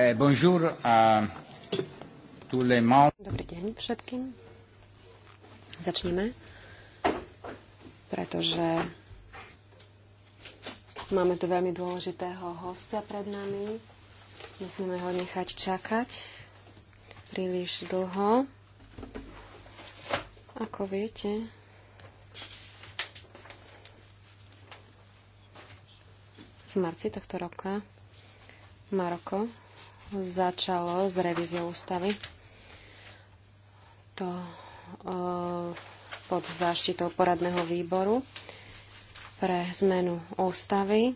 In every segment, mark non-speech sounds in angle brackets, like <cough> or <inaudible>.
Eh, Dobrý deň všetkým. Začneme, pretože máme tu veľmi dôležitého hostia pred nami. Nesmieme ho nechať čakať príliš dlho. Ako viete, v marci tohto roka Maroko začalo s revíziou ústavy. To e, pod záštitou poradného výboru pre zmenu ústavy.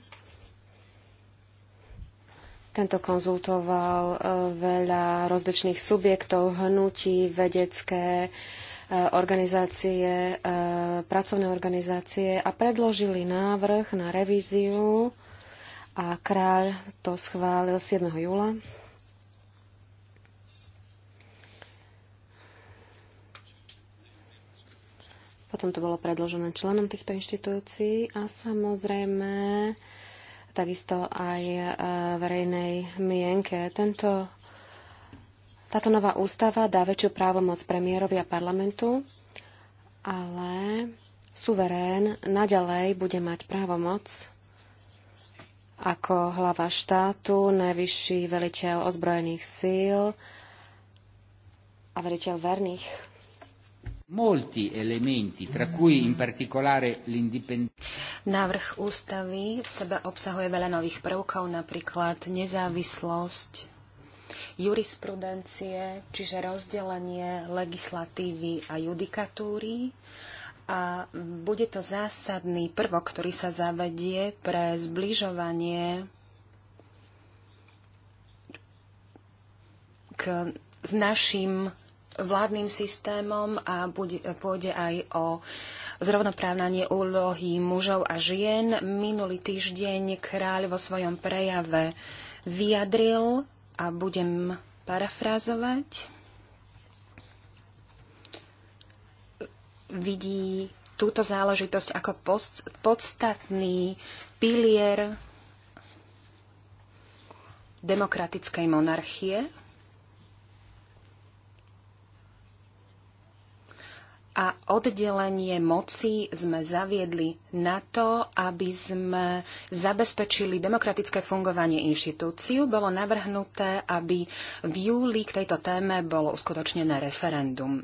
Tento konzultoval e, veľa rozličných subjektov, hnutí, vedecké e, organizácie, pracovné organizácie a predložili návrh na revíziu a kráľ to schválil 7. júla Potom to bolo predložené členom týchto inštitúcií a samozrejme takisto aj e, verejnej mienke. Tento, táto nová ústava dá väčšiu právomoc premiérovi a parlamentu, ale suverén naďalej bude mať právomoc ako hlava štátu, najvyšší veliteľ ozbrojených síl a veliteľ verných Molti elementi, tra cui in particolare l'indipendenza. Návrh ústavy v sebe obsahuje veľa nových prvkov, napríklad nezávislosť, jurisprudencie, čiže rozdelenie legislatívy a judikatúry. A bude to zásadný prvok, ktorý sa zavedie pre zbližovanie k, s našim vládnym systémom a bude, pôjde aj o zrovnoprávnanie úlohy mužov a žien. Minulý týždeň kráľ vo svojom prejave vyjadril a budem parafrázovať. Vidí túto záležitosť ako post, podstatný pilier demokratickej monarchie a oddelenie moci sme zaviedli na to, aby sme zabezpečili demokratické fungovanie inštitúciu. Bolo navrhnuté, aby v júli k tejto téme bolo uskutočnené referendum.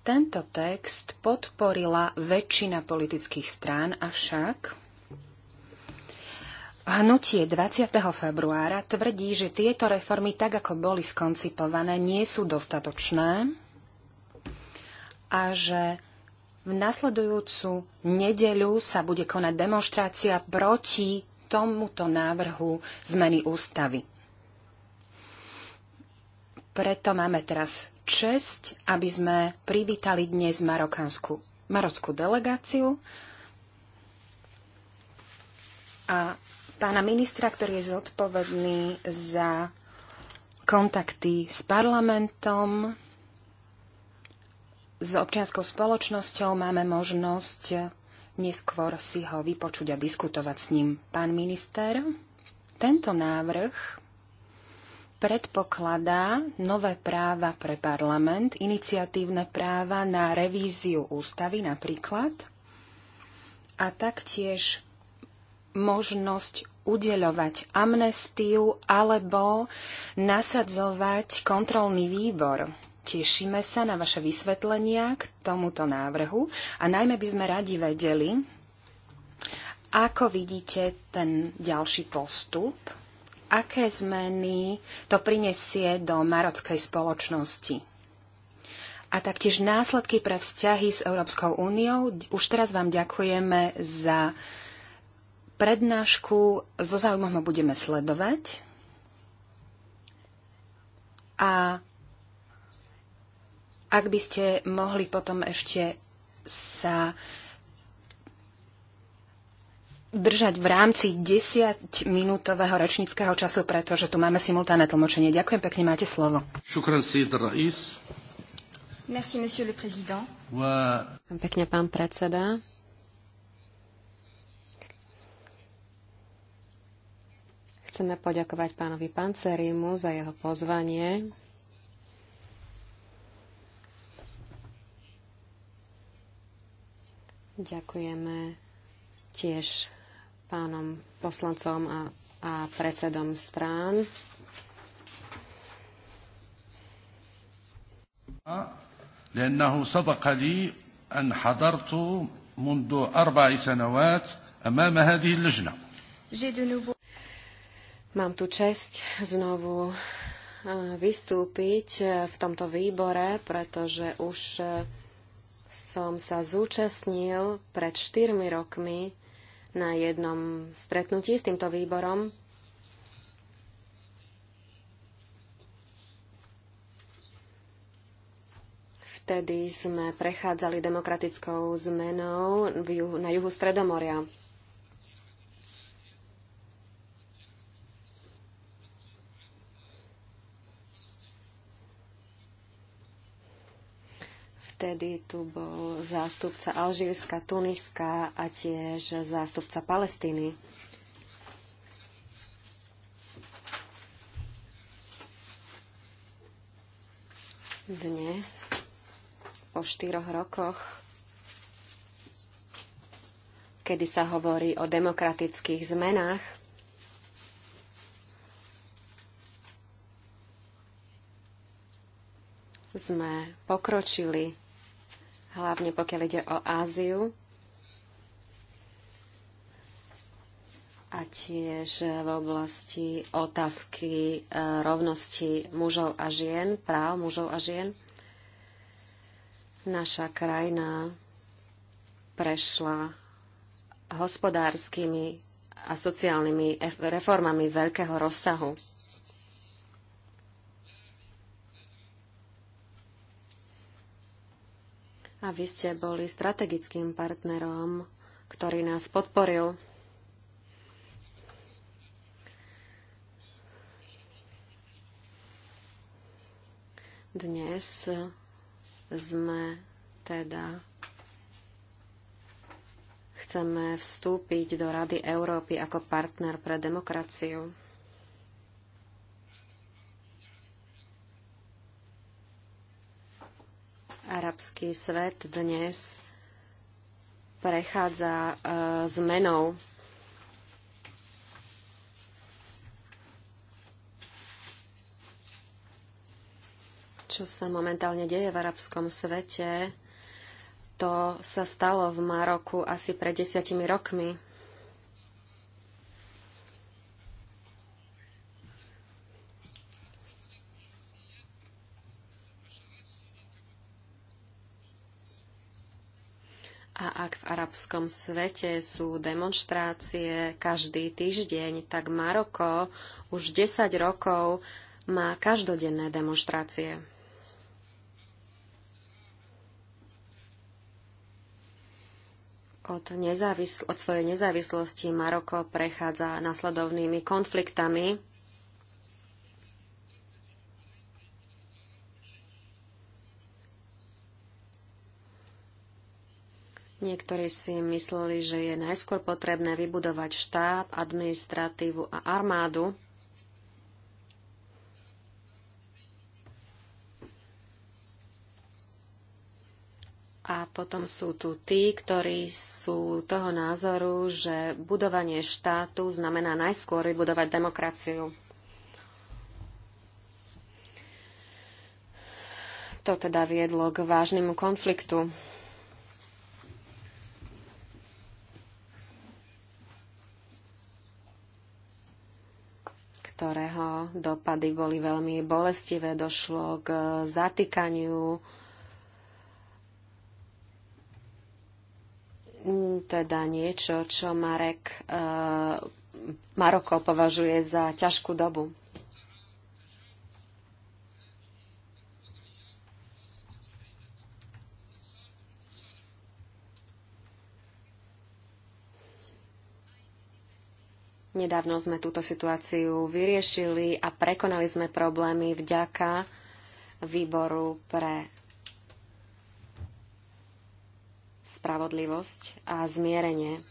Tento text podporila väčšina politických strán, avšak Hnutie 20. februára tvrdí, že tieto reformy, tak ako boli skoncipované, nie sú dostatočné a že v nasledujúcu nedeľu sa bude konať demonstrácia proti tomuto návrhu zmeny ústavy. Preto máme teraz čest, aby sme privítali dnes marockú delegáciu a pána ministra, ktorý je zodpovedný za kontakty s parlamentom, s občianskou spoločnosťou máme možnosť neskôr si ho vypočuť a diskutovať s ním. Pán minister, tento návrh predpokladá nové práva pre parlament, iniciatívne práva na revíziu ústavy napríklad a taktiež možnosť udeľovať amnestiu alebo nasadzovať kontrolný výbor Tešíme sa na vaše vysvetlenia k tomuto návrhu a najmä by sme radi vedeli, ako vidíte ten ďalší postup, aké zmeny to prinesie do marockej spoločnosti a taktiež následky pre vzťahy s Európskou úniou. Už teraz vám ďakujeme za prednášku. So zaujímavom ho budeme sledovať. A ak by ste mohli potom ešte sa držať v rámci 10-minútového ročníckého času, pretože tu máme simultánne tlmočenie. Ďakujem pekne, máte slovo. Merci, monsieur le président. Pekne, pán predseda. Chceme poďakovať pánovi Pancerimu za jeho pozvanie Ďakujeme tiež pánom poslancom a, a predsedom strán. لأنه سبق لي أن حضرت منذ أربع سنوات أمام هذه اللجنة. Mám tu čest znovu eh, vystúpiť eh, v tomto výbore, pretože už eh, som sa zúčastnil pred 4 rokmi na jednom stretnutí s týmto výborom. Vtedy sme prechádzali demokratickou zmenou na juhu Stredomoria. Vtedy tu bol zástupca Alžírska, Tuniska a tiež zástupca Palestíny. Dnes, po štyroch rokoch, kedy sa hovorí o demokratických zmenách, sme pokročili hlavne pokiaľ ide o Áziu a tiež v oblasti otázky e, rovnosti mužov a žien, práv mužov a žien. Naša krajina prešla hospodárskymi a sociálnymi e, reformami veľkého rozsahu. a vy ste boli strategickým partnerom, ktorý nás podporil. Dnes sme teda chceme vstúpiť do Rady Európy ako partner pre demokraciu. Arabský svet dnes prechádza e, zmenou. Čo sa momentálne deje v arabskom svete, to sa stalo v Maroku asi pred desiatimi rokmi. A ak v arabskom svete sú demonstrácie každý týždeň, tak Maroko už 10 rokov má každodenné demonstrácie. Od, nezávisl- od svojej nezávislosti Maroko prechádza nasledovnými konfliktami Niektorí si mysleli, že je najskôr potrebné vybudovať štát, administratívu a armádu. A potom sú tu tí, ktorí sú toho názoru, že budovanie štátu znamená najskôr vybudovať demokraciu. To teda viedlo k vážnemu konfliktu. ktorého dopady boli veľmi bolestivé. Došlo k zatýkaniu teda niečo, čo Marek, eh, Maroko považuje za ťažkú dobu. Nedávno sme túto situáciu vyriešili a prekonali sme problémy vďaka výboru pre spravodlivosť a zmierenie.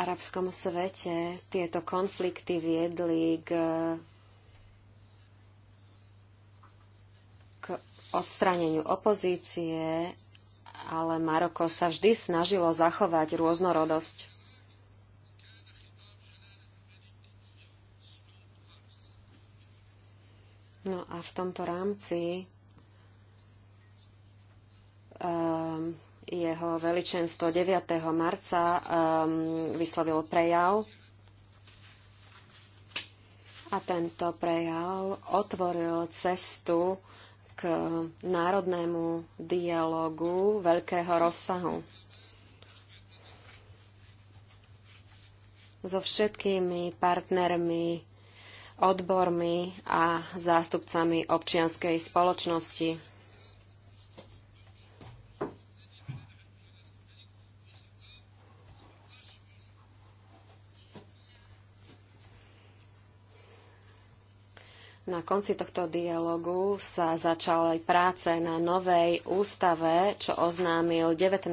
arabskom svete tieto konflikty viedli k, k odstráneniu opozície, ale Maroko sa vždy snažilo zachovať rôznorodosť. No a v tomto rámci um, jeho veličenstvo 9. marca um, vyslovil prejav a tento prejav otvoril cestu k národnému dialogu veľkého rozsahu. So všetkými partnermi, odbormi a zástupcami občianskej spoločnosti. Na konci tohto dialogu sa začala aj práce na novej ústave, čo oznámil 19.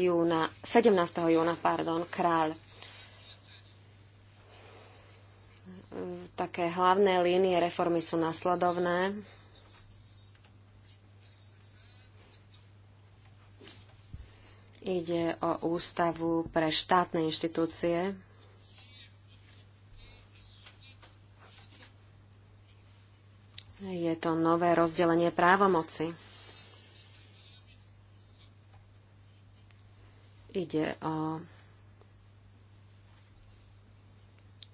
júna, 17. júna pardon, kráľ. Také hlavné línie reformy sú nasledovné. Ide o ústavu pre štátne inštitúcie, Je to nové rozdelenie právomoci. Ide o,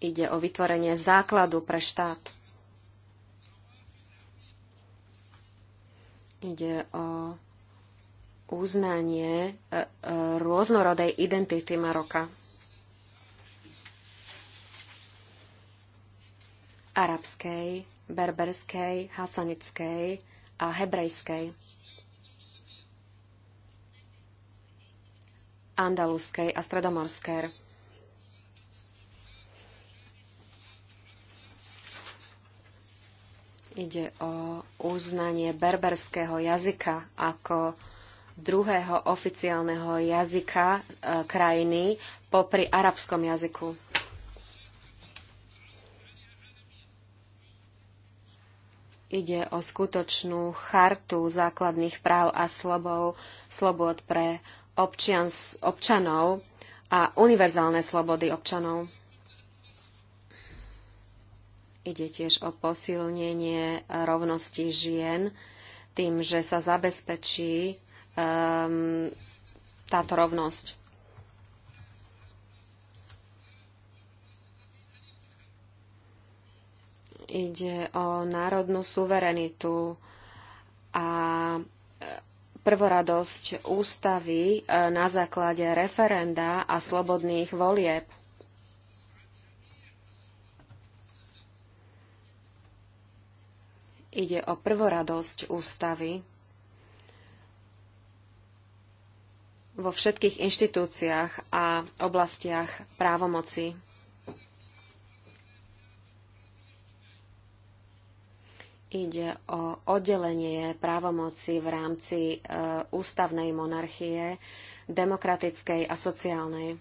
ide o vytvorenie základu pre štát. Ide o uznanie e, e, rôznorodej identity Maroka. Arabskej berberskej, hasanickej a hebrejskej, andaluskej a stredomorskej. Ide o uznanie berberského jazyka ako druhého oficiálneho jazyka e, krajiny popri arabskom jazyku. ide o skutočnú chartu základných práv a slobov, slobod pre občians, občanov a univerzálne slobody občanov. Ide tiež o posilnenie rovnosti žien tým, že sa zabezpečí um, táto rovnosť. Ide o národnú suverenitu a e, prvoradosť ústavy e, na základe referenda a slobodných volieb. Ide o prvoradosť ústavy vo všetkých inštitúciách a oblastiach právomoci. Ide o oddelenie právomoci v rámci e, ústavnej monarchie, demokratickej a sociálnej.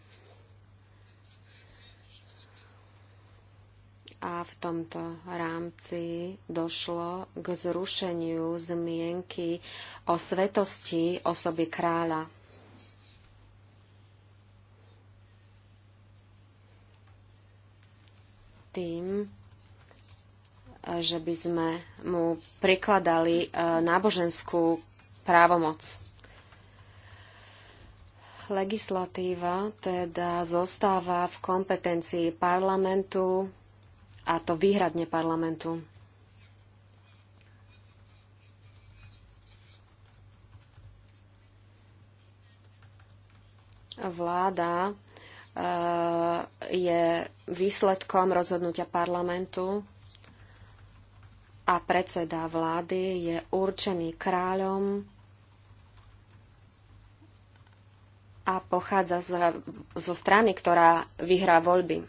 A v tomto rámci došlo k zrušeniu zmienky o svetosti osoby kráľa. Tým že by sme mu prikladali e, náboženskú právomoc. Legislatíva teda zostáva v kompetencii parlamentu a to výhradne parlamentu. Vláda e, je výsledkom rozhodnutia parlamentu a predseda vlády je určený kráľom a pochádza z, zo strany, ktorá vyhrá voľby.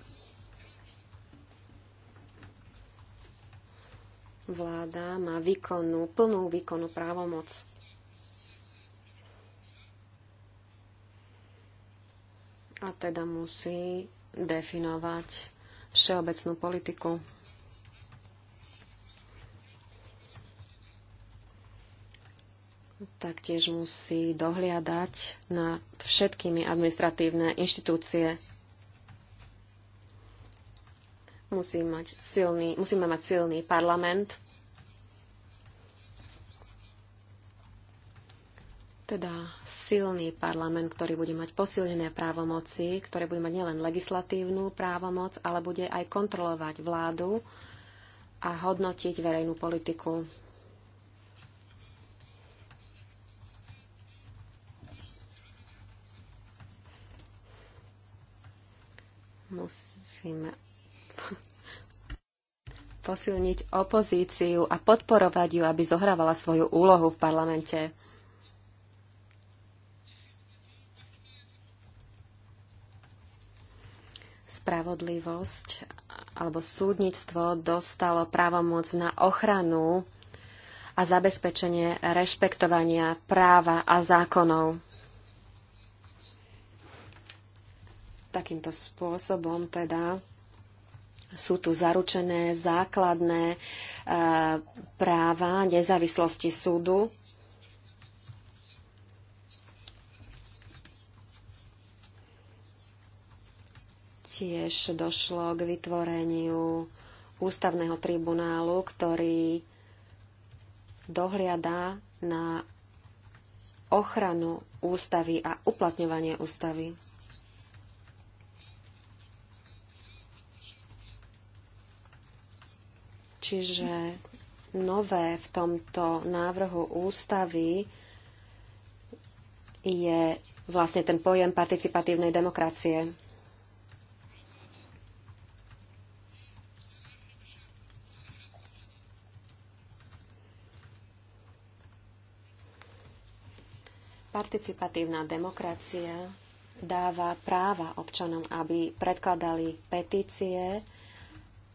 Vláda má výkonu, plnú výkonu právomoc. A teda musí definovať všeobecnú politiku. taktiež musí dohliadať nad všetkými administratívne inštitúcie. Musí mať silný, musíme mať silný parlament, teda silný parlament, ktorý bude mať posilnené právomoci, ktoré bude mať nielen legislatívnu právomoc, ale bude aj kontrolovať vládu a hodnotiť verejnú politiku. musíme <laughs> posilniť opozíciu a podporovať ju, aby zohrávala svoju úlohu v parlamente. Spravodlivosť alebo súdnictvo dostalo právomoc na ochranu a zabezpečenie rešpektovania práva a zákonov. Takýmto spôsobom teda sú tu zaručené základné e, práva nezávislosti súdu. Tiež došlo k vytvoreniu ústavného tribunálu, ktorý dohliada na ochranu ústavy a uplatňovanie ústavy. Čiže nové v tomto návrhu ústavy je vlastne ten pojem participatívnej demokracie. Participatívna demokracia dáva práva občanom, aby predkladali petície,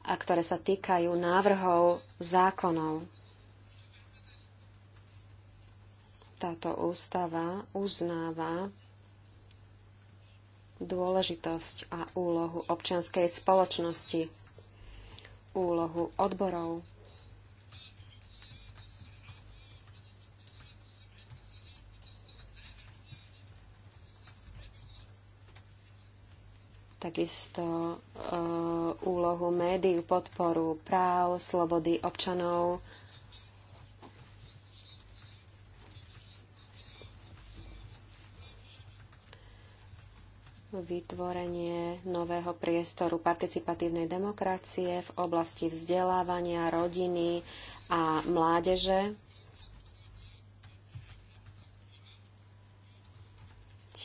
a ktoré sa týkajú návrhov zákonov. Táto ústava uznáva dôležitosť a úlohu občianskej spoločnosti, úlohu odborov takisto eh, úlohu médií, podporu práv, slobody občanov. vytvorenie nového priestoru participatívnej demokracie v oblasti vzdelávania, rodiny a mládeže.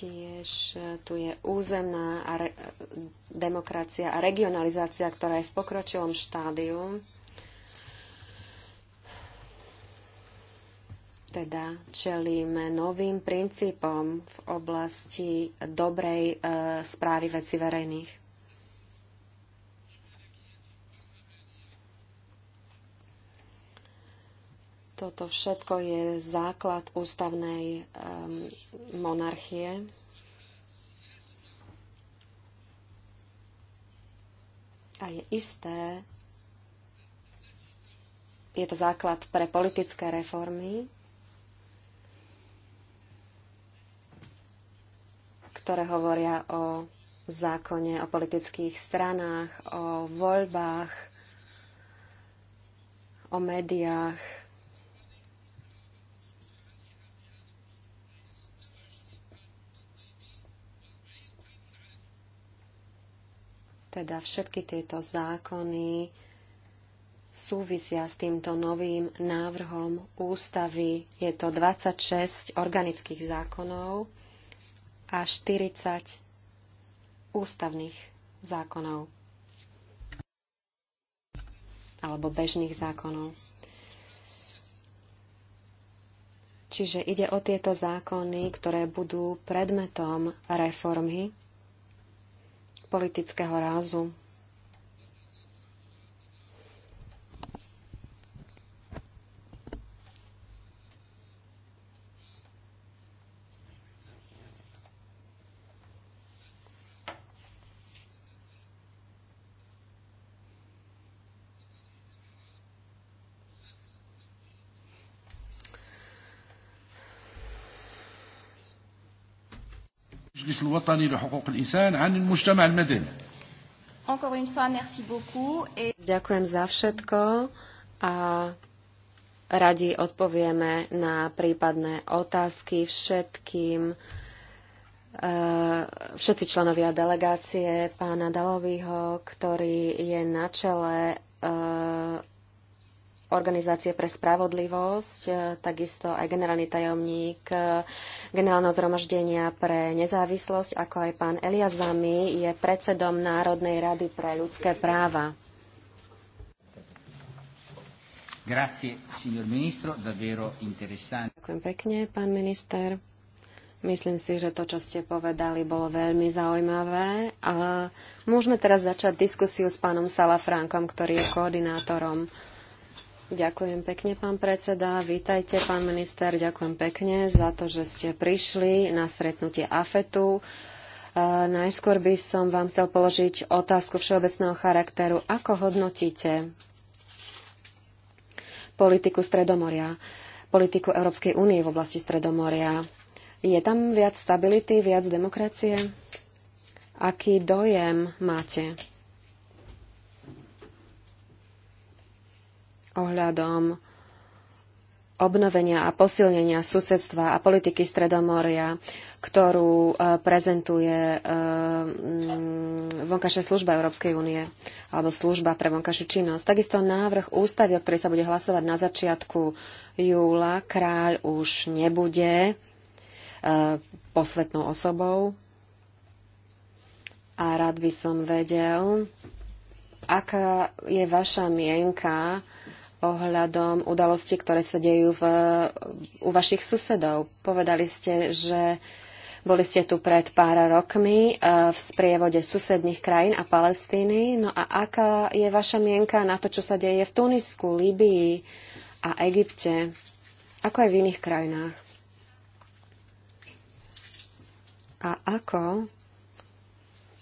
Tiež e, tu je územná a re- demokracia a regionalizácia, ktorá je v pokročilom štádiu. Teda čelíme novým princípom v oblasti dobrej e, správy veci verejných. Toto všetko je základ ústavnej um, monarchie. A je isté, je to základ pre politické reformy, ktoré hovoria o zákone o politických stranách, o voľbách, o médiách. Teda všetky tieto zákony súvisia s týmto novým návrhom ústavy. Je to 26 organických zákonov a 40 ústavných zákonov alebo bežných zákonov. Čiže ide o tieto zákony, ktoré budú predmetom reformy politického rázu. الوطني لحقوق الإنسان عن المجتمع المدني Encore une fois, merci beaucoup. Et... Ďakujem za všetko a radi odpovieme na prípadné otázky všetkým eh, všetci členovia delegácie pána Dalovýho, ktorý je na čele eh, Organizácie pre spravodlivosť, e, takisto aj generálny tajomník e, generálneho zhromaždenia pre nezávislosť, ako aj pán Elias Zami je predsedom Národnej rady pre ľudské práva. Grazie, signor ministro, davvero interessante. Ďakujem pekne, pán minister. Myslím si, že to, čo ste povedali, bolo veľmi zaujímavé. A môžeme teraz začať diskusiu s pánom Salafránkom, ktorý je koordinátorom Ďakujem pekne, pán predseda. Vítajte, pán minister. Ďakujem pekne za to, že ste prišli na stretnutie AFETu. E, najskôr by som vám chcel položiť otázku všeobecného charakteru. Ako hodnotíte politiku Stredomoria, politiku Európskej únie v oblasti Stredomoria? Je tam viac stability, viac demokracie? Aký dojem máte? ohľadom obnovenia a posilnenia susedstva a politiky Stredomoria, ktorú e, prezentuje e, mm, vonkašia služba Európskej únie alebo služba pre vonkašiu činnosť. Takisto návrh ústavy, o ktorej sa bude hlasovať na začiatku júla, kráľ už nebude e, posvetnou osobou. A rád by som vedel, aká je vaša mienka ohľadom udalostí, ktoré sa dejú v, u vašich susedov. Povedali ste, že boli ste tu pred pár rokmi e, v sprievode susedných krajín a Palestíny. No a aká je vaša mienka na to, čo sa deje v Tunisku, Líbii a Egypte, ako aj v iných krajinách? A ako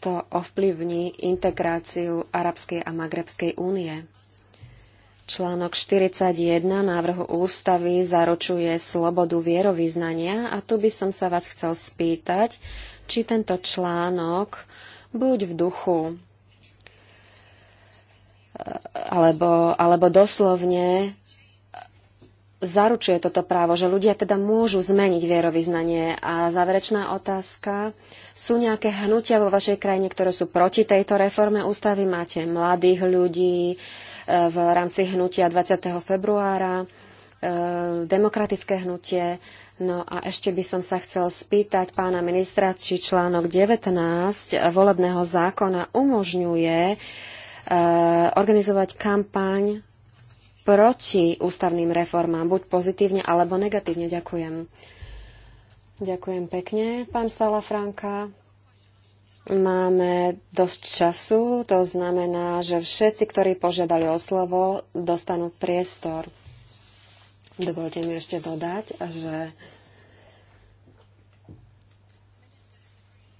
to ovplyvní integráciu Arabskej a Magrebskej únie? Článok 41 návrhu ústavy zaručuje slobodu vierovýznania a tu by som sa vás chcel spýtať, či tento článok buď v duchu eh, alebo, alebo doslovne zaručuje toto právo, že ľudia teda môžu zmeniť vierovýznanie. A záverečná otázka. Sú nejaké hnutia vo vašej krajine, ktoré sú proti tejto reforme ústavy? Máte mladých ľudí, v rámci hnutia 20. februára, e, demokratické hnutie. No a ešte by som sa chcel spýtať pána ministra, či článok 19 volebného zákona umožňuje e, organizovať kampaň proti ústavným reformám, buď pozitívne alebo negatívne. Ďakujem. Ďakujem pekne, pán Sala Franka. Máme dosť času, to znamená, že všetci, ktorí požiadali o slovo, dostanú priestor. Dovolte mi ešte dodať, že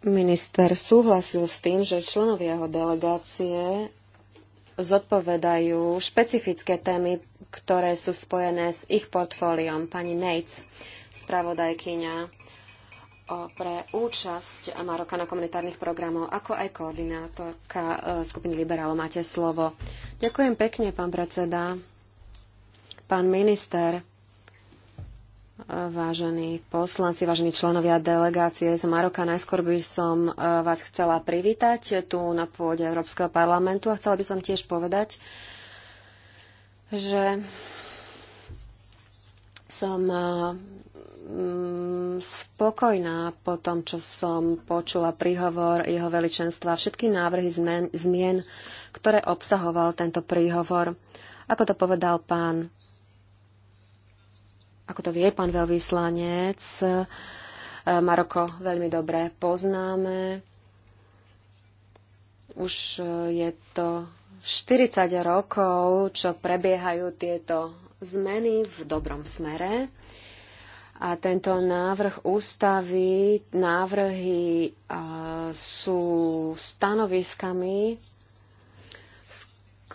minister súhlasil s tým, že členovia jeho delegácie zodpovedajú špecifické témy, ktoré sú spojené s ich portfóliom. Pani Nates, spravodajkyňa pre účasť Maroka na komunitárnych programov, ako aj koordinátorka e, skupiny liberálov. Máte slovo. Ďakujem pekne, pán predseda, pán minister, e, vážení poslanci, vážení členovia delegácie z Maroka. Najskôr by som e, vás chcela privítať tu na pôde Európskeho parlamentu a chcela by som tiež povedať, že som Mm, spokojná po tom, čo som počula príhovor jeho veličenstva, všetky návrhy zmen, zmien, ktoré obsahoval tento príhovor. Ako to povedal pán, ako to vie pán veľvyslanec, eh, Maroko veľmi dobre poznáme. Už eh, je to 40 rokov, čo prebiehajú tieto zmeny v dobrom smere. A tento návrh ústavy, návrhy sú stanoviskami, z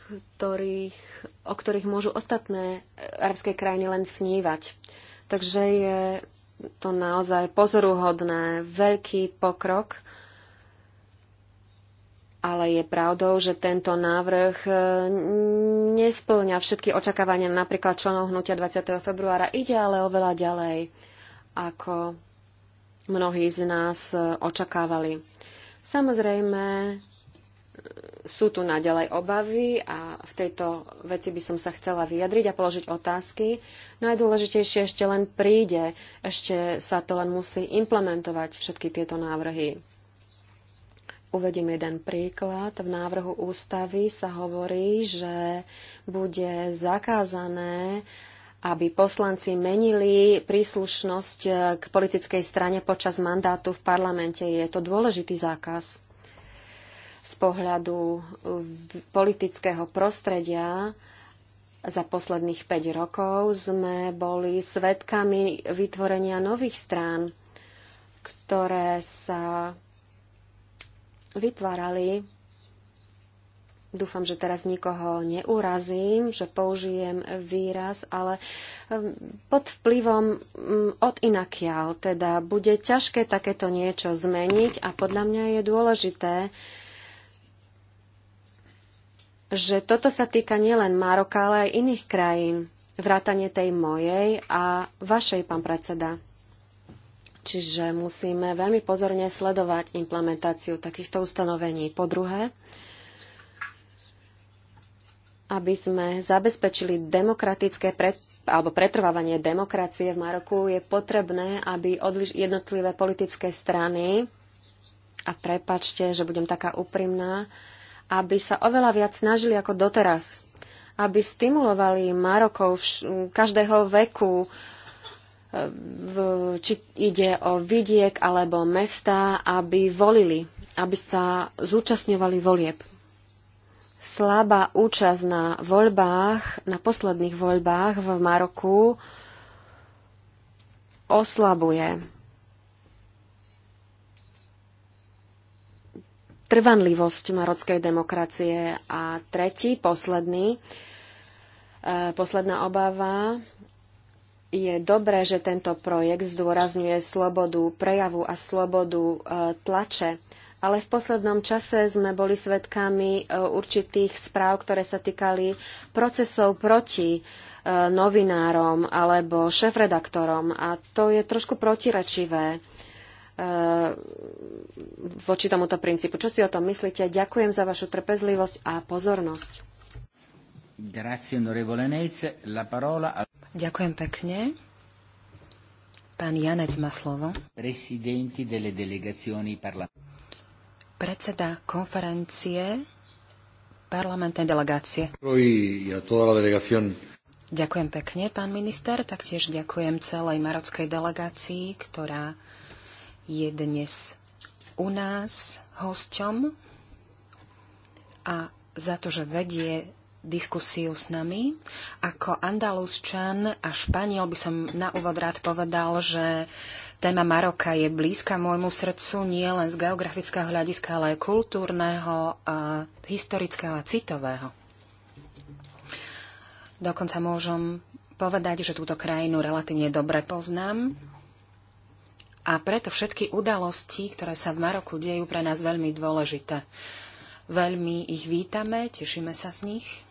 ktorých, o ktorých môžu ostatné arabské krajiny len snívať. Takže je to naozaj pozoruhodné, veľký pokrok ale je pravdou, že tento návrh e, nesplňa všetky očakávania napríklad členov hnutia 20. februára. Ide ale oveľa ďalej, ako mnohí z nás e, očakávali. Samozrejme, sú tu naďalej obavy a v tejto veci by som sa chcela vyjadriť a položiť otázky. Najdôležitejšie ešte len príde, ešte sa to len musí implementovať všetky tieto návrhy. Uvedím jeden príklad. V návrhu ústavy sa hovorí, že bude zakázané aby poslanci menili príslušnosť eh, k politickej strane počas mandátu v parlamente. Je to dôležitý zákaz z pohľadu politického prostredia. Za posledných 5 rokov sme boli svedkami vytvorenia nových strán, ktoré sa vytvárali Dúfam, že teraz nikoho neurazím, že použijem výraz, ale um, pod vplyvom um, od inakial. Teda bude ťažké takéto niečo zmeniť a podľa mňa je dôležité, že toto sa týka nielen Maroka, ale aj iných krajín. Vrátanie tej mojej a vašej, pán predseda. Čiže musíme veľmi pozorne sledovať implementáciu takýchto ustanovení. Po druhé, aby sme zabezpečili demokratické pred, alebo pretrvávanie demokracie v Maroku, je potrebné, aby odliš, jednotlivé politické strany, a prepačte, že budem taká úprimná, aby sa oveľa viac snažili ako doteraz, aby stimulovali Marokov vš- každého veku, v, či ide o vidiek alebo mesta, aby volili, aby sa zúčastňovali volieb. Slabá účasť na voľbách, na posledných voľbách v Maroku oslabuje trvanlivosť marockej demokracie. A tretí, posledný, e, posledná obava je dobré, že tento projekt zdôrazňuje slobodu prejavu a slobodu e, tlače. Ale v poslednom čase sme boli svedkami e, určitých správ, ktoré sa týkali procesov proti e, novinárom alebo šéfredaktorom. A to je trošku protirečivé voči tomuto princípu. Čo si o tom myslíte? Ďakujem za vašu trpezlivosť a pozornosť. Grazie, onorevole Neitz. La parola... Ďakujem pekne. Pán Janec má slovo. Predseda konferencie parlamentnej delegácie. Ďakujem pekne, pán minister. Taktiež ďakujem celej marockej delegácii, ktorá je dnes u nás hosťom a za to, že vedie diskusiu s nami. Ako Andalusčan a Španiel by som na úvod rád povedal, že téma Maroka je blízka môjmu srdcu nie len z geografického hľadiska, ale aj kultúrneho, a historického a citového. Dokonca môžem povedať, že túto krajinu relatívne dobre poznám. A preto všetky udalosti, ktoré sa v Maroku dejú, pre nás veľmi dôležité. Veľmi ich vítame, tešíme sa z nich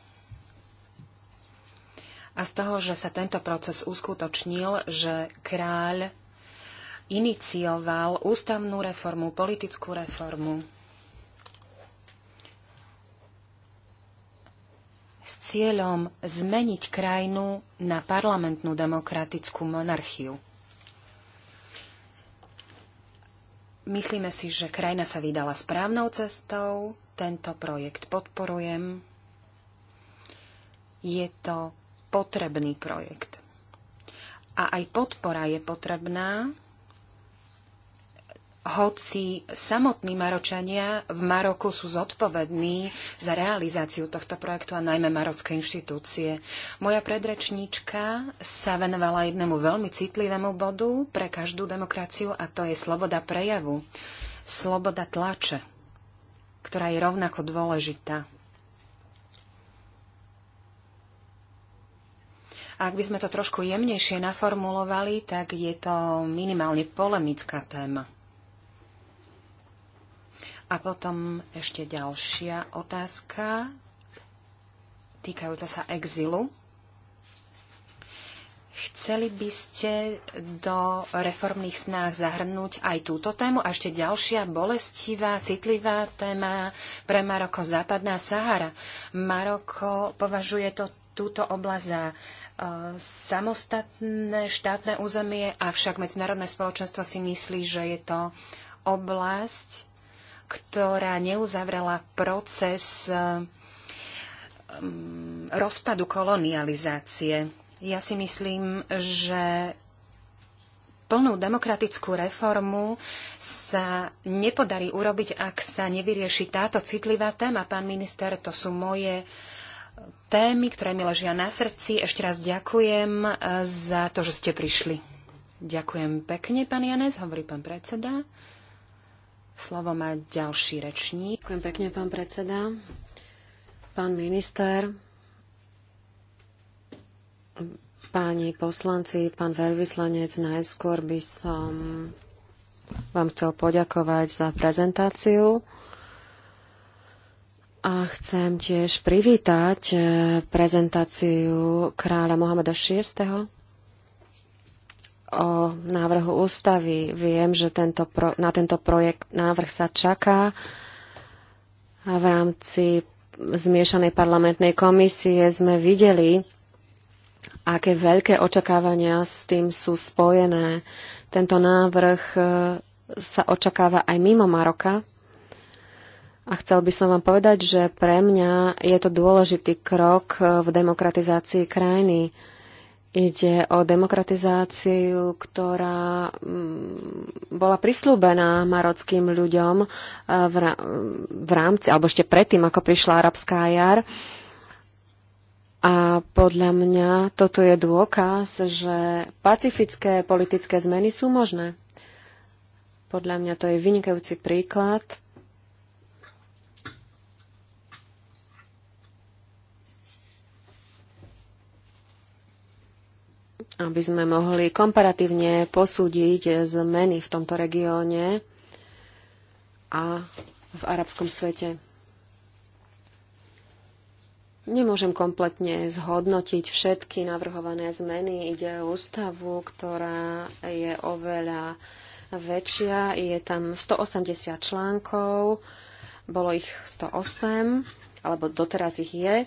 a z toho, že sa tento proces uskutočnil, že kráľ inicioval ústavnú reformu, politickú reformu s cieľom zmeniť krajinu na parlamentnú demokratickú monarchiu. Myslíme si, že krajina sa vydala správnou cestou, tento projekt podporujem. Je to potrebný projekt. A aj podpora je potrebná, hoci samotní Maročania v Maroku sú zodpovední za realizáciu tohto projektu a najmä marocké inštitúcie. Moja predrečníčka sa venovala jednému veľmi citlivému bodu pre každú demokraciu a to je sloboda prejavu, sloboda tlače, ktorá je rovnako dôležitá. Ak by sme to trošku jemnejšie naformulovali, tak je to minimálne polemická téma. A potom ešte ďalšia otázka týkajúca sa exilu. Chceli by ste do reformných snách zahrnúť aj túto tému a ešte ďalšia bolestivá, citlivá téma pre Maroko, západná Sahara. Maroko považuje to, túto oblasť za E, samostatné štátne územie, avšak medzinárodné spoločenstvo si myslí, že je to oblasť, ktorá neuzavrela proces e, mm, rozpadu kolonializácie. Ja si myslím, že plnú demokratickú reformu sa nepodarí urobiť, ak sa nevyrieši táto citlivá téma. Pán minister, to sú moje uh, témy, ktoré mi ležia na srdci. Ešte raz ďakujem e, za to, že ste prišli. Ďakujem pekne, pán Janes, hovorí pán predseda. Slovo má ďalší rečník. Ďakujem pekne, pán predseda. Pán minister, páni poslanci, pán veľvyslanec, najskôr by som vám chcel poďakovať za prezentáciu. A chcem tiež privítať e, prezentáciu kráľa Mohameda VI o návrhu ústavy. Viem, že tento pro, na tento projekt návrh sa čaká v rámci zmiešanej parlamentnej komisie sme videli, aké veľké očakávania s tým sú spojené. Tento návrh e, sa očakáva aj mimo Maroka. A chcel by som vám povedať, že pre mňa je to dôležitý krok v demokratizácii krajiny. Ide o demokratizáciu, ktorá mm, bola prislúbená marockým ľuďom e, v rámci, alebo ešte predtým, ako prišla arabská jar. A podľa mňa toto je dôkaz, že pacifické politické zmeny sú možné. Podľa mňa to je vynikajúci príklad aby sme mohli komparatívne posúdiť zmeny v tomto regióne a v arabskom svete. Nemôžem kompletne zhodnotiť všetky navrhované zmeny. Ide o ústavu, ktorá je oveľa väčšia. Je tam 180 článkov, bolo ich 108, alebo doteraz ich je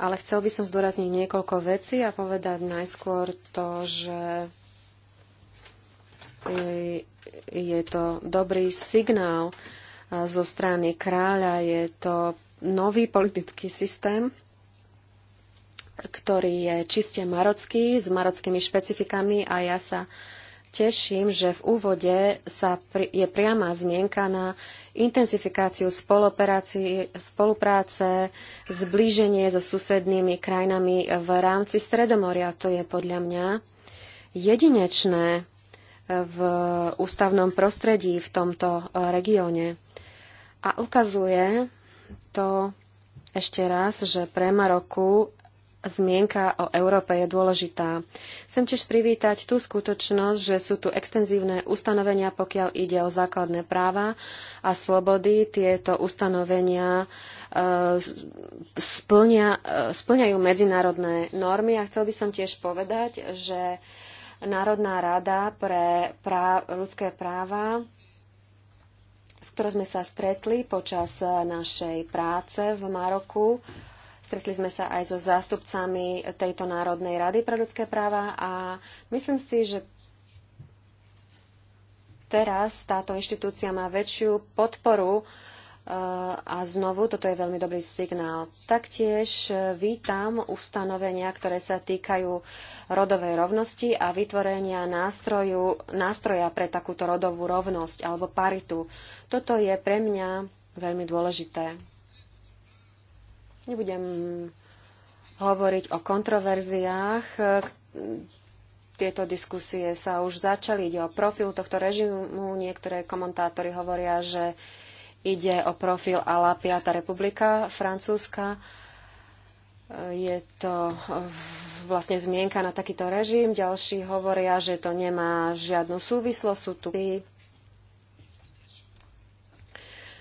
ale chcel by som zdôrazniť niekoľko vecí a povedať najskôr to, že je to dobrý signál zo strany kráľa, je to nový politický systém, ktorý je čiste marocký, s marockými špecifikami a ja sa teším, že v úvode sa pri, je priama zmienka na intenzifikáciu spolupráce, zblíženie so susednými krajinami v rámci Stredomoria. To je podľa mňa jedinečné eh, v ústavnom prostredí v tomto eh, regióne. A ukazuje to ešte raz, že pre Maroku zmienka o Európe je dôležitá. Chcem tiež privítať tú skutočnosť, že sú tu extenzívne ustanovenia, pokiaľ ide o základné práva a slobody. Tieto ustanovenia e, splňa, e, splňajú medzinárodné normy a chcel by som tiež povedať, že Národná rada pre prá- ľudské práva s ktorou sme sa stretli počas našej práce v Maroku, Stretli sme sa aj so zástupcami tejto Národnej rady pre ľudské práva a myslím si, že teraz táto inštitúcia má väčšiu podporu e, a znovu, toto je veľmi dobrý signál. Taktiež e, vítam ustanovenia, ktoré sa týkajú rodovej rovnosti a vytvorenia nástroju, nástroja pre takúto rodovú rovnosť alebo paritu. Toto je pre mňa veľmi dôležité. Nebudem hovoriť o kontroverziách. Tieto diskusie sa už začali. Ide o profil tohto režimu. Niektoré komentátory hovoria, že ide o profil ala 5. republika francúzska. Je to vlastne zmienka na takýto režim. Ďalší hovoria, že to nemá žiadnu súvislosť. Sú tu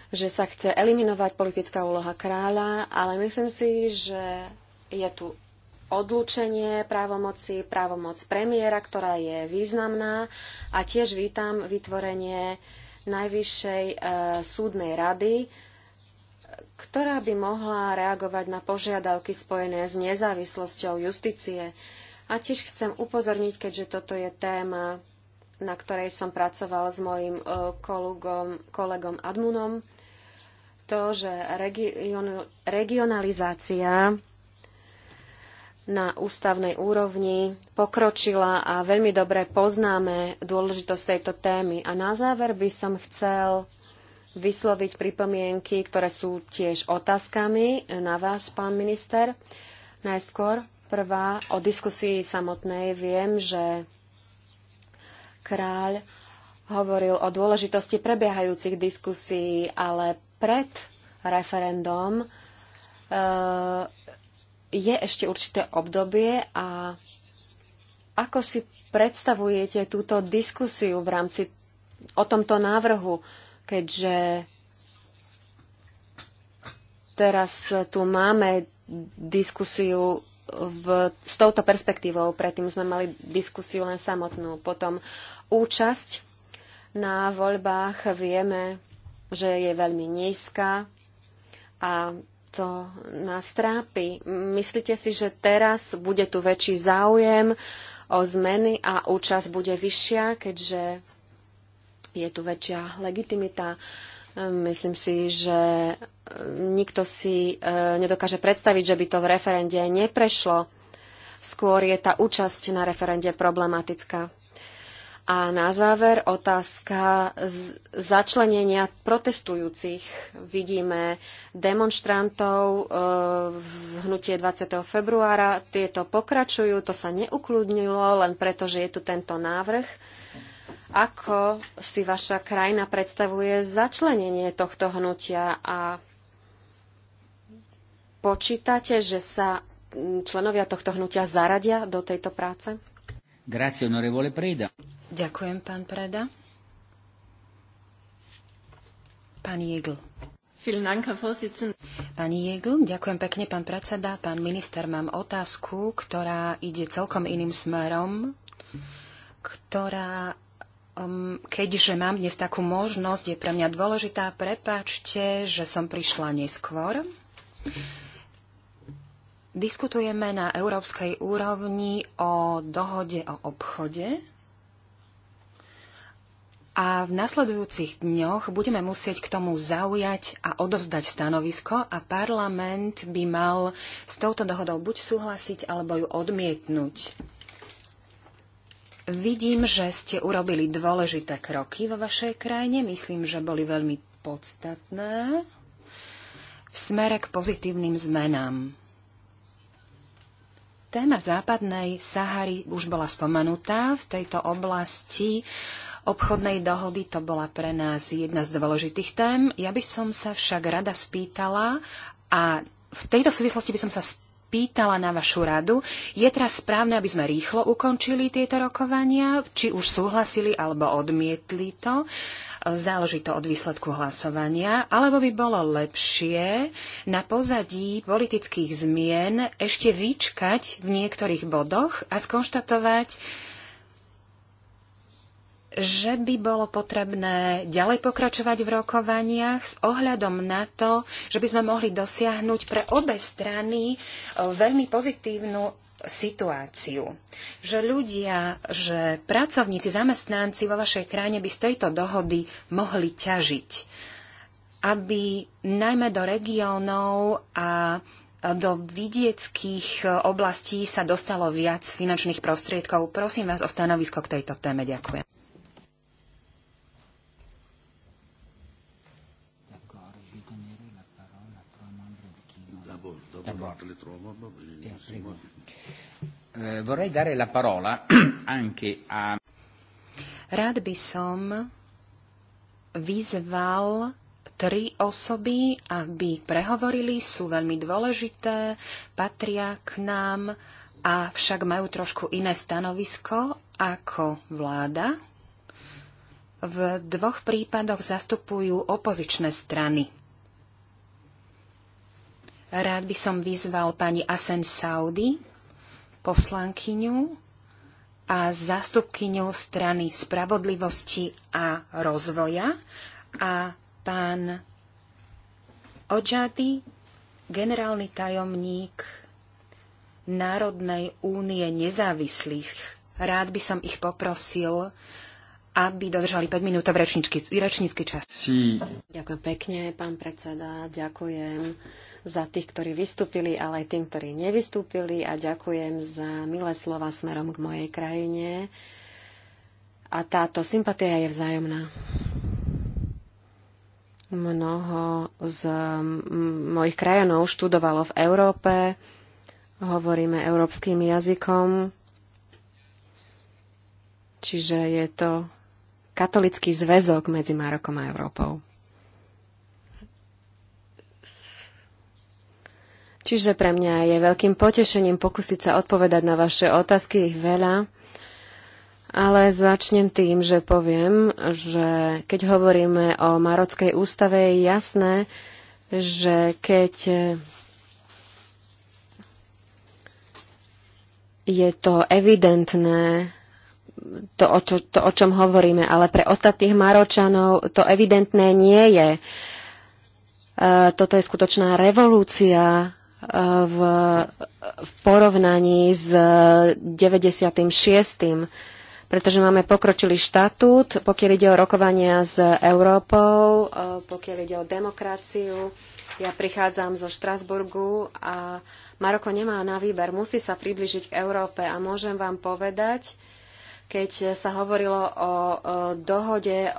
že sa chce eliminovať politická úloha kráľa, ale myslím si, že je tu odlúčenie právomoci, právomoc premiéra, ktorá je významná a tiež vítam vytvorenie Najvyššej e, súdnej rady, ktorá by mohla reagovať na požiadavky spojené s nezávislosťou justície. A tiež chcem upozorniť, keďže toto je téma, na ktorej som pracoval s mojim e, kolegom, kolegom Admunom, to, že region, regionalizácia na ústavnej úrovni pokročila a veľmi dobre poznáme dôležitosť tejto témy. A na záver by som chcel vysloviť pripomienky, ktoré sú tiež otázkami na vás, pán minister. Najskôr prvá o diskusii samotnej. Viem, že kráľ hovoril o dôležitosti prebiehajúcich diskusí, ale pred referendum e, je ešte určité obdobie a ako si predstavujete túto diskusiu v rámci o tomto návrhu, keďže teraz tu máme diskusiu v, s touto perspektívou. Predtým sme mali diskusiu len samotnú. Potom účasť na voľbách vieme, že je veľmi nízka a to nás trápi. Myslíte si, že teraz bude tu väčší záujem o zmeny a účasť bude vyššia, keďže je tu väčšia legitimita. Myslím si, že e, nikto si e, nedokáže predstaviť, že by to v referende neprešlo. Skôr je tá účasť na referende problematická. A na záver otázka začlenenia protestujúcich. Vidíme demonstrantov e, v hnutie 20. februára. Tieto pokračujú, to sa neukludnilo, len preto, že je tu tento návrh. Ako si vaša krajina predstavuje začlenenie tohto hnutia a počítate, že sa členovia tohto hnutia zaradia do tejto práce? Grazie, onorevole Preda. Ďakujem, pán Preda. Pán Jegl. Pani Jegl, ďakujem pekne, pán predseda. Pán minister, mám otázku, ktorá ide celkom iným smerom, ktorá um, keďže mám dnes takú možnosť, je pre mňa dôležitá. Prepačte, že som prišla neskôr. Diskutujeme na európskej úrovni o dohode o obchode a v nasledujúcich dňoch budeme musieť k tomu zaujať a odovzdať stanovisko a parlament by mal s touto dohodou buď súhlasiť alebo ju odmietnúť. Vidím, že ste urobili dôležité kroky vo vašej krajine. Myslím, že boli veľmi podstatné v smere k pozitívnym zmenám. Téma západnej Sahary už bola spomenutá. V tejto oblasti obchodnej dohody to bola pre nás jedna z dôležitých tém. Ja by som sa však rada spýtala a v tejto súvislosti by som sa spýtala, pýtala na vašu radu. Je teraz správne, aby sme rýchlo ukončili tieto rokovania, či už súhlasili alebo odmietli to. Záleží to od výsledku hlasovania, alebo by bolo lepšie na pozadí politických zmien ešte vyčkať v niektorých bodoch a skonštatovať, že by bolo potrebné ďalej pokračovať v rokovaniach s ohľadom na to, že by sme mohli dosiahnuť pre obe strany e, veľmi pozitívnu situáciu. Že ľudia, že pracovníci, zamestnanci vo vašej krajine by z tejto dohody mohli ťažiť. Aby najmä do regiónov a do vidieckých oblastí sa dostalo viac finančných prostriedkov. Prosím vás o stanovisko k tejto téme. Ďakujem. Eh, vorrei dare la parola anche a... Rád by som vyzval tri osoby, aby prehovorili, sú veľmi dôležité, patria k nám, a však majú trošku iné stanovisko ako vláda. V dvoch prípadoch zastupujú opozičné strany. Rád by som vyzval pani Asen Saudi, poslankyňu a zástupkyňu strany spravodlivosti a rozvoja a pán Odžady, generálny tajomník Národnej únie nezávislých. Rád by som ich poprosil, aby dodržali 5 minút rečnícky čas. Sí. Ďakujem pekne, pán predseda. Ďakujem za tých, ktorí vystúpili, ale aj tým, ktorí nevystúpili a ďakujem za milé slova smerom k mojej krajine. A táto sympatia je vzájomná. Mnoho z mojich krajanov študovalo v Európe, hovoríme európskym jazykom, čiže je to katolický zväzok medzi Marokom a Európou. Čiže pre mňa je veľkým potešením pokúsiť sa odpovedať na vaše otázky, ich veľa. Ale začnem tým, že poviem, že keď hovoríme o Marockej ústave, je jasné, že keď je to evidentné, to o, čo, to, o čom hovoríme, ale pre ostatných Maročanov to evidentné nie je. E, toto je skutočná revolúcia e, v, v porovnaní s 96 pretože máme pokročilý štatút, pokiaľ ide o rokovania s Európou, e, pokiaľ ide o demokraciu. Ja prichádzam zo Štrasburgu a Maroko nemá na výber, musí sa približiť k Európe a môžem vám povedať, keď sa hovorilo o, dohode o,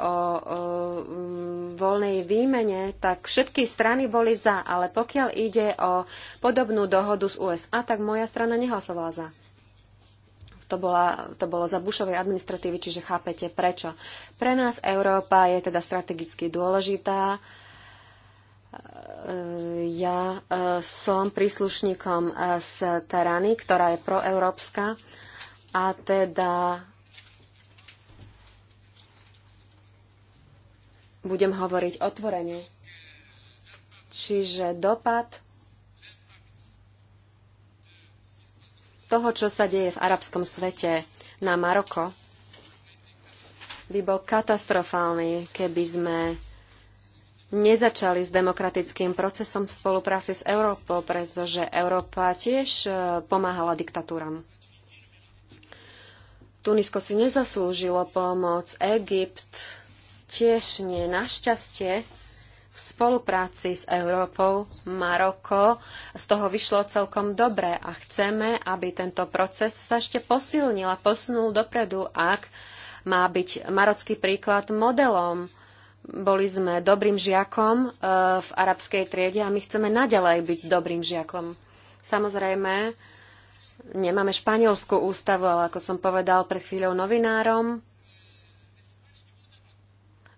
mm, voľnej výmene, tak všetky strany boli za, ale pokiaľ ide o podobnú dohodu z USA, tak moja strana nehlasovala za. To, bola, to bolo za Bushovej administratívy, čiže chápete prečo. Pre nás Európa je teda strategicky dôležitá. Ja e, som príslušníkom z e, ktorá je proeurópska a teda budem hovoriť otvorene. Čiže dopad toho, čo sa deje v arabskom svete na Maroko, by bol katastrofálny, keby sme nezačali s demokratickým procesom v spolupráci s Európou, pretože Európa tiež e, pomáhala diktatúram. Tunisko si nezaslúžilo pomoc, Egypt, tiež nie. Našťastie v spolupráci s Európou Maroko z toho vyšlo celkom dobre a chceme, aby tento proces sa ešte posilnil a posunul dopredu, ak má byť marocký príklad modelom. Boli sme dobrým žiakom e, v arabskej triede a my chceme naďalej byť dobrým žiakom. Samozrejme, nemáme španielskú ústavu, ale ako som povedal pred chvíľou novinárom,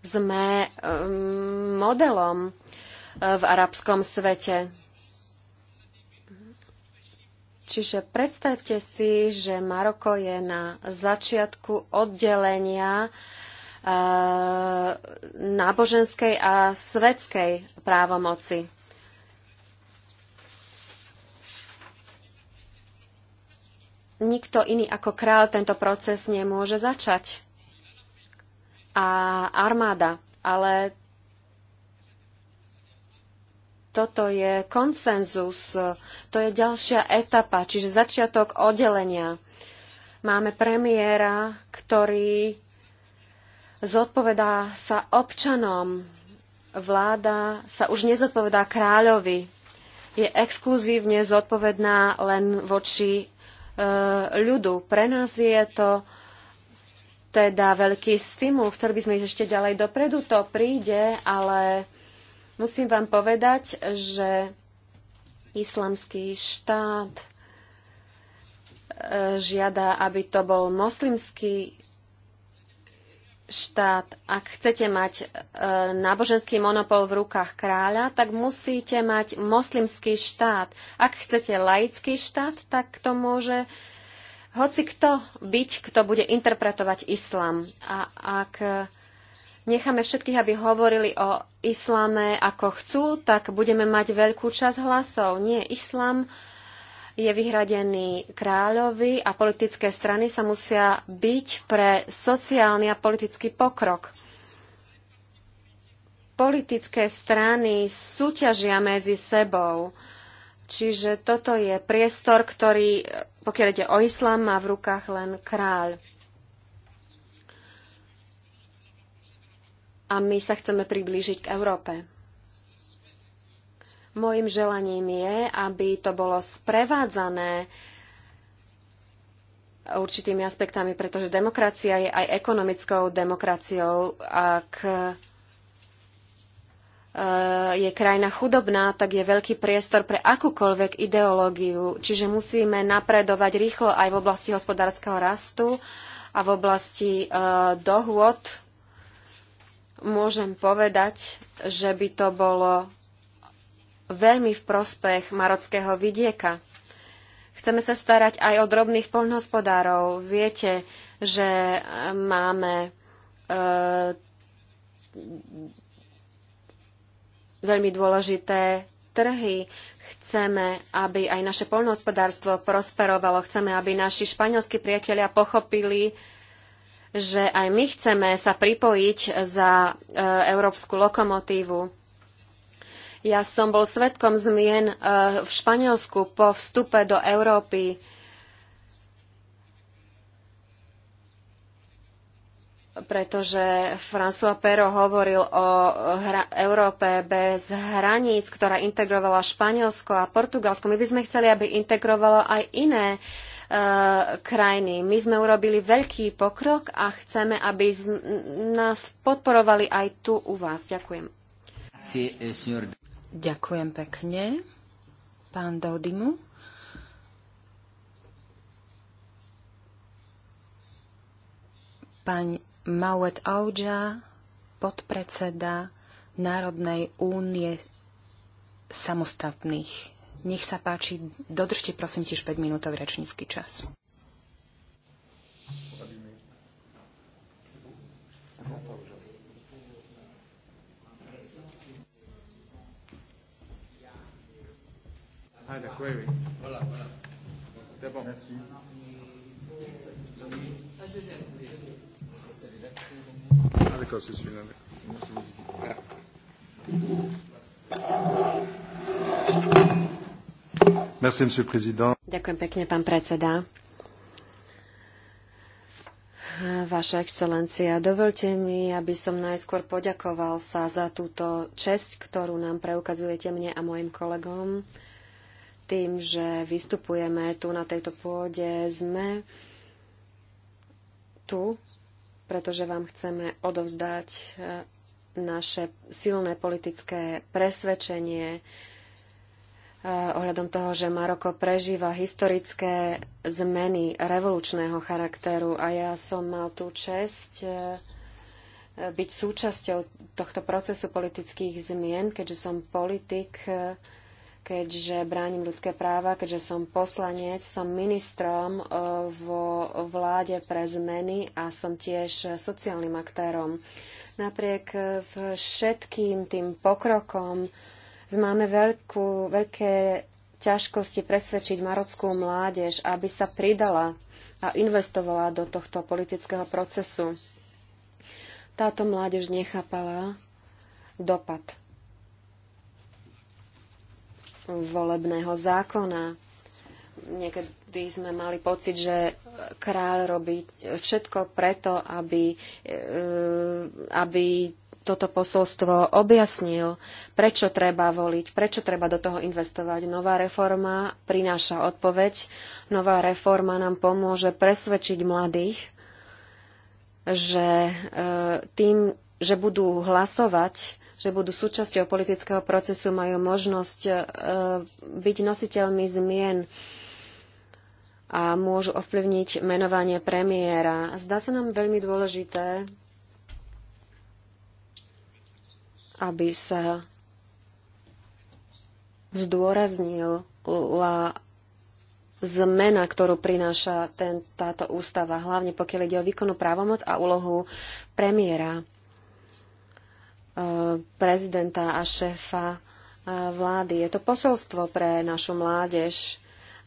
sme um, modelom uh, v arabskom svete. Čiže predstavte si, že Maroko je na začiatku oddelenia uh, náboženskej a svetskej právomoci. Nikto iný ako král tento proces nemôže začať a armáda. Ale toto je konsenzus, to je ďalšia etapa, čiže začiatok oddelenia. Máme premiéra, ktorý zodpovedá sa občanom. Vláda sa už nezodpovedá kráľovi. Je exkluzívne zodpovedná len voči e, ľudu. Pre nás je to teda veľký stimul. Chceli by sme ísť ešte ďalej dopredu, to príde, ale musím vám povedať, že islamský štát e, žiada, aby to bol moslimský štát. Ak chcete mať e, náboženský monopol v rukách kráľa, tak musíte mať moslimský štát. Ak chcete laický štát, tak to môže hoci kto byť, kto bude interpretovať islám. A ak e, necháme všetkých, aby hovorili o islame ako chcú, tak budeme mať veľkú časť hlasov. Nie, islám je vyhradený kráľovi a politické strany sa musia byť pre sociálny a politický pokrok. Politické strany súťažia medzi sebou Čiže toto je priestor, ktorý, pokiaľ ide o islám, má v rukách len kráľ. A my sa chceme priblížiť k Európe. Mojím želaním je, aby to bolo sprevádzané určitými aspektami, pretože demokracia je aj ekonomickou demokraciou. Ak Eh, je krajina chudobná, tak je veľký priestor pre akúkoľvek ideológiu. Čiže musíme napredovať rýchlo aj v oblasti hospodárskeho rastu a v oblasti eh, dohôd. Môžem povedať, že by to bolo veľmi v prospech marockého vidieka. Chceme sa starať aj o drobných poľnohospodárov. Viete, že eh, máme veľmi dôležité trhy. Chceme, aby aj naše poľnohospodárstvo prosperovalo. Chceme, aby naši španielskí priatelia pochopili, že aj my chceme sa pripojiť za e, európsku lokomotívu. Ja som bol svetkom zmien e, v Španielsku po vstupe do Európy pretože François Perro hovoril o Európe bez hraníc, ktorá integrovala Španielsko a Portugalsko. My by sme chceli, aby integrovala aj iné e, krajiny. My sme urobili veľký pokrok a chceme, aby z, nás podporovali aj tu u vás. Ďakujem. Eh, Ďakujem pekne. Pán Dodimu. Pani Mauet Audža, podpredseda Národnej únie samostatných. Nech sa páči, dodržte prosím tiež 5 minútový rečnícky čas. Ah, d'accord, oui. Voilà, voilà. C'est bon. Merci. Ah, D'accord, c'est celui-là. Merci, monsieur le président. Ďakujem pekne, pán predseda. Vaša excelencia, dovolte mi, aby som najskôr poďakoval sa za túto česť, ktorú nám preukazujete mne a mojim kolegom. Tým, že vystupujeme tu na tejto pôde, sme tu pretože vám chceme odovzdať eh, naše silné politické presvedčenie eh, ohľadom toho, že Maroko prežíva historické zmeny revolučného charakteru a ja som mal tú čest eh, byť súčasťou tohto procesu politických zmien, keďže som politik keďže bránim ľudské práva, keďže som poslanec, som ministrom e, vo vláde pre zmeny a som tiež sociálnym aktérom. Napriek e, všetkým tým pokrokom máme veľkú, veľké ťažkosti presvedčiť marockú mládež, aby sa pridala a investovala do tohto politického procesu. Táto mládež nechápala dopad volebného zákona. Niekedy sme mali pocit, že kráľ robí všetko preto, aby, e, aby toto posolstvo objasnil, prečo treba voliť, prečo treba do toho investovať. Nová reforma prináša odpoveď. Nová reforma nám pomôže presvedčiť mladých, že e, tým, že budú hlasovať, že budú súčasťou politického procesu, majú možnosť e, byť nositeľmi zmien a môžu ovplyvniť menovanie premiéra. Zdá sa nám veľmi dôležité, aby sa zdôraznila zmena, ktorú prináša ten, táto ústava, hlavne pokiaľ ide o výkonu právomoc a úlohu premiéra prezidenta a šéfa vlády. Je to posolstvo pre našu mládež,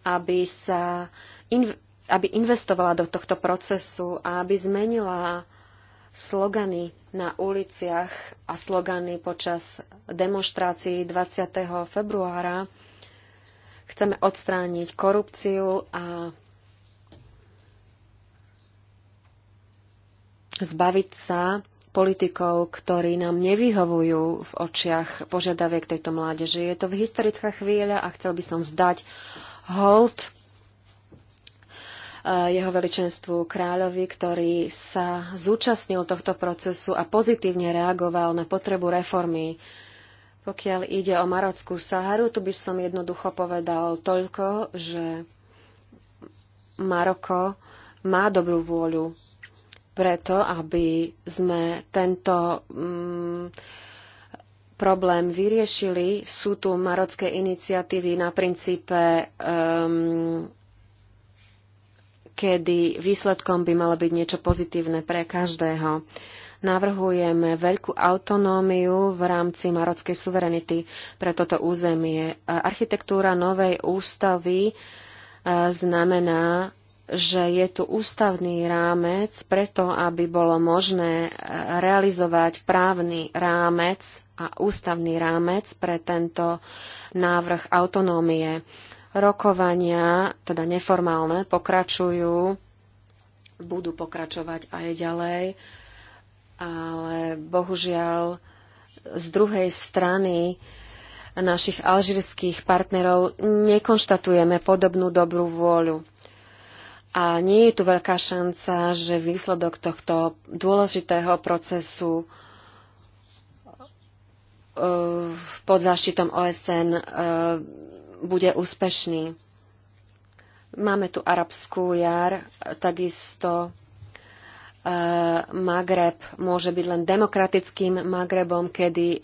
aby sa inv- aby investovala do tohto procesu a aby zmenila slogany na uliciach a slogany počas demonstrácií 20. februára. Chceme odstrániť korupciu a zbaviť sa politikov, ktorí nám nevyhovujú v očiach požiadaviek tejto mládeže. Je to v historická chvíľa a chcel by som zdať hold eh, jeho veličenstvu kráľovi, ktorý sa zúčastnil tohto procesu a pozitívne reagoval na potrebu reformy. Pokiaľ ide o Marockú Saharu, tu by som jednoducho povedal toľko, že Maroko má dobrú vôľu preto, aby sme tento mm, problém vyriešili. Sú tu marocké iniciatívy na princípe, um, kedy výsledkom by malo byť niečo pozitívne pre každého. Navrhujeme veľkú autonómiu v rámci marockej suverenity pre toto územie. Architektúra novej ústavy e, znamená že je tu ústavný rámec preto, aby bolo možné eh, realizovať právny rámec a ústavný rámec pre tento návrh autonómie. Rokovania, teda neformálne, pokračujú, budú pokračovať aj ďalej, ale bohužiaľ z druhej strany našich alžírskych partnerov nekonštatujeme podobnú dobrú vôľu a nie je tu veľká šanca, že výsledok tohto dôležitého procesu e, pod záštitom OSN e, bude úspešný. Máme tu arabskú jar, takisto e, Magreb môže byť len demokratickým Magrebom, kedy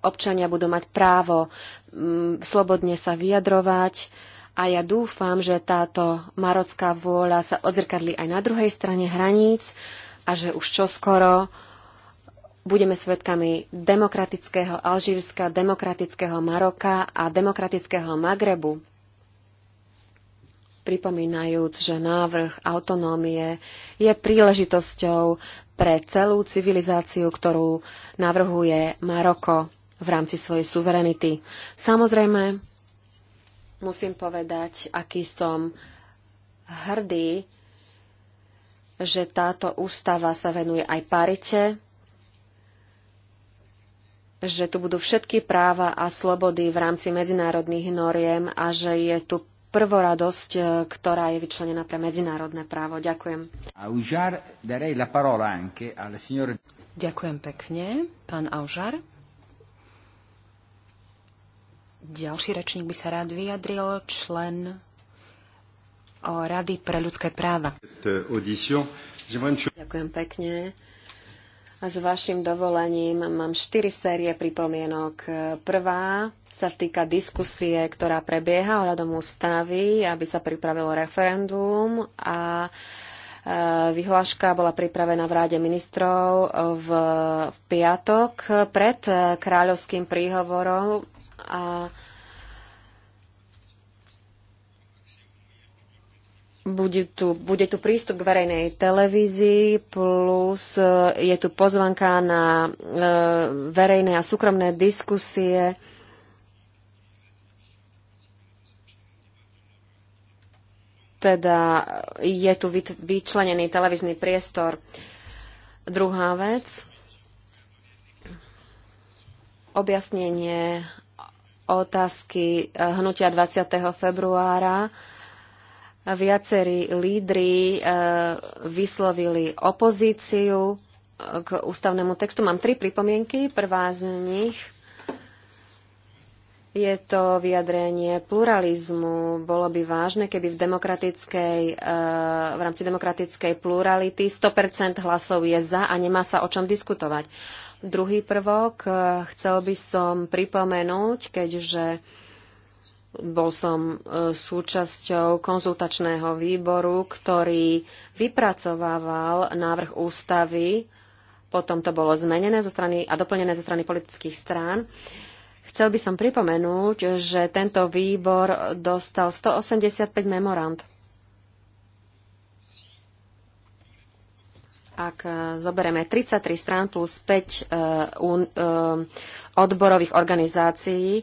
občania budú mať právo slobodne sa vyjadrovať, a ja dúfam, že táto marocká vôľa sa odzrkadlí aj na druhej strane hraníc a že už čoskoro budeme svedkami demokratického Alžírska, demokratického Maroka a demokratického Magrebu. Pripomínajúc, že návrh autonómie je príležitosťou pre celú civilizáciu, ktorú navrhuje Maroko v rámci svojej suverenity. Samozrejme, musím povedať, aký som hrdý, že táto ústava sa venuje aj parite, že tu budú všetky práva a slobody v rámci medzinárodných noriem a že je tu prvoradosť, e, ktorá je vyčlenená pre medzinárodné právo. Ďakujem. Ďakujem pekne. Pán Aužar. Ďalší rečník by sa rád vyjadril, člen o Rady pre ľudské práva. Ďakujem pekne. A s vašim dovolením mám štyri série pripomienok. Prvá sa týka diskusie, ktorá prebieha ohľadom ústavy, aby sa pripravilo referendum a e, Vyhláška bola pripravená v Ráde ministrov v piatok pred e, kráľovským príhovorom a bude tu, bude tu prístup k verejnej televízii, plus e, je tu pozvanka na e, verejné a súkromné diskusie. Teda je tu vyčlenený televízny priestor. Druhá vec, objasnenie otázky eh, hnutia 20. februára viacerí lídry eh, vyslovili opozíciu eh, k ústavnému textu. Mám tri pripomienky. Prvá z nich je to vyjadrenie pluralizmu. Bolo by vážne, keby v, demokratickej, v rámci demokratickej plurality 100% hlasov je za a nemá sa o čom diskutovať. Druhý prvok e, chcel by som pripomenúť, keďže bol som e, súčasťou konzultačného výboru, ktorý vypracovával návrh ústavy. Potom to bolo zmenené zo strany a doplnené zo strany politických strán. Chcel by som pripomenúť, že tento výbor dostal 185 memorand ak e, zoberieme 33 strán plus 5 e, e, odborových organizácií,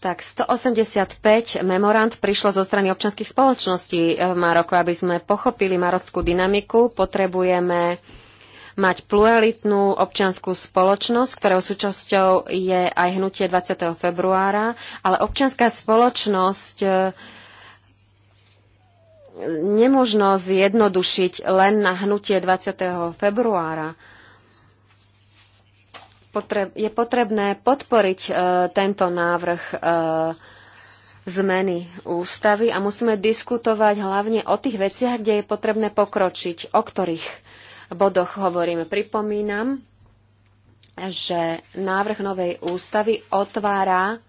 tak 185 memorand prišlo zo strany občanských spoločností v Maroku. Aby sme pochopili marockú dynamiku, potrebujeme mať pluralitnú občianskú spoločnosť, ktorého súčasťou je aj hnutie 20. februára, ale občianská spoločnosť nemožno zjednodušiť len na hnutie 20. februára. Potreb, je potrebné podporiť e, tento návrh e, zmeny ústavy a musíme diskutovať hlavne o tých veciach, kde je potrebné pokročiť, o ktorých bodoch hovoríme. Pripomínam, že návrh novej ústavy otvára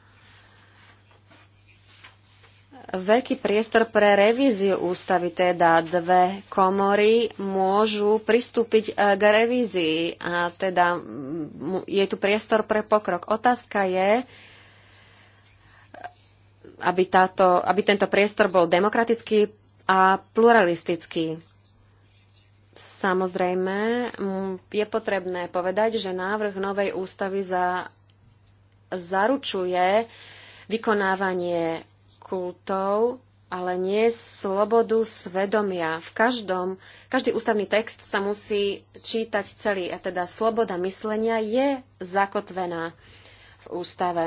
veľký priestor pre revíziu ústavy, teda dve komory môžu pristúpiť e, k revízii a teda je tu priestor pre pokrok. Otázka je, aby, táto, aby tento priestor bol demokratický a pluralistický. Samozrejme, je potrebné povedať, že návrh novej ústavy za, zaručuje vykonávanie kultov, ale nie slobodu svedomia. V každom, každý ústavný text sa musí čítať celý, a teda sloboda myslenia je zakotvená v ústave.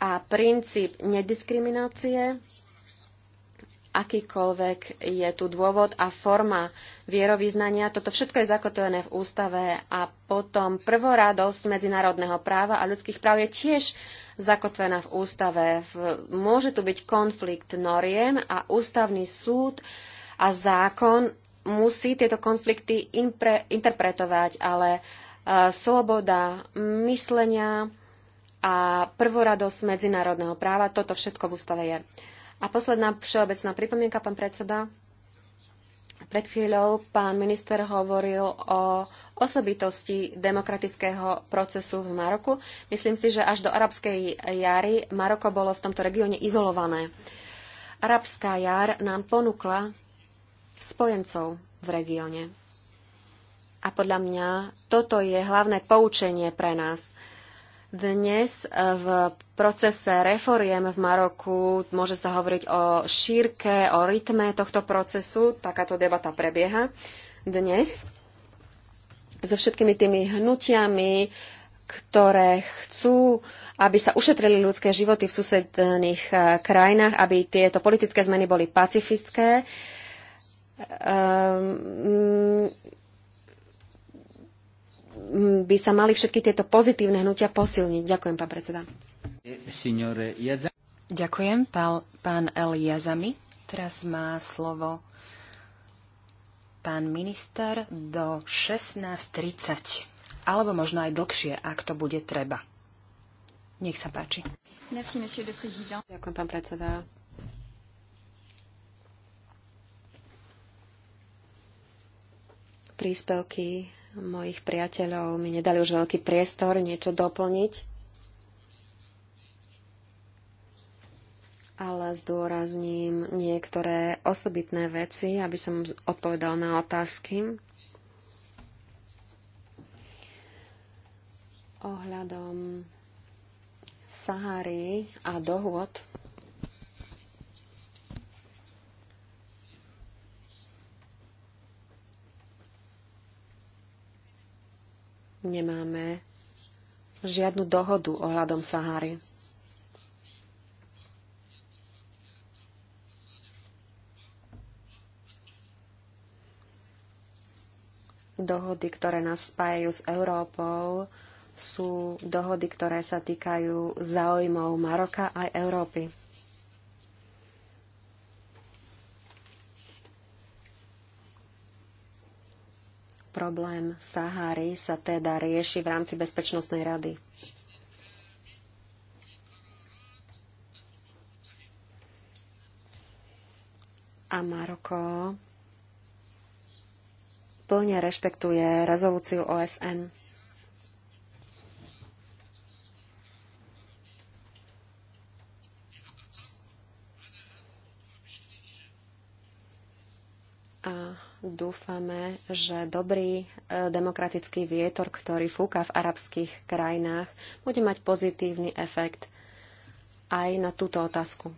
A princíp nediskriminácie akýkoľvek je tu dôvod a forma vierovýznania. Toto všetko je zakotvené v ústave a potom prvoradosť medzinárodného práva a ľudských práv je tiež zakotvená v ústave. môže tu byť konflikt noriem a ústavný súd a zákon musí tieto konflikty impre, interpretovať, ale e, sloboda myslenia a prvoradosť medzinárodného práva, toto všetko v ústave je. A posledná všeobecná pripomienka, pán predseda. Pred chvíľou pán minister hovoril o osobitosti demokratického procesu v Maroku. Myslím si, že až do arabskej jary Maroko bolo v tomto regióne izolované. Arabská jar nám ponúkla spojencov v regióne. A podľa mňa toto je hlavné poučenie pre nás. Dnes e, v procese reforiem v Maroku môže sa hovoriť o šírke, o rytme tohto procesu. Takáto debata prebieha dnes so všetkými tými hnutiami, ktoré chcú, aby sa ušetrili ľudské životy v susedných e, krajinách, aby tieto politické zmeny boli pacifické. Um, by sa mali všetky tieto pozitívne hnutia posilniť. Ďakujem, pán predseda. Ďakujem, pán, pán El Jazami. Teraz má slovo pán minister do 16.30, alebo možno aj dlhšie, ak to bude treba. Nech sa páči. Merci, monsieur le président. Ďakujem, pán predseda. Príspevky mojich priateľov mi nedali už veľký priestor niečo doplniť. ale zdôrazním niektoré osobitné veci, aby som odpovedal na otázky. Ohľadom Sahary a dohôd nemáme žiadnu dohodu ohľadom Sahary. Dohody, ktoré nás spájajú s Európou, sú dohody, ktoré sa týkajú záujmov Maroka aj Európy. Problém Sahary sa teda rieši v rámci Bezpečnostnej rady. A Maroko plne rešpektuje rezolúciu OSN. Dúfame, že dobrý e, demokratický vietor, ktorý fúka v arabských krajinách, bude mať pozitívny efekt aj na túto otázku.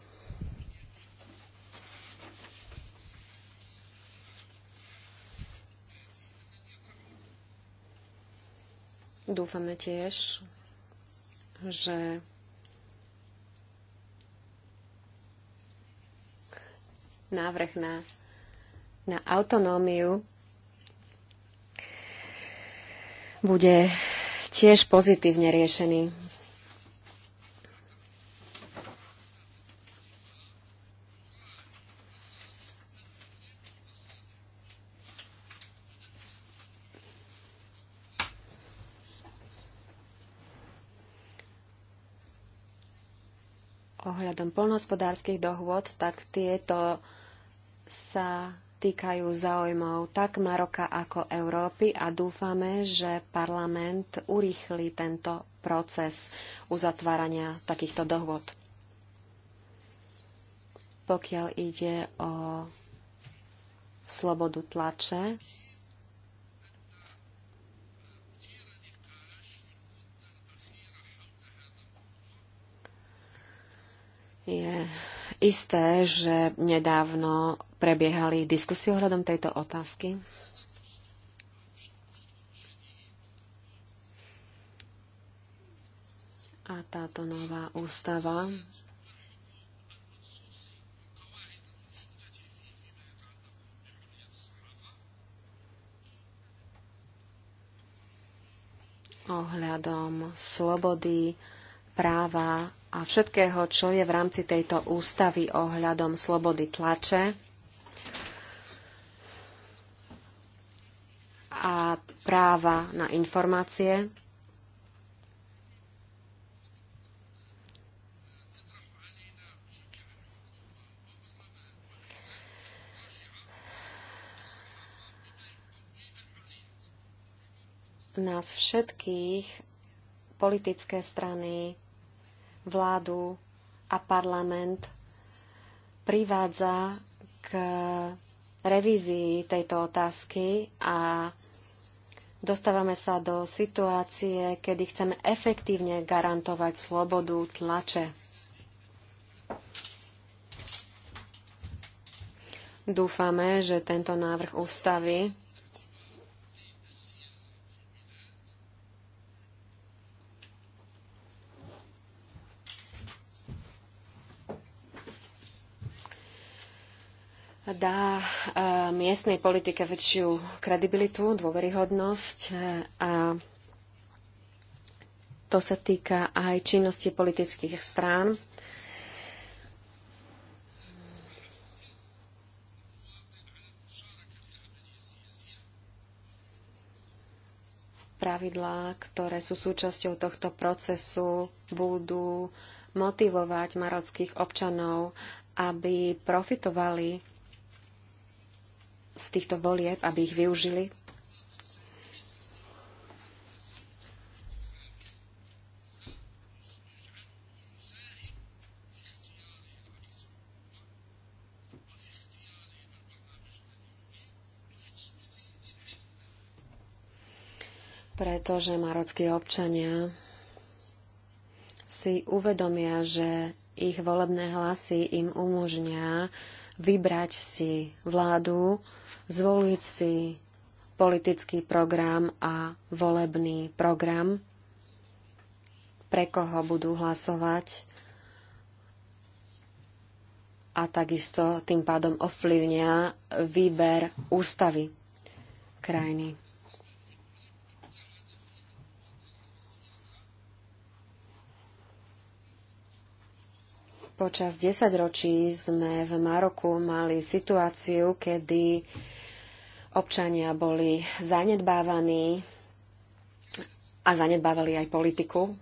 Dúfame tiež, že návrh na na autonómiu bude tiež pozitívne riešený. Ohľadom polnohospodárskych dohôd, tak tieto sa týkajú záujmov tak Maroka ako Európy a dúfame, že parlament urýchli tento proces uzatvárania takýchto dohôd. Pokiaľ ide o slobodu tlače, je isté, že nedávno prebiehali diskusie ohľadom tejto otázky? A táto nová ústava ohľadom slobody, práva a všetkého, čo je v rámci tejto ústavy ohľadom slobody tlače, práva na informácie. nás všetkých, politické strany, vládu a parlament privádza k revízii tejto otázky a Dostávame sa do situácie, kedy chceme efektívne garantovať slobodu tlače. Dúfame, že tento návrh ústavy dá e, miestnej politike väčšiu kredibilitu, dôveryhodnosť e, a to sa týka aj činnosti politických strán. Pravidlá, ktoré sú súčasťou tohto procesu, budú motivovať marockých občanov, aby profitovali z týchto volieb, aby ich využili. pretože marockí občania si uvedomia, že ich volebné hlasy im umožňa vybrať si vládu, zvoliť si politický program a volebný program, pre koho budú hlasovať a takisto tým pádom ovplyvnia výber ústavy krajiny. Počas 10 ročí sme v Maroku mali situáciu, kedy občania boli zanedbávaní a zanedbávali aj politiku.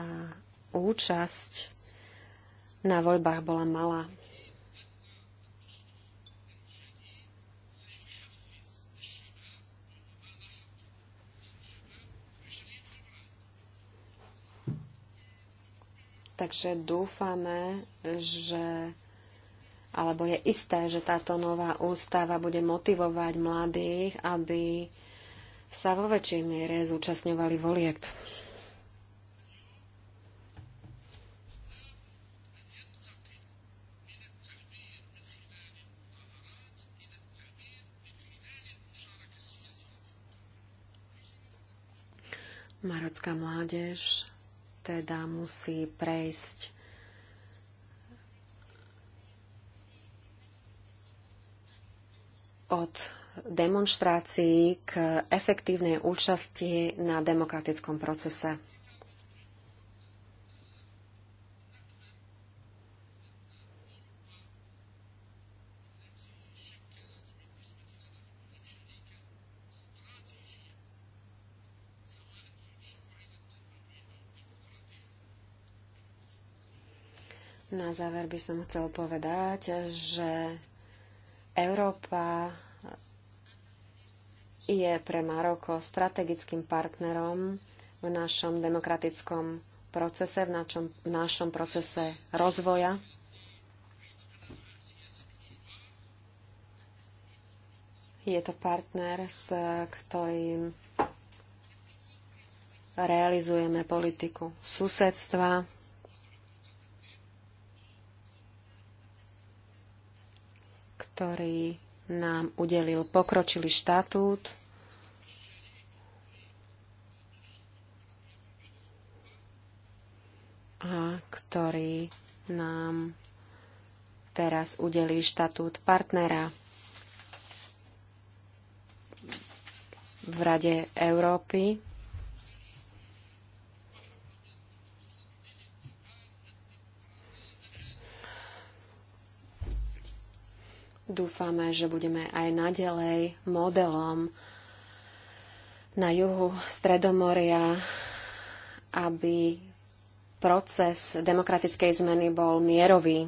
A účasť na voľbách bola malá. Takže dúfame, že alebo je isté, že táto nová ústava bude motivovať mladých, aby sa vo väčšej miere zúčastňovali volieb. Marocká mládež teda musí prejsť od demonstrácií k efektívnej účasti na demokratickom procese. Na záver by som chcel povedať, že Európa je pre Maroko strategickým partnerom v našom demokratickom procese, v našom, v našom procese rozvoja. Je to partner, s ktorým realizujeme politiku susedstva ktorý nám udelil pokročilý štatút. a ktorý nám teraz udelí štatút partnera v Rade Európy. Dúfame, že budeme aj naďalej modelom na juhu Stredomoria, aby proces demokratickej zmeny bol mierový.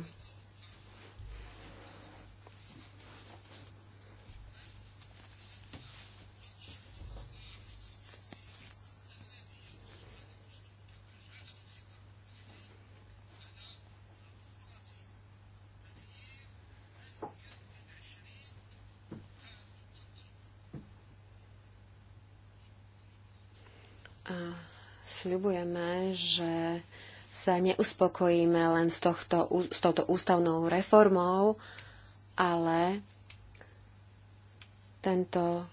sa neuspokojíme len s, tohto, s touto ústavnou reformou, ale tento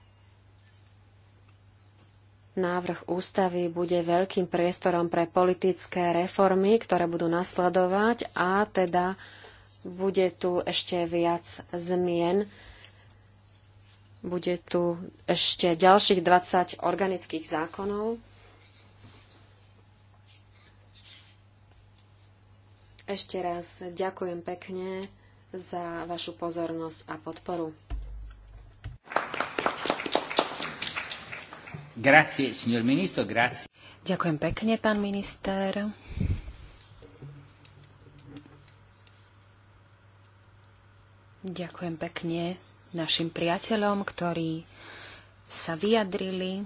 návrh ústavy bude veľkým priestorom pre politické reformy, ktoré budú nasledovať a teda bude tu ešte viac zmien. Bude tu ešte ďalších 20 organických zákonov. Ešte raz ďakujem pekne za vašu pozornosť a podporu. Grazie, signor ministro, grazie. Ďakujem pekne, pán minister. Ďakujem pekne našim priateľom, ktorí sa vyjadrili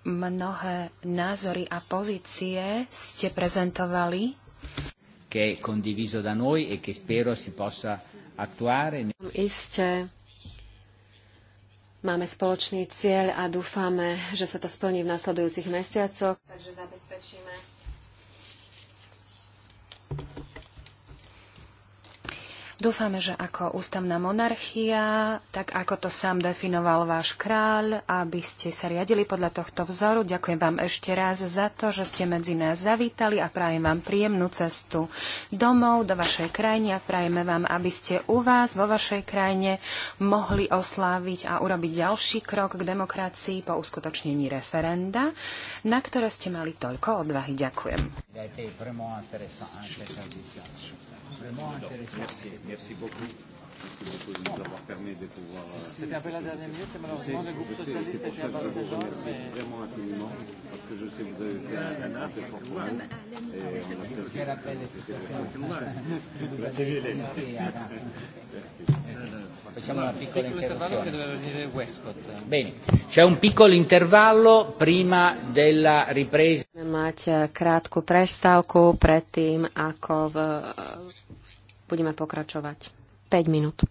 Mnohé názory a pozície ste prezentovali. Che è condiviso da noi e che spero si possa attuare. Iste, Máme spoločný cieľ a dúfame, že sa to splní v nasledujúcich mesiacoch. Takže zabezpečíme Dúfame, že ako ústavná monarchia, tak ako to sám definoval váš kráľ, aby ste sa riadili podľa tohto vzoru. Ďakujem vám ešte raz za to, že ste medzi nás zavítali a prajem vám príjemnú cestu domov do vašej krajiny a prajeme vám, aby ste u vás vo vašej krajine mohli osláviť a urobiť ďalší krok k demokracii po uskutočnení referenda, na ktoré ste mali toľko odvahy. Ďakujem. Merci, merci beaucoup. Merci beaucoup de nous avoir permis de pouvoir. Euh, C'était un peu la dernière minute, et malheureusement, le groupe socialiste était à Barcelone. Mais... Vraiment infiniment, parce que je sais que vous avez fait un grand effort pour Et on apprécie. Quel appel Grazie <laughs> mille. Facciamo una piccola interruzione. Bene, c'è un piccolo intervallo prima della ripresa. Mať eh, krátku prestávku predtým, ako v eh, budeme pokračovať. 5 minút.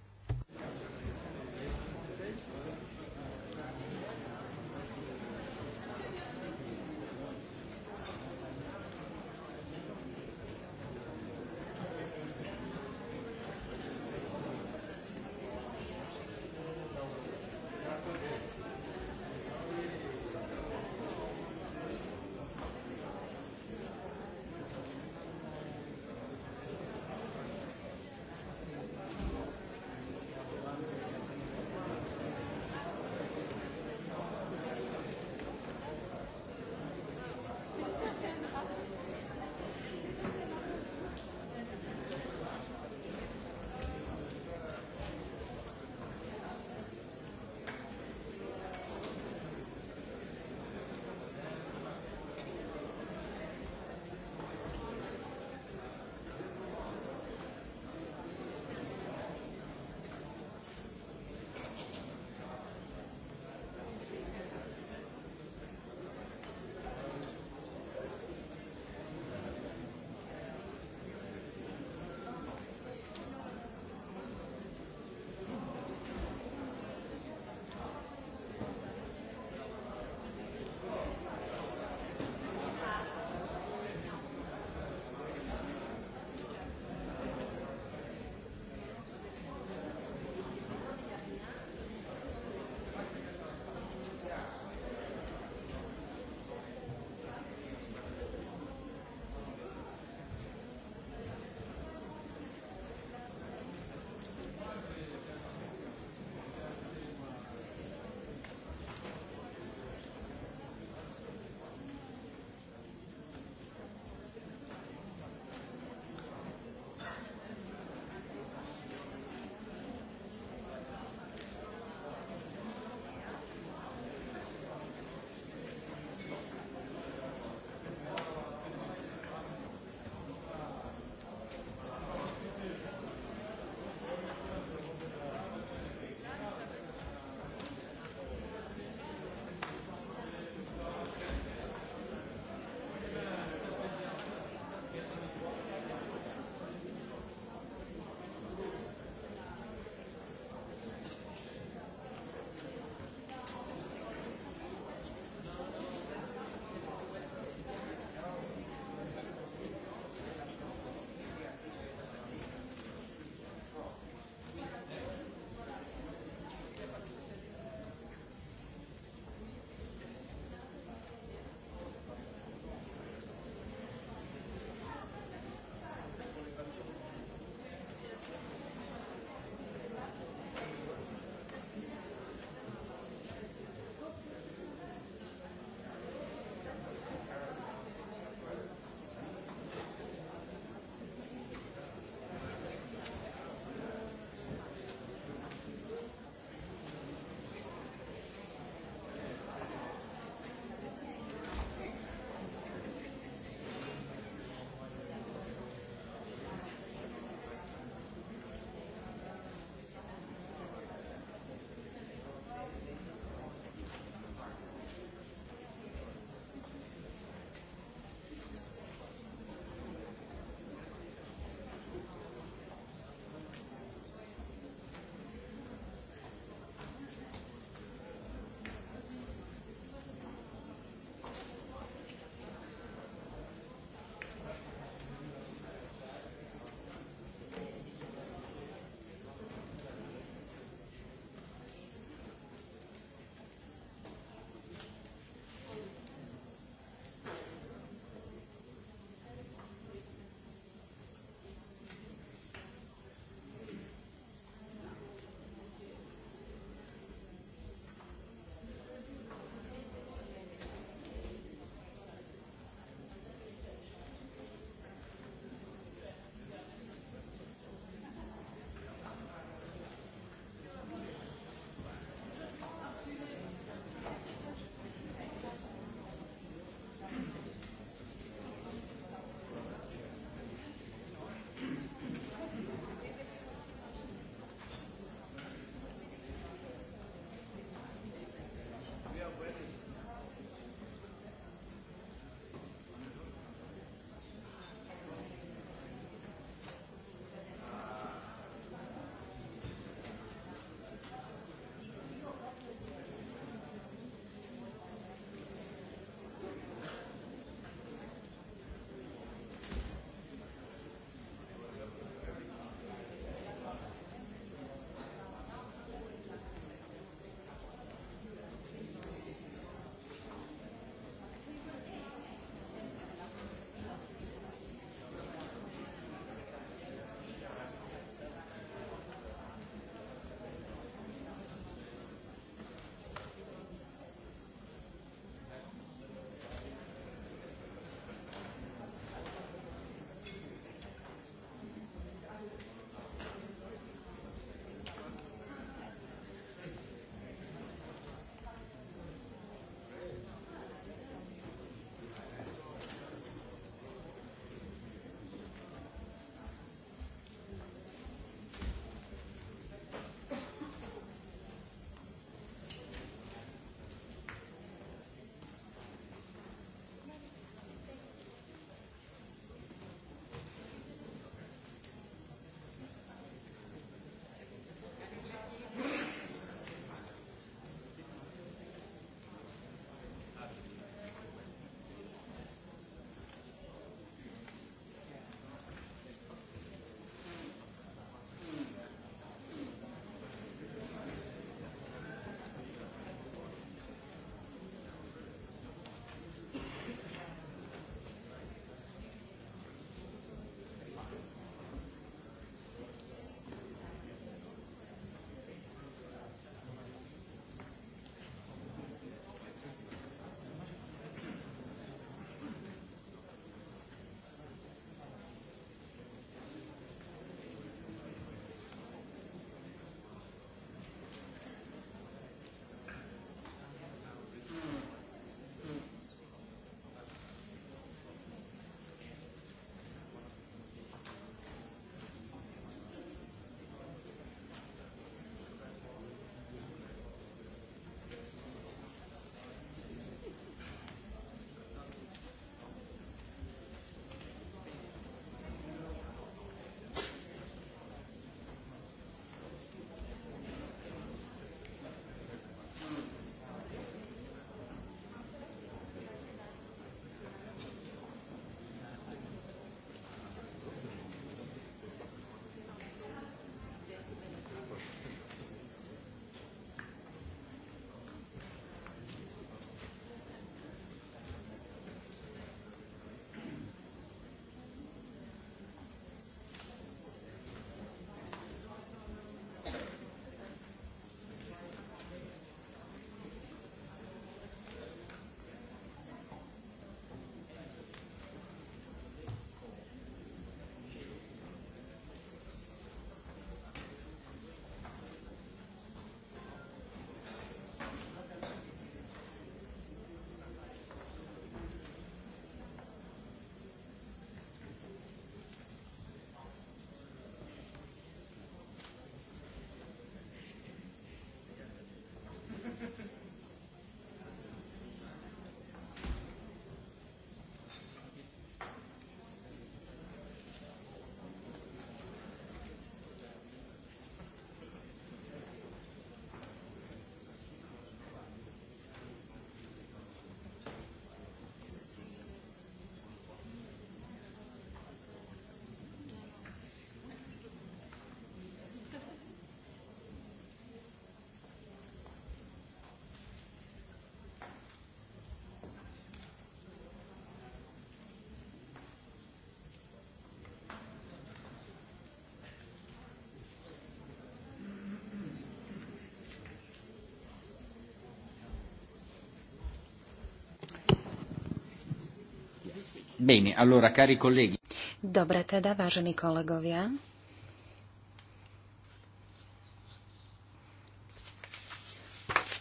Bene, allora, cari colleghi. Dobre teda, vážení kolegovia.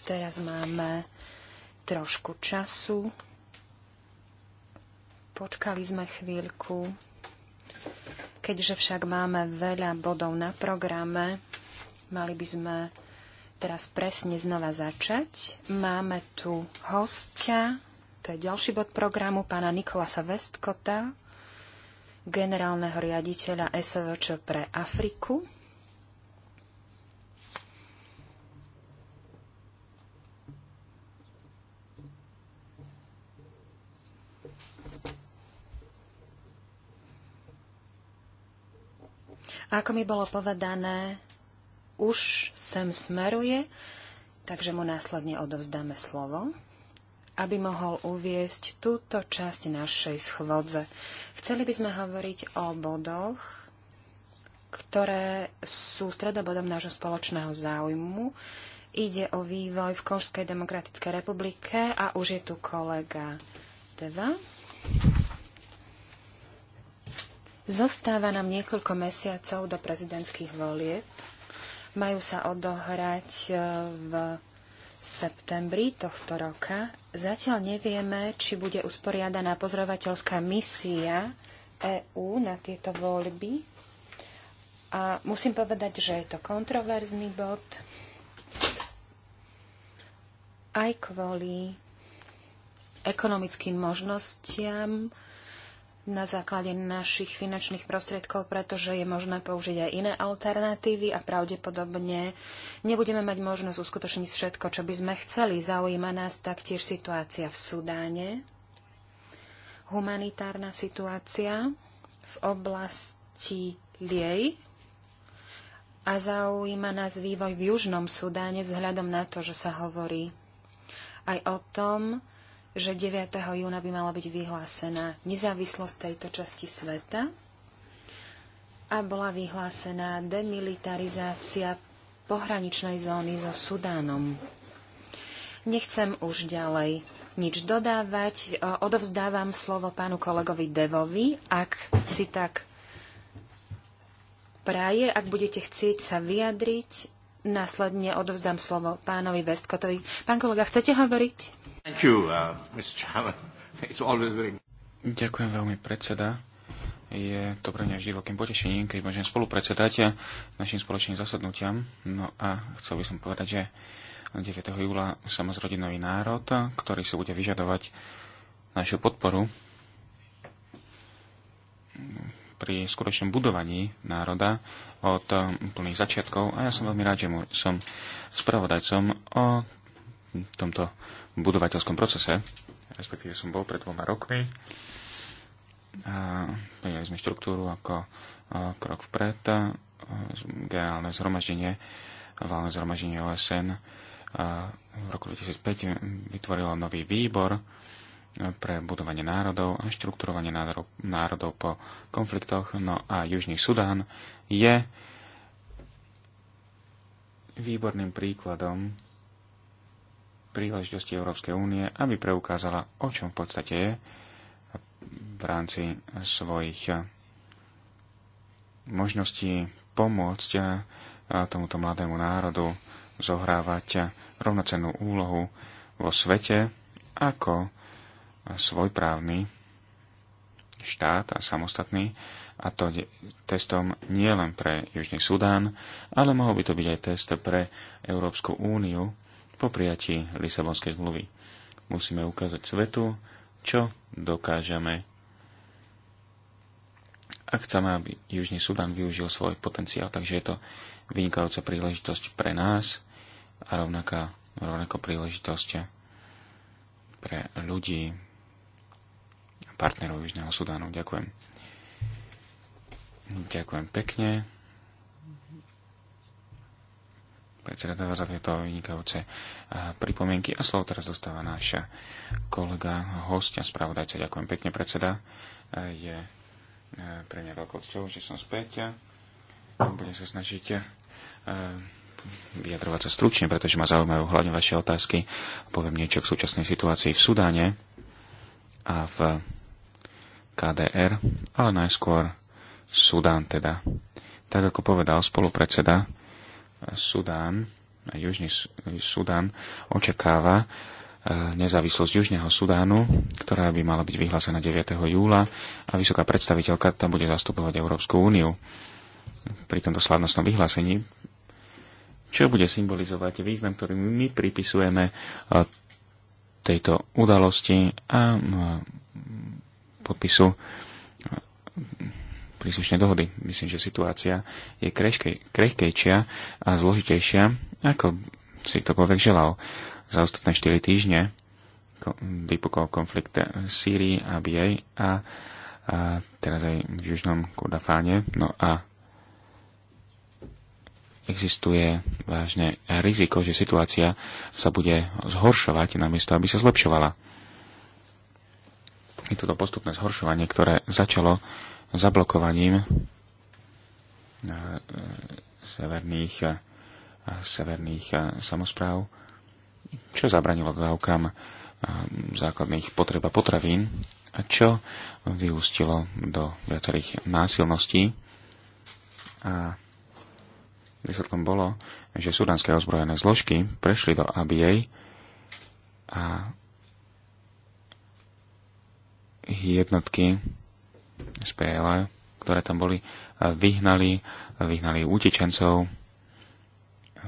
Teraz máme trošku času. Počkali sme chvíľku. Keďže však máme veľa bodov na programe, mali by sme teraz presne znova začať. Máme tu hostia, je Ďalší bod programu pána Nikolasa Westkota, generálneho riaditeľa SVČ pre Afriku. Ako mi bolo povedané, už sem smeruje, takže mu následne odovzdáme slovo aby mohol uviesť túto časť našej schôdze. Chceli by sme hovoriť o bodoch, ktoré sú stredobodom nášho spoločného záujmu. Ide o vývoj v Konžskej demokratickej republike a už je tu kolega Deva. Zostáva nám niekoľko mesiacov do prezidentských volieb. Majú sa odohrať eh, v septembri tohto roka. Zatiaľ nevieme, či bude usporiadaná pozorovateľská misia EÚ na tieto voľby. A musím povedať, že je to kontroverzný bod aj kvôli ekonomickým možnostiam, na základe našich finančných prostriedkov, pretože je možné použiť aj iné alternatívy a pravdepodobne nebudeme mať možnosť uskutočniť všetko, čo by sme chceli. Zaujíma nás taktiež situácia v Sudáne, humanitárna situácia v oblasti Liej a zaujíma nás vývoj v Južnom Sudáne vzhľadom na to, že sa hovorí aj o tom, že 9. júna by mala byť vyhlásená nezávislosť tejto časti sveta a bola vyhlásená demilitarizácia pohraničnej zóny so Sudánom. Nechcem už ďalej nič dodávať. Odovzdávam slovo pánu kolegovi Devovi, ak si tak praje, ak budete chcieť sa vyjadriť, následne odovzdám slovo pánovi Vestkotovi. Pán kolega, chcete hovoriť? Uh, <laughs> Ďakujem veľmi, predseda. Je to pre mňa vždy veľkým potešením, keď môžem spolupredsedať našim spoločným zasadnutiam. No a chcel by som povedať, že 9. júla samozrodí nový národ, ktorý si bude vyžadovať našu podporu pri skutočnom budovaní národa od plných začiatkov a ja som veľmi rád, že som spravodajcom o tomto budovateľskom procese, respektíve som bol pred dvoma rokmi. Prijali sme štruktúru ako krok vpred, generálne zhromaždenie, valné zhromaždenie OSN v roku 2005 vytvorilo nový výbor pre budovanie národov a štruktúrovanie národov po konfliktoch. No a Južný Sudán je výborným príkladom príležitosti Európskej únie, aby preukázala, o čom v podstate je v rámci svojich možností pomôcť eh, tomuto mladému národu zohrávať rovnocennú úlohu vo svete ako svojprávny štát a samostatný, a to testom nie len pre Južný Sudán, ale mohol by to byť aj test pre Európsku úniu po prijatí Lisabonskej zmluvy. Musíme ukázať svetu, čo dokážeme. A chceme, aby Južný Sudan využil svoj potenciál, takže je to vynikajúca príležitosť pre nás a rovnaká, rovnako príležitosť pre ľudí a partnerov Južného Sudánu. Ďakujem. Ďakujem pekne. predseda dáva za tieto vynikajúce pripomienky. A slovo teraz dostáva náša kolega, hostia, spravodajca. Ďakujem pekne, predseda. Je pre mňa veľkou cťou, že som späť. Budem sa snažiť vyjadrovať sa stručne, pretože ma zaujímajú hlavne vaše otázky. Poviem niečo k súčasnej situácii v Sudáne a v KDR, ale najskôr Sudán teda. Tak ako povedal spolupredseda, Sudán, Južný Sudán očakáva e, nezávislosť Južného Sudánu, ktorá by mala byť vyhlásená 9. júla a vysoká predstaviteľka tam bude zastupovať Európsku úniu pri tomto slavnostnom vyhlásení, čo bude symbolizovať význam, ktorý my pripisujeme e, tejto udalosti a podpisu príslušné dohody. Myslím, že situácia je krehkej, krehkejšia a zložitejšia, ako si ktokoľvek želal. Za ostatné 4 týždne vypukol konflikt v Sýrii a BA a, a teraz aj v južnom Kurdafáne. No a existuje vážne riziko, že situácia sa bude zhoršovať namiesto, aby sa zlepšovala. Je toto postupné zhoršovanie, ktoré začalo zablokovaním e, e, severných, e, severných samozpráv, čo zabranilo dávkam základných potreb a potravín a čo vyústilo do viacerých násilností. A výsledkom bolo, že sudanské ozbrojené zložky prešli do ABA a jednotky z PLA, ktoré tam boli, vyhnali, vyhnali utečencov.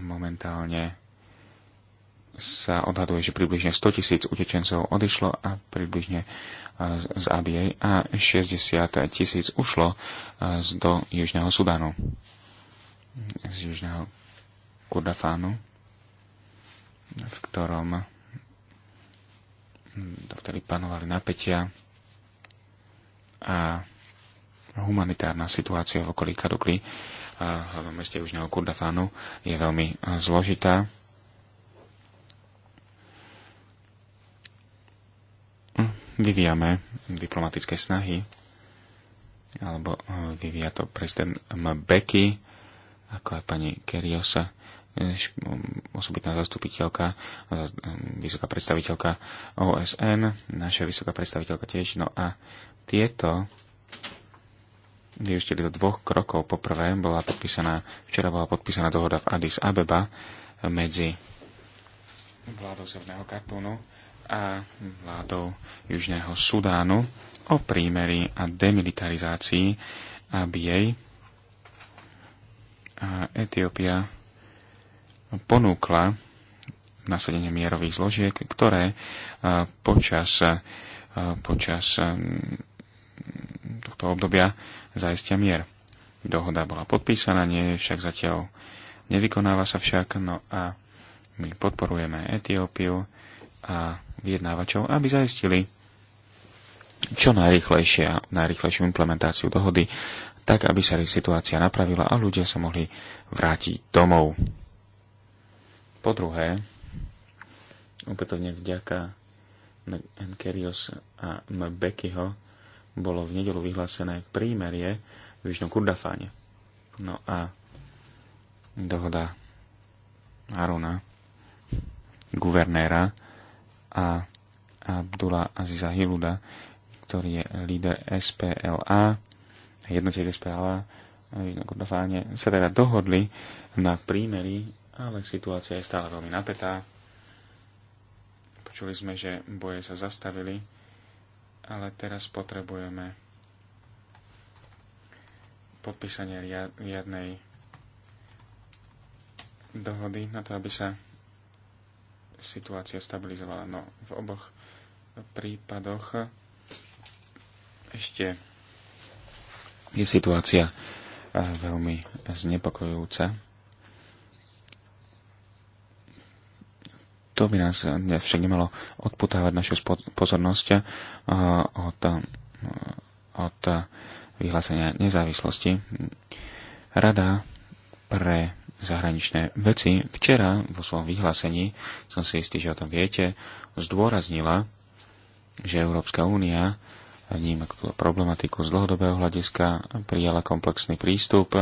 Momentálne sa odhaduje, že približne 100 tisíc utečencov odišlo a približne z ABA a 60 tisíc ušlo do Južného Sudanu, z Južného Kurdafánu, v ktorom vtedy panovali napätia a humanitárna situácia v okolí Kadukli, v hlavnom meste Južného Kurdafánu, je veľmi e, zložitá. Vyvíjame diplomatické snahy, alebo e, vyvíja to prezident Mbeki, ako aj pani Keriosa, e, osobitná zastupiteľka, vysoká predstaviteľka OSN, naša vysoká predstaviteľka tiež, no a tieto vyústili do dvoch krokov. Poprvé bola podpísaná, včera bola podpísaná dohoda v Addis Abeba medzi vládou Sevného Kartúnu a vládou Južného Sudánu o prímeri a demilitarizácii ABA a Etiópia ponúkla nasadenie mierových zložiek, ktoré počas, počas tohto obdobia zaistia mier. Dohoda bola podpísaná, nie je však zatiaľ nevykonáva sa však, no a my podporujeme Etiópiu a vyjednávačov, aby zaistili čo najrychlejšie a najrychlejšiu implementáciu dohody, tak aby sa situácia napravila a ľudia sa mohli vrátiť domov. Po druhé, opätovne vďaka Enkerios a Mbekiho, bolo v nedelu vyhlásené prímerie v Južnom Kurdafáne. No a dohoda aruna, guvernéra a Abdullah Aziza Hiluda, ktorý je líder SPLA, jednotiek SPLA v Južnom Kurdafáne, sa teda dohodli na prímeri, ale situácia je stále veľmi napätá. Počuli sme, že boje sa zastavili ale teraz potrebujeme podpísanie riadnej dohody na to, aby sa situácia stabilizovala. No, v oboch prípadoch ešte je situácia eh, veľmi znepokojujúca. To by nás eh, však nemalo odputávať našu pozornosť eh, od, eh, od vyhlásenia nezávislosti. Rada pre zahraničné veci včera vo svojom vyhlásení, som si istý, že o tom viete, zdôraznila, že Európska únia vníma túto problematiku z dlhodobého hľadiska, prijala komplexný prístup,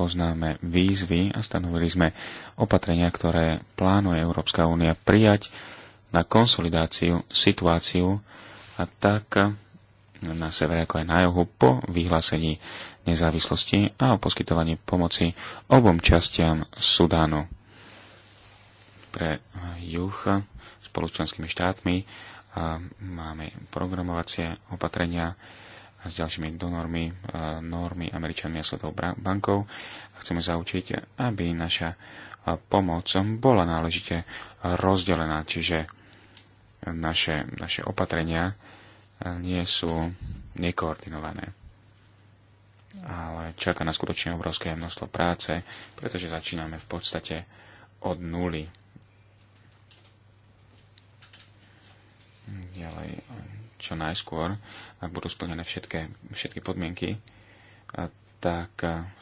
poznáme výzvy a stanovili sme opatrenia, ktoré plánuje Európska únia prijať na konsolidáciu situáciu a tak na severe ako aj na juhu po vyhlásení nezávislosti a o poskytovaní pomoci obom častiam Sudánu. Pre juh spolu s členskými štátmi máme programovacie opatrenia, s ďalšími donormi, e, normy, američanmi a svetovou bankou. Chceme zaučiť, aby naša e, pomoc bola náležite rozdelená, čiže naše, naše opatrenia e, nie sú nekoordinované. Ale čaká nás skutočne obrovské množstvo práce, pretože začíname v podstate od nuly. Ďalej čo najskôr, ak budú splnené všetky, všetky podmienky, tak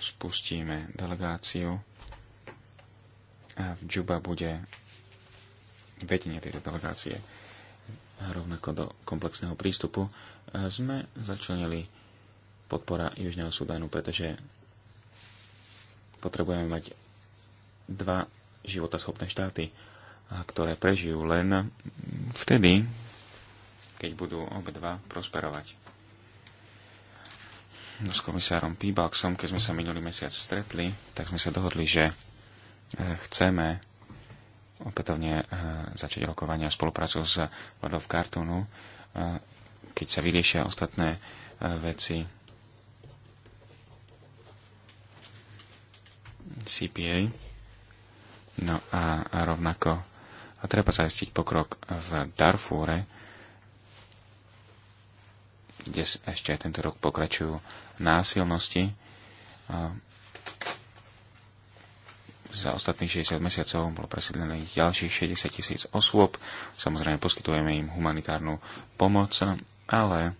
spustíme delegáciu. A v Džuba bude vedenie tejto delegácie. rovnako do komplexného prístupu sme začlenili podpora Južného Sudánu, pretože potrebujeme mať dva životaschopné štáty, ktoré prežijú len vtedy, keď budú obidva prosperovať. No, s komisárom Pibalksom, keď sme sa minulý mesiac stretli, tak sme sa dohodli, že e, chceme opätovne e, začať rokovania a spoluprácu s vládou v Kartúnu, e, keď sa vyriešia ostatné veci CPA. No a, a rovnako a treba zaistiť pokrok v Darfúre, kde ešte aj tento rok pokračujú násilnosti. Za ostatných 60 mesiacov bolo presídlených ďalších 60 tisíc osôb. Samozrejme poskytujeme im humanitárnu pomoc, ale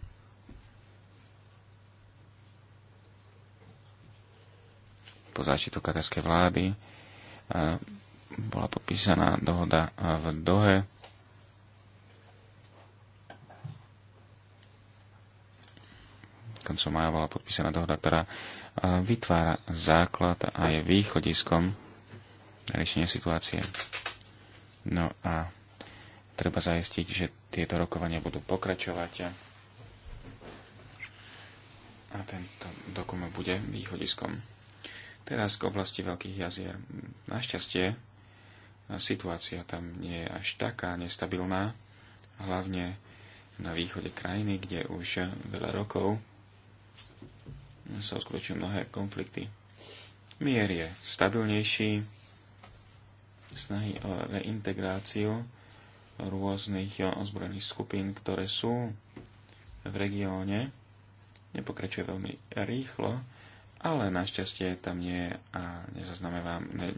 po záštitu katarskej vlády bola podpísaná dohoda v Dohe koncom maja bola podpísaná dohoda, ktorá e, vytvára základ a je východiskom riešenia situácie. No a treba zajistiť, že tieto rokovania budú pokračovať a tento dokument bude východiskom. Teraz k oblasti Veľkých jazier. Našťastie situácia tam nie je až taká nestabilná, hlavne na východe krajiny, kde už veľa rokov sa uskutočujú mnohé konflikty. Mier je stabilnejší, snahy o reintegráciu rôznych ozbrojených skupín, ktoré sú v regióne, nepokračuje veľmi rýchlo, ale našťastie tam nie a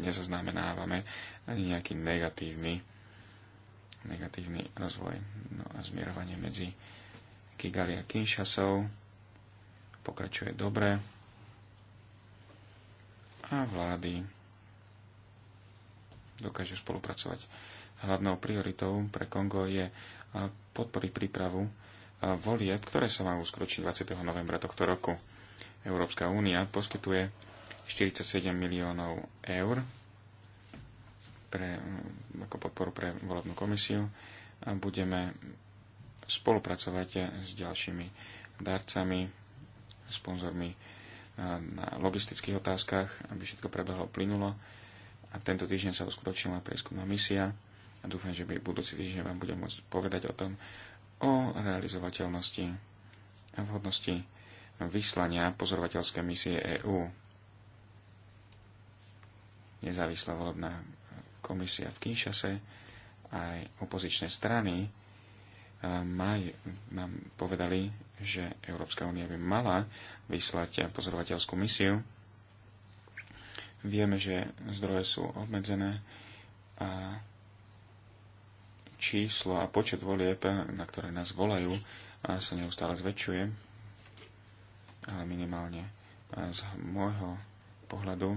nezaznamenávame ani nejaký negatívny, negatívny rozvoj no a zmierovanie medzi Kigali a Kinshasou pokračuje dobre a vlády dokážu spolupracovať. Hlavnou prioritou pre Kongo je podporiť prípravu volieb, ktoré sa má uskročiť 20. novembra tohto roku. Európska únia poskytuje 47 miliónov eur pre, ako podporu pre volebnú komisiu a budeme spolupracovať s ďalšími darcami sponzormi eh, na logistických otázkach, aby všetko prebehlo plynulo. A tento týždeň sa uskutočnila prieskumná misia a dúfam, že by budúci týždeň vám budem môcť povedať o tom, o realizovateľnosti a vhodnosti vyslania pozorovateľskej misie EÚ. Nezávislá volebná komisia v Kinshase aj opozičné strany maj nám povedali, že Európska únia by mala vyslať pozorovateľskú misiu. Vieme, že zdroje sú obmedzené a číslo a počet volieb, na ktoré nás volajú, sa neustále zväčšuje, ale minimálne z môjho pohľadu,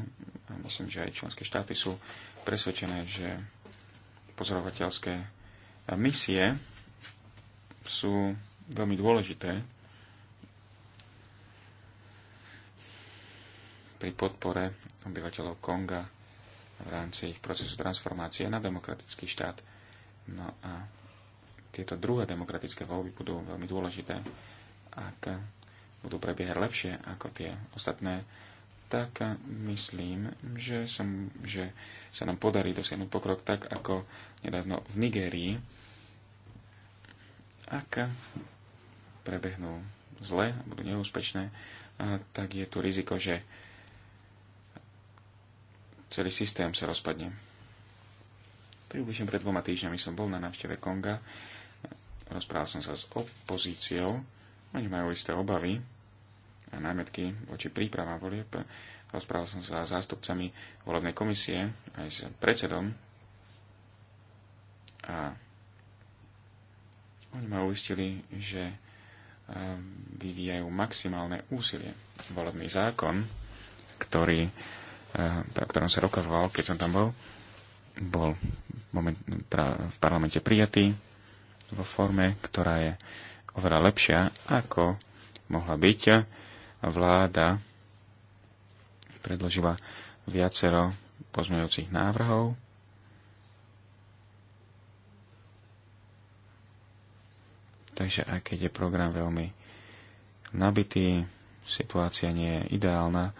myslím, že aj členské štáty sú presvedčené, že pozorovateľské misie sú veľmi dôležité pri podpore obyvateľov Konga v rámci ich procesu transformácie na demokratický štát. No a tieto druhé demokratické voľby budú veľmi dôležité, ak budú prebiehať lepšie ako tie ostatné, tak myslím, že, som, že sa nám podarí dosiahnuť pokrok tak, ako nedávno v Nigérii, ak prebehnú zle, budú neúspešné, tak je tu riziko, že celý systém sa rozpadne. Približne pred dvoma týždňami som bol na návšteve Konga, rozprával som sa s opozíciou, oni majú isté obavy a námetky voči prípravám volieb, rozprával som sa s zástupcami volebnej komisie, aj s predsedom a oni ma uistili, že eh, vyvíjajú maximálne úsilie. Volebný zákon, ktorý, eh, o ktorom sa rokoval, keď som tam bol, bol moment, pra, v parlamente prijatý vo forme, ktorá je oveľa lepšia, ako mohla byť. Eh, vláda predložila viacero pozmeňujúcich návrhov, Takže aj keď je program veľmi nabitý, situácia nie je ideálna,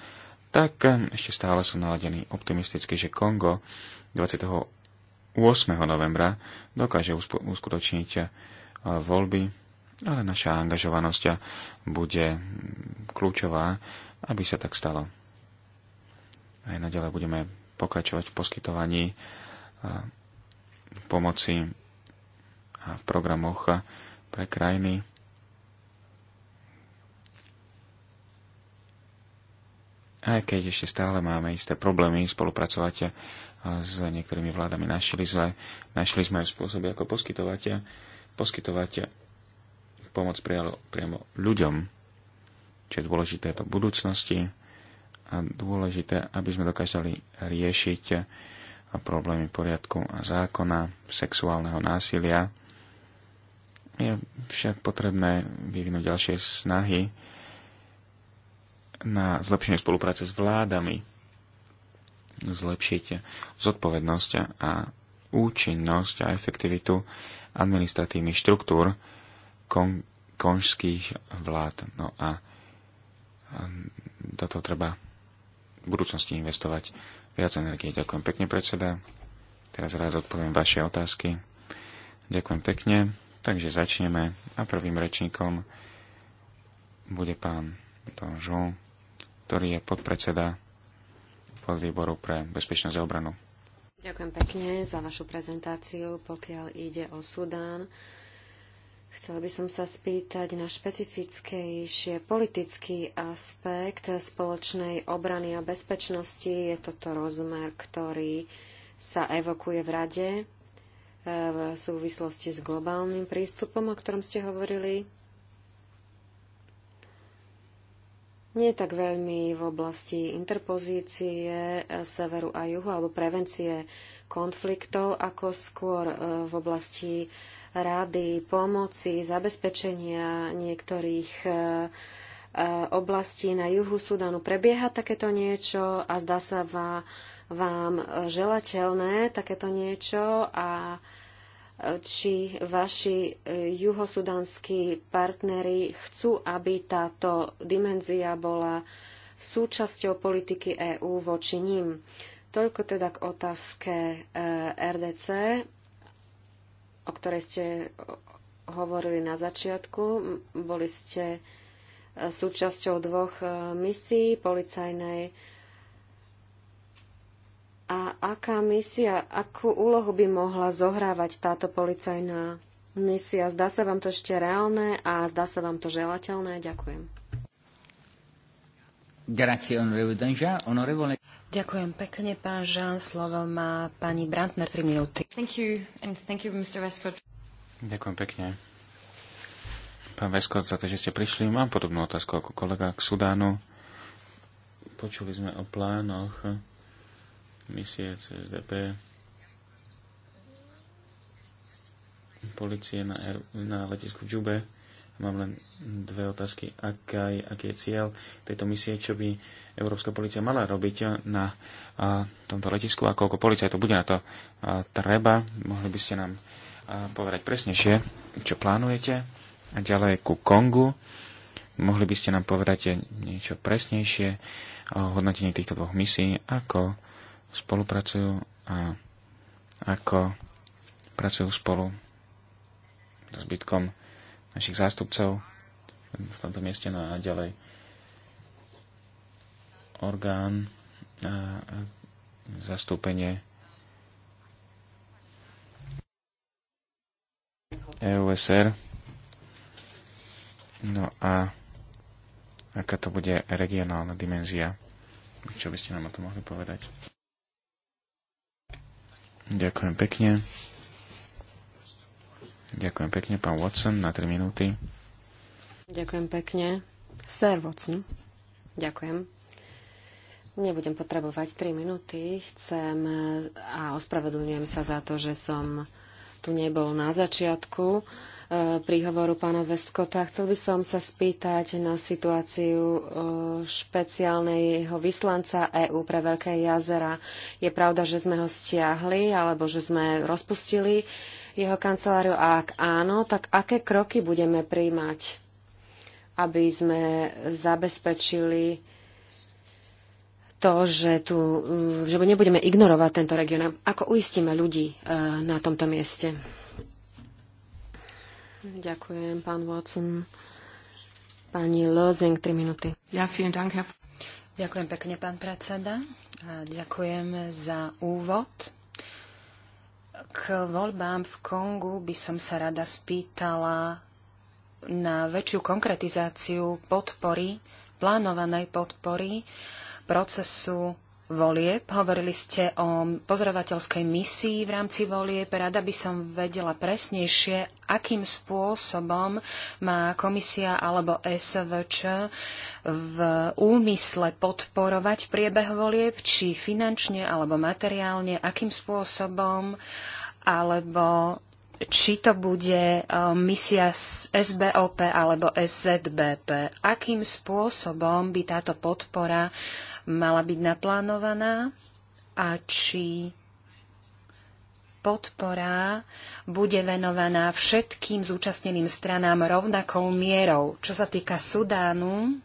tak eh, ešte stále som naladený optimisticky, že Kongo 28. novembra dokáže uskutočniť eh, voľby, ale naša angažovanosť eh, bude mm, kľúčová, aby sa tak stalo. Aj naďalej budeme pokračovať v poskytovaní pomoci a v programoch pre krajiny, aj keď ešte stále máme isté problémy spolupracovať eh, s niektorými vládami. Našli sme, našli sme spôsoby, ako poskytovať, eh, poskytovať eh, pomoc priamo, priamo ľuďom, čo je dôležité do budúcnosti a dôležité, aby sme dokázali riešiť problémy poriadku a zákona, sexuálneho násilia, je však potrebné vyvinúť ďalšie snahy na zlepšenie spolupráce s vládami, zlepšiť zodpovednosť a účinnosť a efektivitu administratívnych štruktúr kon- konžských vlád. No a do toho treba v budúcnosti investovať viac energie. Ďakujem pekne, predseda. Teraz raz odpoviem vaše otázky. Ďakujem pekne. Takže začneme a prvým rečníkom bude pán Donžu, ktorý je podpredseda podvýboru pre bezpečnosť a obranu. Ďakujem pekne za vašu prezentáciu. Pokiaľ ide o Sudán, chcela by som sa spýtať na špecifickejšie politický aspekt spoločnej obrany a bezpečnosti. Je toto rozmer, ktorý sa evokuje v rade v súvislosti s globálnym prístupom, o ktorom ste hovorili. Nie tak veľmi v oblasti interpozície severu a juhu alebo prevencie konfliktov, ako skôr e, v oblasti rady, pomoci, zabezpečenia niektorých e, Eh, oblasti na juhu Sudanu. Prebieha takéto niečo a zdá sa vám, vám želateľné takéto niečo a eh, či vaši eh, juhosudanskí partneri chcú, aby táto dimenzia bola súčasťou politiky EÚ voči ním. Toľko teda k otázke RDC, o ktorej ste hovorili na začiatku. Boli ste súčasťou dvoch e, misií policajnej. A aká misia, akú úlohu by mohla zohrávať táto policajná misia? Zdá sa vám to ešte reálne a zdá sa vám to želateľné? Ďakujem. Ďakujem pekne, pán Žan. Slovo má pani Brantner, 3 minúty. Thank you, and thank you, Mr. Ďakujem pekne pán Veskot, za to, že ste prišli. Mám podobnú otázku ako kolega k Sudánu. Počuli sme o plánoch misie CSDP, Polície na, R- na letisku v Džube. Mám len dve otázky. Aká je, aký je cieľ tejto misie, čo by Európska policia mala robiť na a, tomto letisku a koľko policajtov bude na to a, treba? Mohli by ste nám a, povedať presnejšie, čo plánujete? A ďalej ku Kongu. Mohli by ste nám povedať niečo presnejšie o hodnotení týchto dvoch misií, ako spolupracujú a ako pracujú spolu s zbytkom našich zástupcov v tomto mieste no a ďalej orgán a zastúpenie EUSR No a aká to bude regionálna dimenzia? Čo by ste nám o tom mohli povedať? Ďakujem pekne. Ďakujem pekne, pán Watson, na 3 minúty. Ďakujem pekne. Sir Watson, ďakujem. Nebudem potrebovať 3 minúty. Chcem a ospravedlňujem sa za to, že som tu nebol na začiatku e, príhovoru pána Veskota. Chcel by som sa spýtať na situáciu e, špeciálneho vyslanca EÚ pre Veľké jazera. Je pravda, že sme ho stiahli alebo že sme rozpustili jeho kanceláriu a ak áno, tak aké kroky budeme príjmať, aby sme zabezpečili to, že, tu, e, že nebudeme ignorovať tento región. Ako uistíme ľudí e, na tomto mieste? Ďakujem, pán Watson. Pani Lozing, 3 minúty. Ja, Dank, Herr... Ďakujem pekne, pán predseda. ďakujem za úvod. K voľbám v Kongu by som sa rada spýtala na väčšiu konkretizáciu podpory, plánovanej podpory procesu volieb. Hovorili ste o pozorovateľskej misii v rámci volieb. Rada by som vedela presnejšie, akým spôsobom má komisia alebo SVČ v úmysle podporovať priebeh volieb, či finančne alebo materiálne, akým spôsobom alebo či to bude e, misia SBOP alebo SZBP. Akým spôsobom by táto podpora mala byť naplánovaná a či podpora bude venovaná všetkým zúčastneným stranám rovnakou mierou. Čo sa týka Sudánu,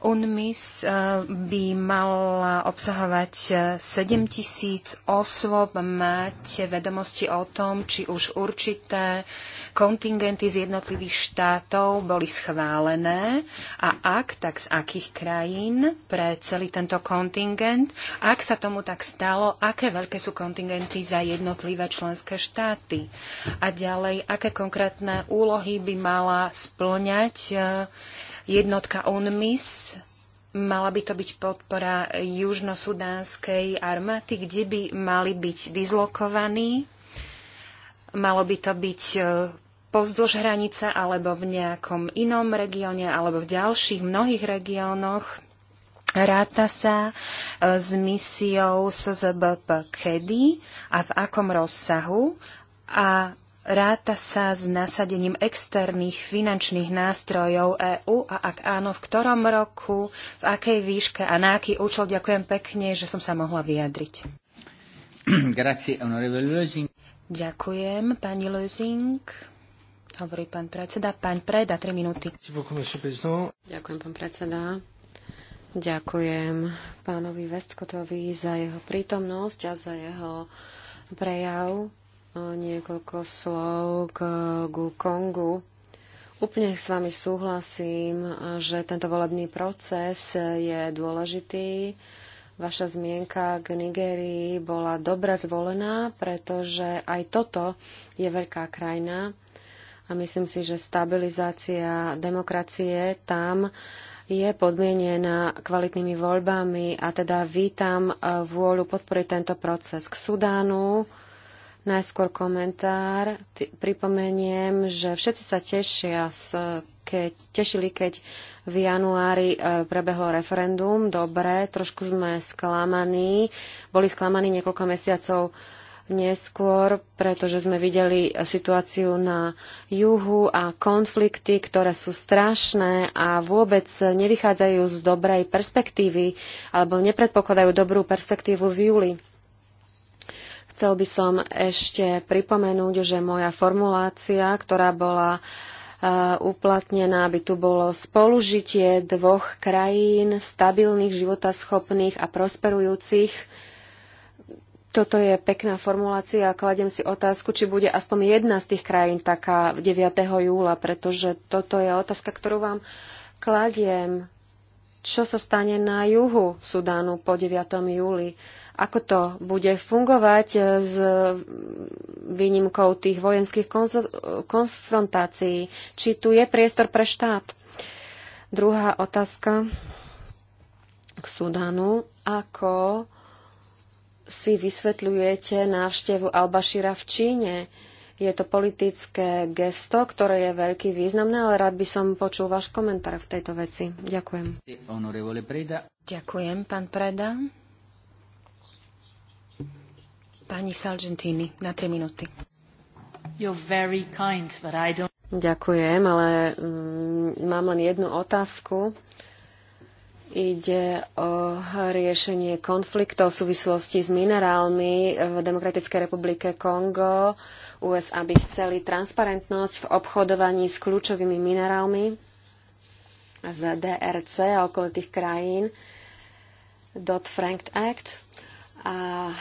UNMIS eh, by mala obsahovať 7 eh, tisíc osôb, mať vedomosti o tom, či už určité kontingenty z jednotlivých štátov boli schválené a ak, tak z akých krajín pre celý tento kontingent. Ak sa tomu tak stalo, aké veľké sú kontingenty za jednotlivé členské štáty. A ďalej, aké konkrétne úlohy by mala splňať e, jednotka UNMIS Mala by to byť podpora južnosudánskej armády, kde by mali byť dizlokovaní Malo by to byť e, pozdĺž hranice alebo v nejakom inom regióne alebo v ďalších mnohých regiónoch. Ráta sa e, s misiou SZBP kedy a v akom rozsahu a ráta sa s nasadením externých finančných nástrojov EÚ a ak áno, v ktorom roku, v akej výške a na aký účel. Ďakujem pekne, že som sa mohla vyjadriť. Ďakujem, pani Lezing. Hovorí pán predseda. Pán Preda, 3 minúty. Ďakujem, pán predseda. Ďakujem pánovi Vestkotovi za jeho prítomnosť a za jeho prejav. Niekoľko slov k, k Kongu. Úplne s vami súhlasím, že tento volebný proces je dôležitý Vaša zmienka k Nigérii bola dobre zvolená, pretože aj toto je veľká krajina a myslím si, že stabilizácia demokracie tam je podmienená kvalitnými voľbami a teda vítam e, vôľu podporiť tento proces. K Sudánu Najskôr komentár. Pripomeniem, že všetci sa tešia, keď, tešili, keď v januári e, prebehlo referendum, dobre, trošku sme sklamaní. Boli sklamaní niekoľko mesiacov neskôr, pretože sme videli situáciu na juhu a konflikty, ktoré sú strašné a vôbec nevychádzajú z dobrej perspektívy alebo nepredpokladajú dobrú perspektívu v júli. Chcel by som ešte pripomenúť, že moja formulácia, ktorá bola uh, Eh, uplatnená, aby tu bolo spolužitie dvoch krajín, stabilných, životaschopných a prosperujúcich. Toto je pekná formulácia a kladem si otázku, či bude aspoň jedna z tých krajín taká 9. júla, pretože toto je otázka, ktorú vám kladiem. Čo sa stane na juhu Sudánu po 9. júli? ako to bude fungovať e, s výnimkou tých vojenských konfrontácií. Či tu je priestor pre štát? Druhá otázka k Sudanu. Ako si vysvetľujete návštevu Albašíra v Číne? Je to politické gesto, ktoré je veľký významné, ale rád by som počul váš komentár v tejto veci. Ďakujem. Ďakujem, pán Preda. Pani Salgentini na 3 minúty. You're very kind, but I don't... Ďakujem, ale mm, mám len jednu otázku. Ide o riešenie konfliktov v súvislosti s minerálmi v Demokratickej republike Kongo. USA by chceli transparentnosť v obchodovaní s kľúčovými minerálmi z DRC a okolitých krajín. Dodd-Frank Act a e,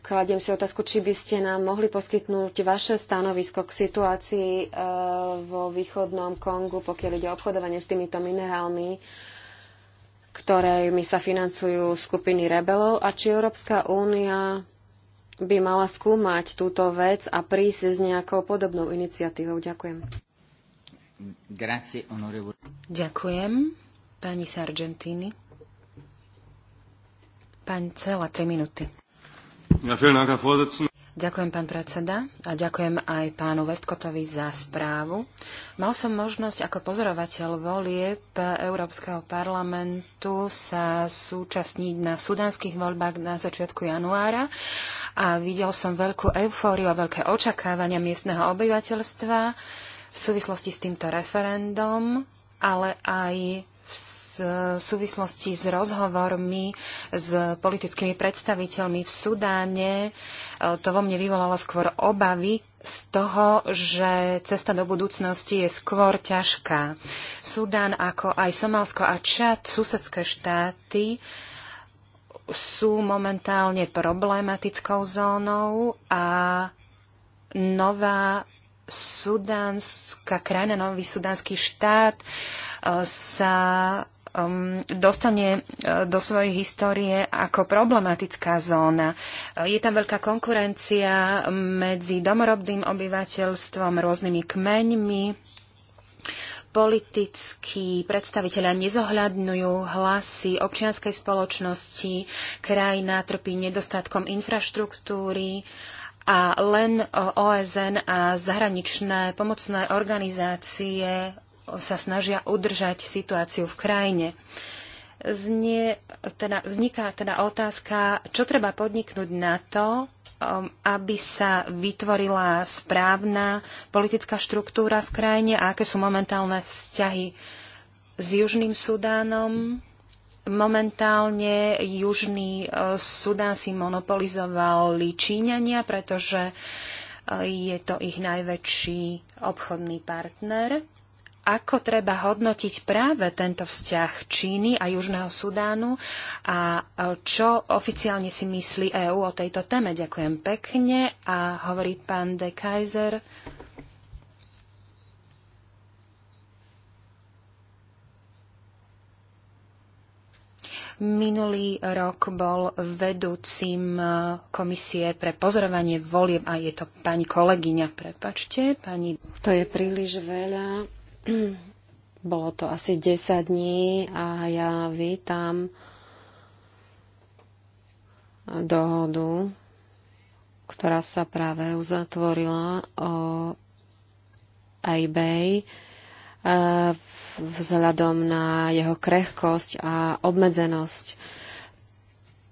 kladiem si otázku, či by ste nám mohli poskytnúť vaše stanovisko k situácii e, vo východnom Kongu, pokiaľ ide o obchodovanie s týmito minerálmi, ktorými sa financujú skupiny rebelov a či Európska únia by mala skúmať túto vec a prísť s nejakou podobnou iniciatívou. Ďakujem. Grazie, Ďakujem, pani Sargentini. Pán Cela, 3 Ja, Ďakujem, pán predseda, a ďakujem aj pánu Vestkotovi za správu. Mal som možnosť ako pozorovateľ volieb Európskeho parlamentu sa súčasniť na sudanských voľbách na začiatku januára a videl som veľkú eufóriu a veľké očakávania miestneho obyvateľstva v súvislosti s týmto referendom ale aj v E, v súvislosti s rozhovormi s politickými predstaviteľmi v Sudáne. E, to vo mne vyvolalo skôr obavy z toho, že cesta do budúcnosti je skôr ťažká. Sudán, ako aj Somálsko a Čad, susedské štáty, sú momentálne problematickou zónou a nová sudánska krajina, nový sudánsky štát e, sa um, dostane e, do svojej histórie ako problematická zóna. E, je tam veľká konkurencia medzi domorodným obyvateľstvom, rôznymi kmeňmi. Politickí predstaviteľia nezohľadňujú hlasy občianskej spoločnosti, krajina trpí nedostatkom infraštruktúry a len OSN a zahraničné pomocné organizácie sa snažia udržať situáciu v krajine. Znie, teda, vzniká teda otázka, čo treba podniknúť na to, um, aby sa vytvorila správna politická štruktúra v krajine a aké sú momentálne vzťahy s Južným Sudánom. Momentálne Južný uh, Sudán si monopolizovali Číňania, pretože uh, je to ich najväčší obchodný partner ako treba hodnotiť práve tento vzťah Číny a Južného Sudánu a čo oficiálne si myslí EÚ o tejto téme. Ďakujem pekne a hovorí pán de Kaiser. Minulý rok bol vedúcim komisie pre pozorovanie volieb a je to pani kolegyňa, prepačte, pani... To je príliš veľa <clears throat> Bolo to asi 10 dní a ja vítam dohodu, ktorá sa práve uzatvorila o eBay e, vzhľadom na jeho krehkosť a obmedzenosť.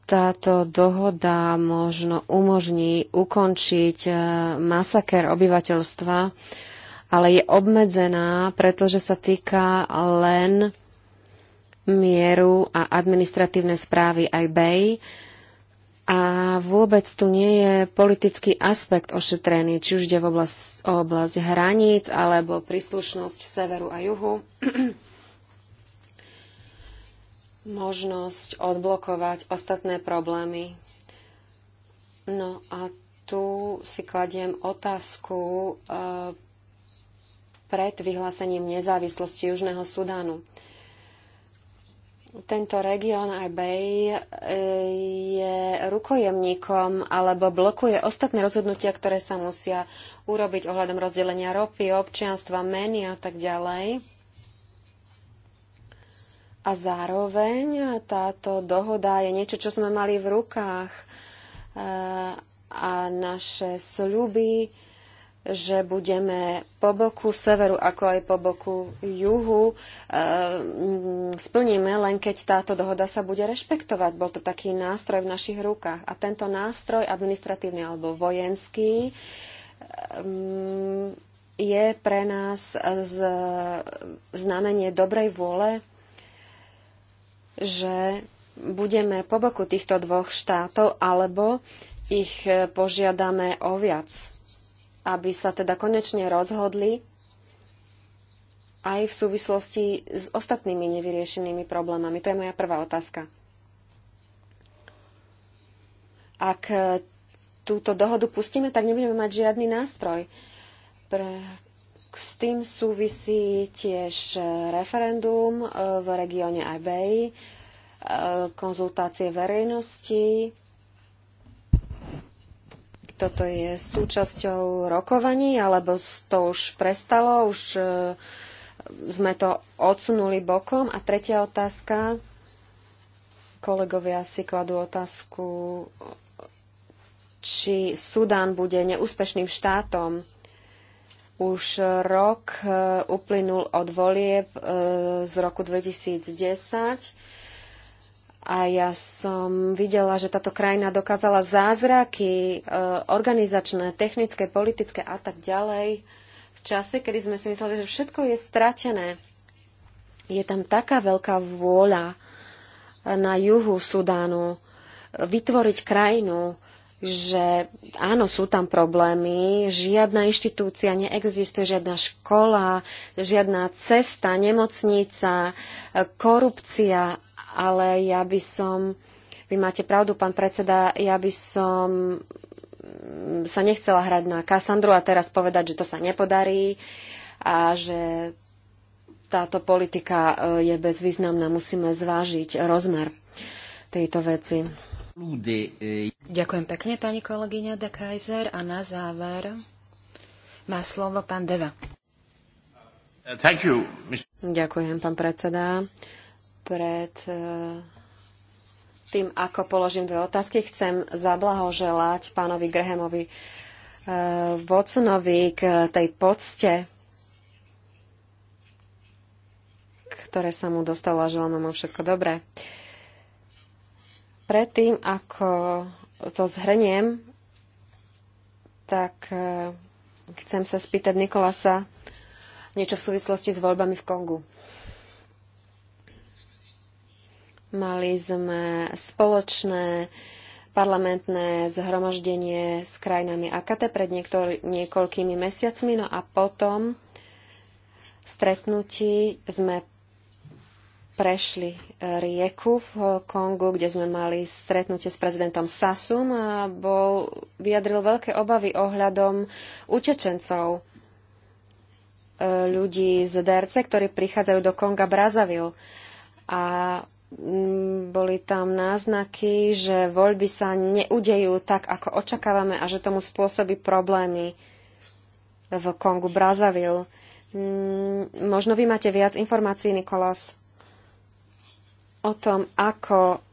Táto dohoda možno umožní ukončiť e, masaker obyvateľstva, ale je obmedzená, pretože sa týka len mieru a administratívne správy aj bay. a vôbec tu nie je politický aspekt ošetrený, či už ide v oblasť, o oblasť hraníc alebo príslušnosť severu a juhu. <clears throat> možnosť odblokovať ostatné problémy. No a tu si kladiem otázku, e, pred vyhlásením nezávislosti Južného Sudánu. Tento región Arbej eh, je rukojemníkom alebo blokuje ostatné rozhodnutia, ktoré sa musia urobiť ohľadom rozdelenia ropy, občianstva, meny a tak ďalej. A zároveň táto dohoda je niečo, čo sme mali v rukách eh, a naše sľuby že budeme po boku severu, ako aj po boku juhu. E, mm, splníme len, keď táto dohoda sa bude rešpektovať. Bol to taký nástroj v našich rukách. A tento nástroj, administratívny alebo vojenský, e, mm, je pre nás z, znamenie dobrej vôle, že budeme po boku týchto dvoch štátov alebo ich e, požiadame o viac aby sa teda konečne rozhodli aj v súvislosti s ostatnými nevyriešenými problémami. To je moja prvá otázka. Ak túto dohodu pustíme, tak nebudeme mať žiadny nástroj. Pre, s tým súvisí tiež referendum eh, v regióne Ebay, eh, konzultácie verejnosti, toto je súčasťou rokovaní, alebo to už prestalo, už e, sme to odsunuli bokom. A tretia otázka. Kolegovia si kladú otázku, či Sudán bude neúspešným štátom. Už rok e, uplynul od volieb e, z roku 2010 a ja som videla, že táto krajina dokázala zázraky e, organizačné, technické, politické a tak ďalej v čase, kedy sme si mysleli, že všetko je stratené. Je tam taká veľká vôľa na juhu Sudánu vytvoriť krajinu, že áno, sú tam problémy, žiadna inštitúcia neexistuje, žiadna škola, žiadna cesta, nemocnica, korupcia ale ja by som, vy máte pravdu, pán predseda, ja by som sa nechcela hrať na Kassandru a teraz povedať, že to sa nepodarí a že táto politika e, je bezvýznamná. Musíme zvážiť rozmer tejto veci. E, Ďakujem pekne, pani kolegyňa de Kaiser. A na záver má slovo pán Deva. You, Ďakujem, pán predseda pred e, tým, ako položím dve otázky, chcem zablahoželať pánovi Grahamovi Vocnovi e, k tej pocte, ktoré sa mu dostalo a želám mu všetko dobré. Predtým, ako to zhrniem, tak e, chcem sa spýtať Nikolasa niečo v súvislosti s voľbami v Kongu. Mali sme spoločné parlamentné zhromaždenie s krajinami AKT pred niektor- niekoľkými mesiacmi, no a potom stretnutí sme prešli e, rieku v Kongu, kde sme mali stretnutie s prezidentom Sasum a bol, vyjadril veľké obavy ohľadom utečencov e, ľudí z DRC, ktorí prichádzajú do Konga Brazavil. A Mm, boli tam náznaky, že voľby sa neudejú tak, ako očakávame a že tomu spôsobí problémy v Kongu Brazzaville. Mm, možno vy máte viac informácií, Nikolas, o tom, ako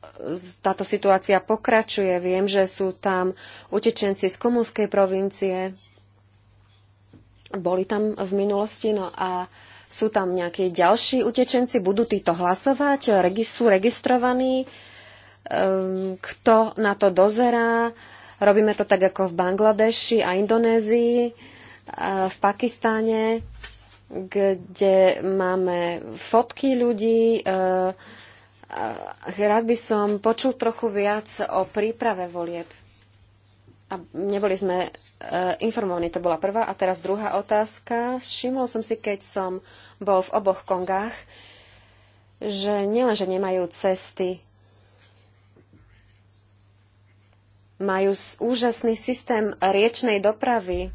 táto situácia pokračuje. Viem, že sú tam utečenci z komunskej provincie. Boli tam v minulosti, no a sú tam nejakí ďalší utečenci? Budú títo hlasovať? Sú registrovaní? Ehm, kto na to dozerá? Robíme to tak ako v Bangladeši a Indonézii, a v Pakistáne, kde máme fotky ľudí. Ehm, rád by som počul trochu viac o príprave volieb a neboli sme e, informovaní, to bola prvá. A teraz druhá otázka. Všimol som si, keď som bol v oboch Kongách, že nielenže nemajú cesty, majú úžasný systém riečnej dopravy,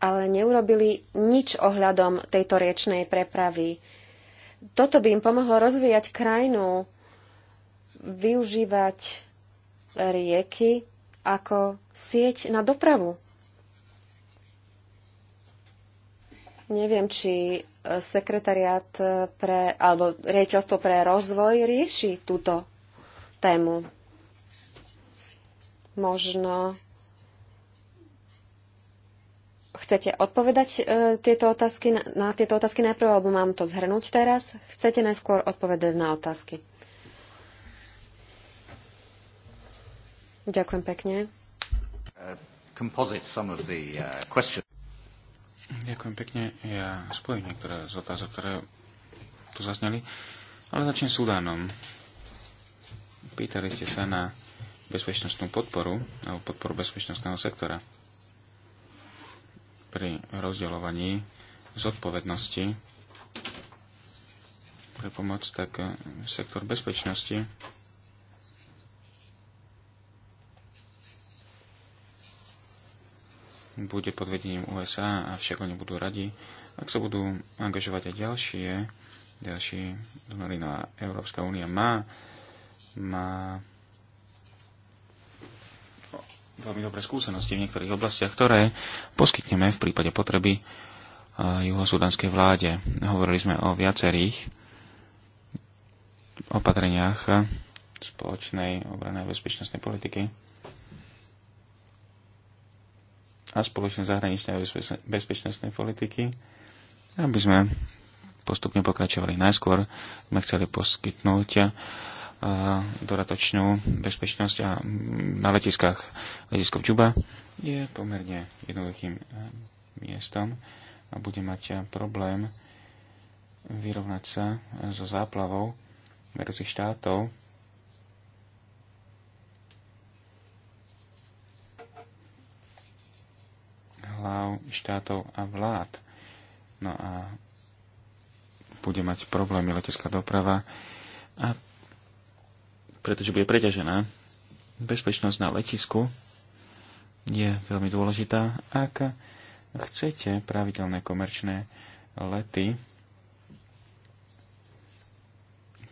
ale neurobili nič ohľadom tejto riečnej prepravy. Toto by im pomohlo rozvíjať krajinu, využívať rieky ako sieť na dopravu. Neviem, či e, sekretariat e, pre, alebo riečelstvo pre rozvoj rieši túto tému. Možno chcete odpovedať e, tieto otázky na, na tieto otázky najprv, alebo mám to zhrnúť teraz? Chcete najskôr odpovedať na otázky? Ďakujem pekne. Uh, uh, Ďakujem pekne. Ja spojím niektoré z otázok, ktoré tu zazneli. Ale začnem Sudánom. Pýtali ste sa na bezpečnostnú podporu alebo podporu bezpečnostného sektora pri rozdeľovaní zodpovednosti pre pomoc, tak eh, sektor bezpečnosti bude pod vedením USA, avšak oni budú radi, ak sa budú angažovať aj ďalšie, ďalší dohľady. No a Európska únia má, má veľmi dobré skúsenosti v niektorých oblastiach, ktoré poskytneme v prípade potreby juhosudanskej vláde. Hovorili sme o viacerých opatreniach spoločnej obranej a bezpečnostnej politiky a spoločne zahraničnej a bezpečnostnej politiky, aby sme postupne pokračovali. Najskôr sme chceli poskytnúť doratočnú bezpečnosť a na letiskách letisko v Čuba je pomerne jednoduchým miestom a bude mať problém vyrovnať sa so záplavou vedúcich štátov hlav štátov a vlád. No a bude mať problémy letecká doprava, a pretože bude preťažená. Bezpečnosť na letisku je veľmi dôležitá, ak chcete pravidelné komerčné lety,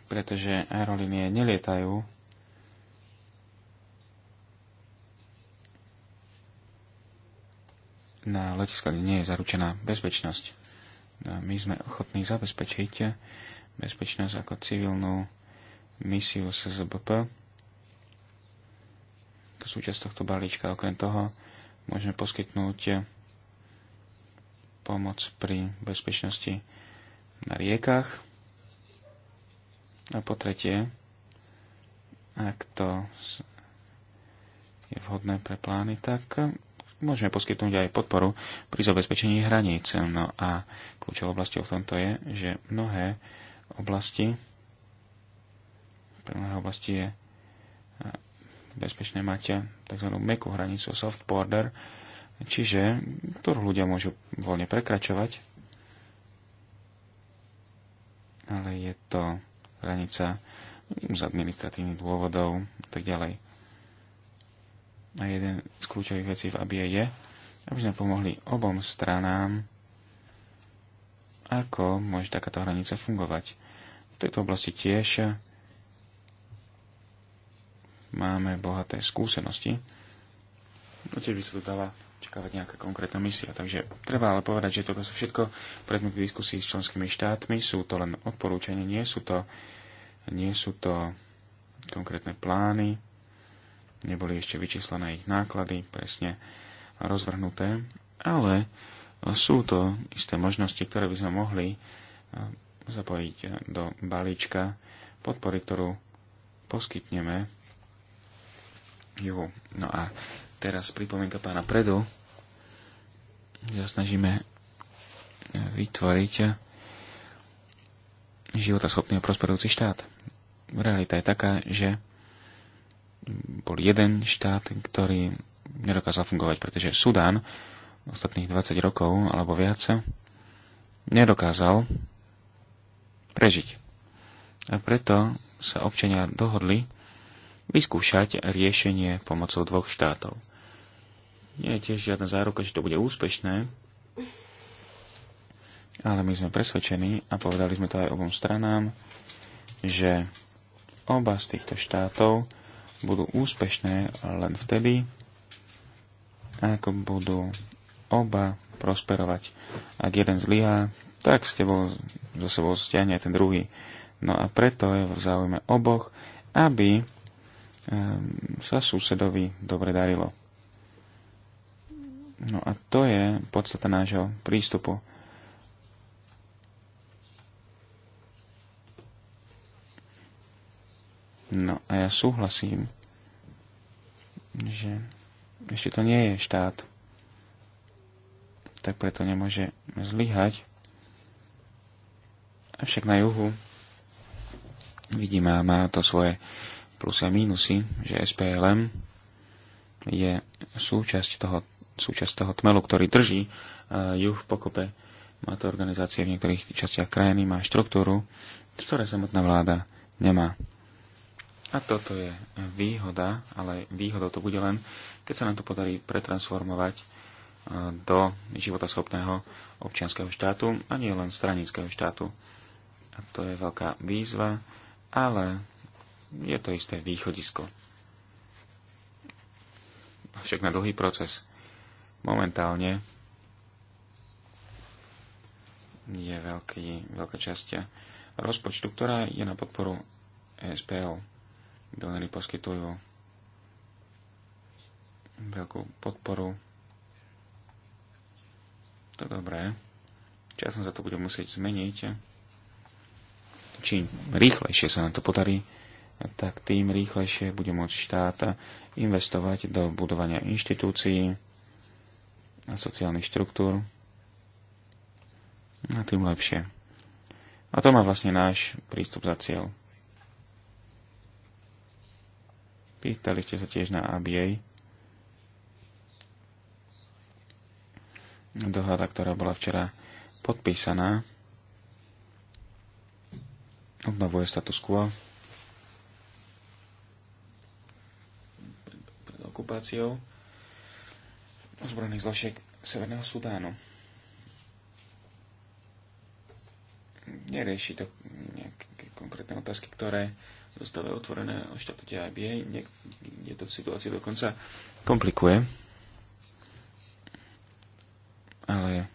pretože aerolínie nelietajú na letisku nie je zaručená bezpečnosť. My sme ochotní zabezpečiť bezpečnosť ako civilnú misiu SZBP. Súčasť tohto balíčka okrem toho môžeme poskytnúť pomoc pri bezpečnosti na riekach. A po tretie, ak to je vhodné pre plány, tak môžeme poskytnúť aj podporu pri zabezpečení hraníc. No a kľúčovou oblasťou v tomto je, že mnohé oblasti, pre mnohé oblasti je bezpečné mať tzv. mekú hranicu, soft border, čiže ktorú ľudia môžu voľne prekračovať, ale je to hranica z administratívnych dôvodov a tak ďalej. A jeden z kľúčových vecí v ABA je, aby sme pomohli obom stranám, ako môže takáto hranica fungovať. V tejto oblasti tiež máme bohaté skúsenosti. No tiež by sa tu dala čakávať nejaká konkrétna misia. Takže treba ale povedať, že toto sú všetko predmety diskusí s členskými štátmi. Sú to len odporúčania, nie sú to, nie sú to konkrétne plány neboli ešte vyčíslené ich náklady presne rozvrhnuté, ale sú to isté možnosti, ktoré by sme mohli e, zapojiť do balíčka podpory, ktorú poskytneme ju. No a teraz pripomienka pána Predu, že snažíme e, vytvoriť životaschopný a prosperujúci štát. Realita je taká, že bol jeden štát, ktorý nedokázal fungovať, pretože Sudán ostatných 20 rokov alebo viac nedokázal prežiť. A preto sa občania dohodli vyskúšať riešenie pomocou dvoch štátov. Nie je tiež žiadna záruka, že to bude úspešné, ale my sme presvedčení a povedali sme to aj obom stranám, že oba z týchto štátov budú úspešné len vtedy, ako budú oba prosperovať. Ak jeden zlyhá, tak s tebou zo sebou stiahne ten druhý. No a preto je v záujme oboch, aby eh, sa susedovi dobre darilo. No a to je podstata nášho prístupu. No a ja súhlasím, že ešte to nie je štát, tak preto nemôže zlyhať. Avšak na juhu vidíme, má to svoje plusy a mínusy, že SPLM je súčasť toho, súčasť toho tmelu, ktorý drží e, juh v pokope. Má to organizácie v niektorých častiach krajiny, má štruktúru, ktoré samotná vláda nemá. A toto je výhoda, ale výhodou to bude len, keď sa nám to podarí pretransformovať e, do životoschopného občianského štátu a nie len stranického štátu. A to je veľká výzva, ale je to isté východisko. Však na dlhý proces. Momentálne je veľký, veľká časť rozpočtu, ktorá je na podporu SPL. Donory poskytujú veľkú podporu. To je dobré. Časom sa to bude musieť zmeniť. Čím rýchlejšie sa nám to podarí, tak tým rýchlejšie bude môcť štát investovať do budovania inštitúcií a sociálnych štruktúr. A tým lepšie. A to má vlastne náš prístup za cieľ. Pýtali ste sa tiež na ABA. Dohoda, ktorá bola včera podpísaná, obnovuje status quo. Pred okupáciou ozbrojených zložiek Severného Sudánu. Nerieši to nejaké konkrétne otázky, ktoré zostávajú otvorené o štatúte IBA. Nie to situácii dokonca komplikuje. Ale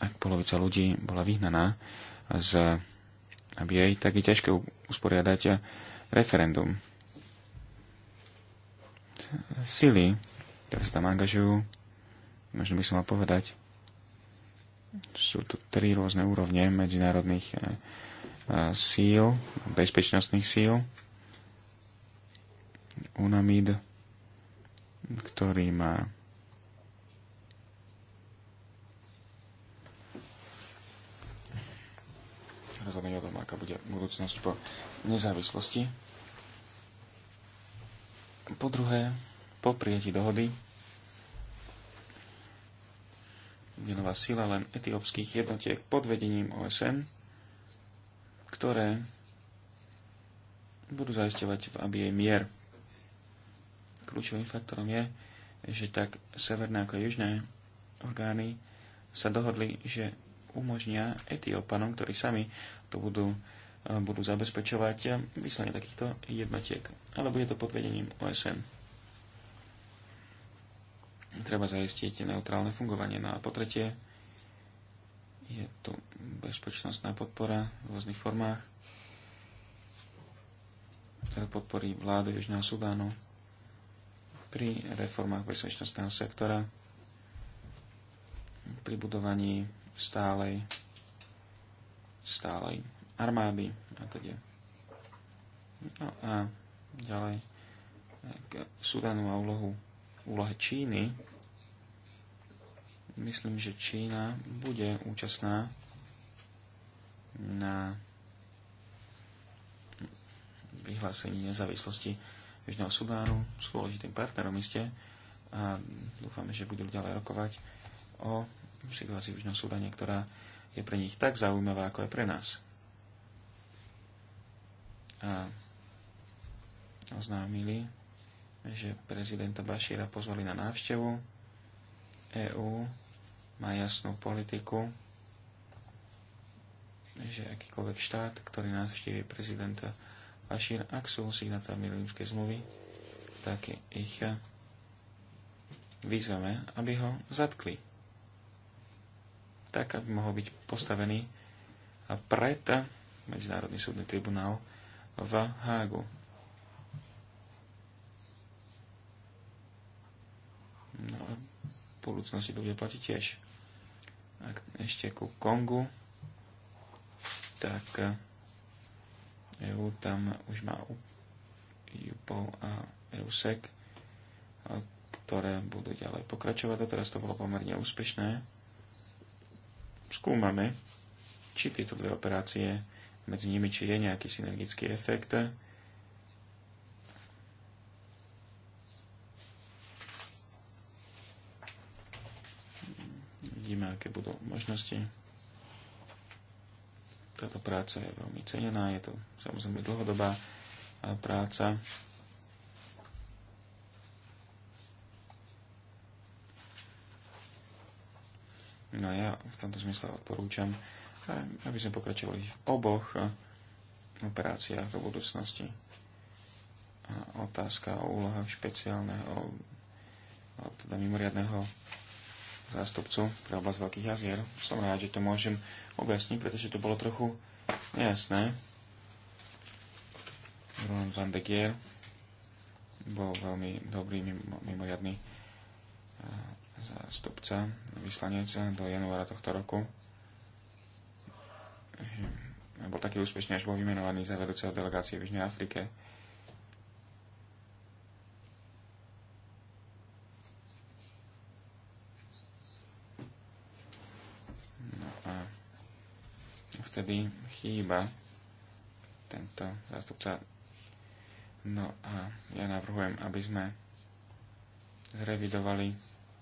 ak polovica ľudí bola vyhnaná z IBA, tak je ťažké usporiadať referendum. Sily, ktoré sa tam angažujú, možno by som mal povedať, sú tu tri rôzne úrovne medzinárodných eh, síl, bezpečnostných síl, UNAMID, ktorý má rozhodne o tom, aká bude budúcnosť po nezávislosti. Po druhé, po prijatí dohody je nová sila len etiópskych jednotiek pod vedením OSN ktoré budú zaisťovať, aby jej mier. Kľúčovým faktorom je, že tak severné ako južné orgány sa dohodli, že umožnia Etiópanom, ktorí sami to budú, eh, budú zabezpečovať, eh, vyslanie takýchto jednotiek. Ale bude to pod vedením OSN. Treba zaistiť neutrálne fungovanie. No a po tretie, je tu bezpečnostná podpora v rôznych formách, ktorá podporí vládu Južného Sudánu pri reformách bezpečnostného sektora, pri budovaní stálej, stálej armády a teda. No a ďalej k Sudánu a úlohu, úlohe Číny myslím, že Čína bude účastná na vyhlásení nezávislosti Južného Sudánu s dôležitým partnerom iste a dúfame, že budú ďalej rokovať o situácii v Južnom Sudáne, ktorá je pre nich tak zaujímavá, ako je pre nás. A oznámili, že prezidenta Bašíra pozvali na návštevu EÚ má jasnú politiku, že akýkoľvek štát, ktorý nás prezidenta Bašír, ak sú signatármi rímskej zmluvy, tak ich vyzveme, aby ho zatkli. Tak, aby mohol byť postavený pred Medzinárodný súdny tribunál v Hágu. No, v budúcnosti to bude platiť tiež ak ešte ku Kongu, tak EU eh, e tam už má UPOL a EUSEC, eh, ktoré budú ďalej pokračovať. A teraz to bolo pomerne úspešné. Skúmame, či tieto dve operácie, medzi nimi, či je nejaký synergický efekt. uvidíme, aké budú možnosti. Táto práca je veľmi cenená, je to samozrejme dlhodobá eh, práca. No a ja v tomto zmysle odporúčam, eh, aby sme pokračovali v oboch eh, operáciách do budúcnosti. A otázka o úlohách špeciálneho, teda mimoriadného zástupcu pre oblasť Veľkých jazier. Som rád, že to môžem objasniť, pretože to bolo trochu nejasné. Roland van de Gier bol veľmi dobrý, mimoriadný e, zástupca, vyslanec do januára tohto roku. Ehm, bol taký úspešný, až bol vymenovaný za vedúceho delegácie v Južnej Afrike. vtedy chýba tento zástupca. No a ja navrhujem, aby sme zrevidovali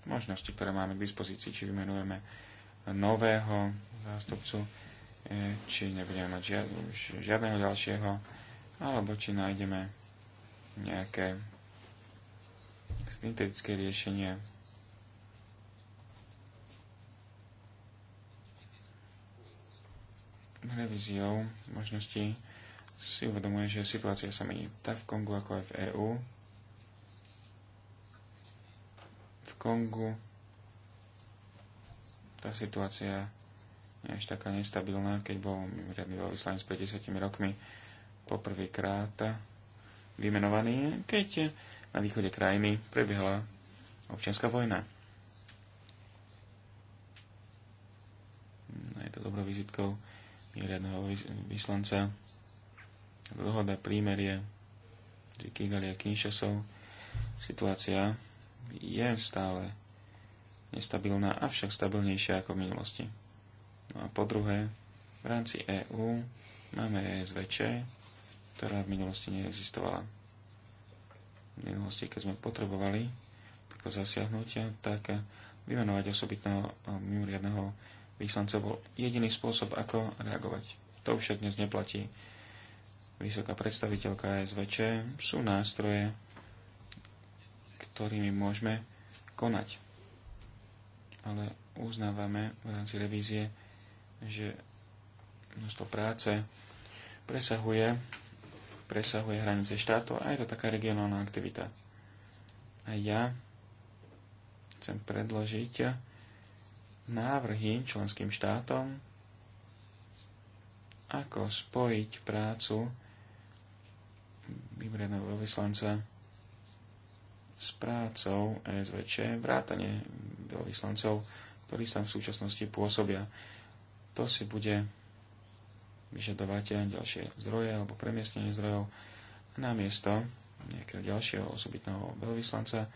možnosti, ktoré máme k dispozícii, či vymenujeme nového zástupcu, e, či nebudeme mať žiadneho ďalšieho, alebo či nájdeme nejaké syntetické riešenie revíziou možností si uvedomuje, že situácia sa mení tak v Kongu, ako aj v EÚ. V Kongu tá situácia je až taká nestabilná, keď bol mimoriadný veľvyslanec pred 10 rokmi poprvýkrát vymenovaný, keď na východe krajiny prebiehala občianská vojna. No, je to dobrou vizitkou riadného vyslanca, dohoda, prímerie, Kigali a Kinshasov. Situácia je stále nestabilná, avšak stabilnejšia ako v minulosti. No a po druhé, v rámci EÚ máme ESVČ, ktorá v minulosti neexistovala. V minulosti, keď sme potrebovali takto zasiahnuť, tak vymenovať osobitného mimoriadného vyslancov bol jediný spôsob, ako reagovať. To však dnes neplatí. Vysoká predstaviteľka SVČ sú nástroje, ktorými môžeme konať. Ale uznávame v rámci revízie, že množstvo práce presahuje, presahuje hranice štátov a je to taká regionálna aktivita. A ja chcem predložiť návrhy členským štátom, ako spojiť prácu vybraného veľvyslanca s prácou SVČ, vrátane veľvyslancov, ktorí sa v súčasnosti pôsobia. To si bude vyžadovať ďalšie zdroje alebo premiestnenie zdrojov. Namiesto nejakého ďalšieho osobitného veľvyslanca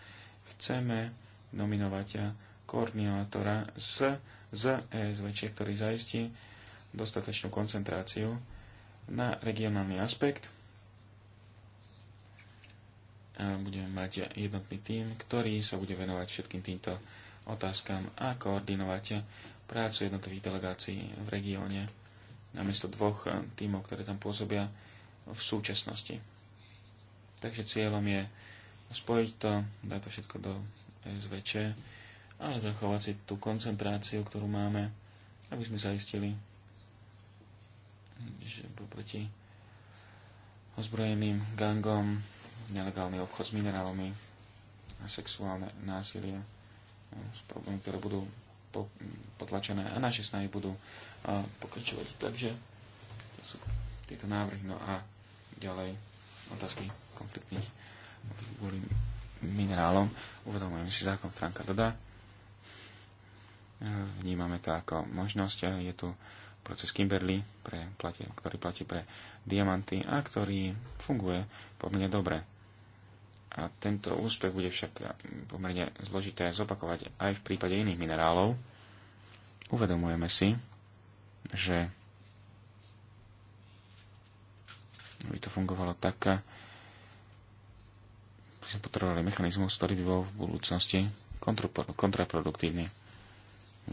chceme nominovať koordinátora z, z e ESV, ktorý zaistí dostatočnú koncentráciu na regionálny aspekt. A budeme mať jednotný tím, ktorý sa bude venovať všetkým týmto otázkam a koordinovať prácu jednotlivých delegácií v regióne namiesto dvoch eh, tímov, ktoré tam pôsobia v súčasnosti. Takže cieľom je spojiť to, dať to všetko do e SVČ, ale zachovať si tú koncentráciu, ktorú máme, aby sme zaistili, že proti ozbrojeným gangom, nelegálny obchod s minerálmi a sexuálne násilie s problémy, ktoré budú potlačené a naše snahy budú pokračovať. Takže to sú tieto návrhy. No a ďalej otázky konfliktných kvôli minerálom. Uvedomujem si zákon Franka Doda Vnímame to ako možnosť. Je tu proces Kimberly, pre, platie, ktorý platí pre diamanty a ktorý funguje pomerne dobre. A tento úspech bude však pomerne zložité zopakovať aj v prípade iných minerálov. Uvedomujeme si, že by to fungovalo tak, by sme potrebovali mechanizmus, ktorý by bol v budúcnosti kontraproduktívny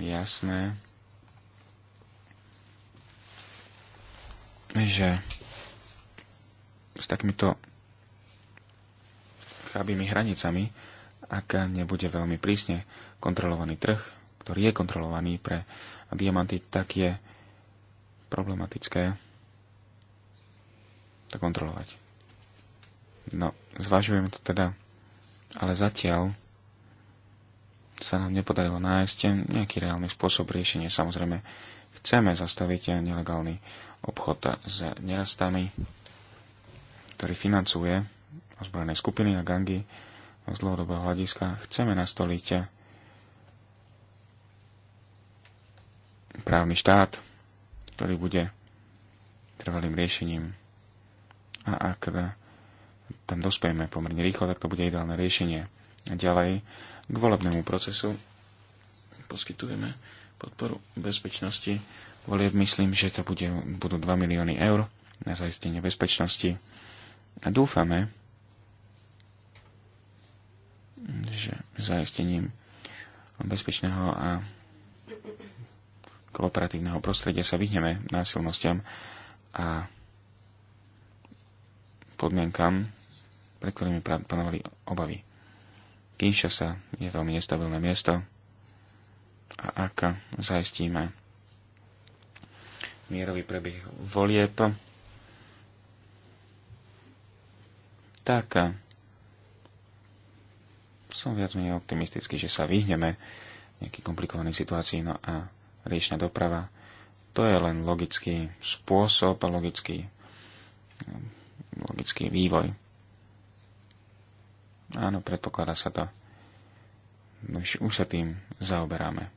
jasné, že s takýmito chábými hranicami, ak nebude veľmi prísne kontrolovaný trh, ktorý je kontrolovaný pre diamanty, tak je problematické to kontrolovať. No, zvažujem to teda, ale zatiaľ sa nám nepodarilo nájsť nejaký reálny spôsob riešenia. Samozrejme, chceme zastaviť nelegálny obchod s nerastami, ktorý financuje ozbrojené skupiny a gangy z dlhodobého hľadiska. Chceme nastoliť právny štát, ktorý bude trvalým riešením. A ak tam dospejeme pomerne rýchlo, tak to bude ideálne riešenie. A ďalej, k volebnému procesu. Poskytujeme podporu bezpečnosti volieb. Myslím, že to bude, budú 2 milióny eur na zaistenie bezpečnosti. A dúfame, že zaistením bezpečného a kooperatívneho prostredia sa vyhneme násilnostiam a podmienkam, pred ktorými panovali obavy. Kinshasa je veľmi nestabilné miesto a ak zaistíme mierový prebieh volieb, tak som viac menej optimistický, že sa vyhneme nejaký komplikovaný situácii. No a riečná doprava, to je len logický spôsob a logický, logický vývoj. Áno, predpokladá sa to. Už, no, už sa tým zaoberáme.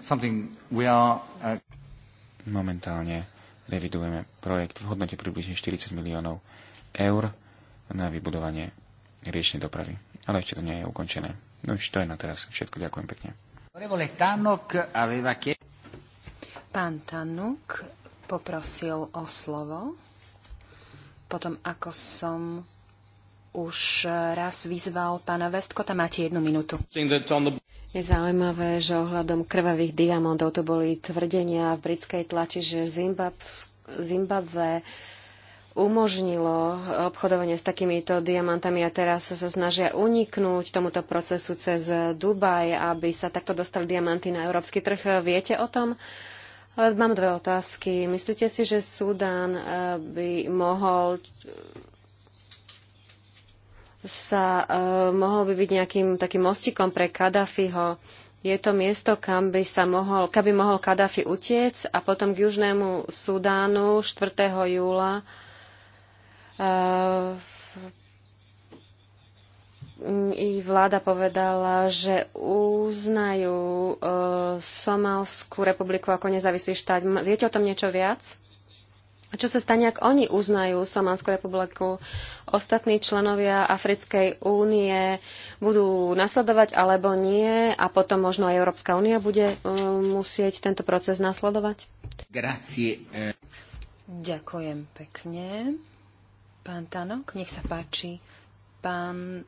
Uh, Momentálne revidujeme projekt v hodnote približne 40 miliónov eur na vybudovanie riečnej dopravy. Ale ešte to nie je ukončené. No už to je na teraz všetko. Ďakujem pekne. Pán Tanuk poprosil o slovo. Potom, ako som už raz vyzval pána Vestkota, máte jednu minútu. Je zaujímavé, že ohľadom krvavých diamantov to boli tvrdenia v britskej tlači, že Zimbabwe umožnilo obchodovanie s takýmito diamantami a teraz sa snažia uniknúť tomuto procesu cez Dubaj, aby sa takto dostali diamanty na európsky trh. Viete o tom? Uh, ale mám dve otázky. Myslíte si, že Sudán eh, by mohol sa eh, mohol by byť nejakým takým mostikom pre Kadafiho. Je to miesto, kam by sa mohol, kam by mohol Kadafi utiec a potom k Južnému Sudánu 4. júla uh, ich vláda povedala, že uznajú e, Somálskú republiku ako nezávislý štát. Viete o tom niečo viac? A čo sa stane, ak oni uznajú Somálskú republiku? Ostatní členovia Africkej únie budú nasledovať alebo nie a potom možno aj Európska únia bude e, musieť tento proces nasledovať? Grazie. E. Ďakujem pekne. Pán Tanok, nech sa páči. Pán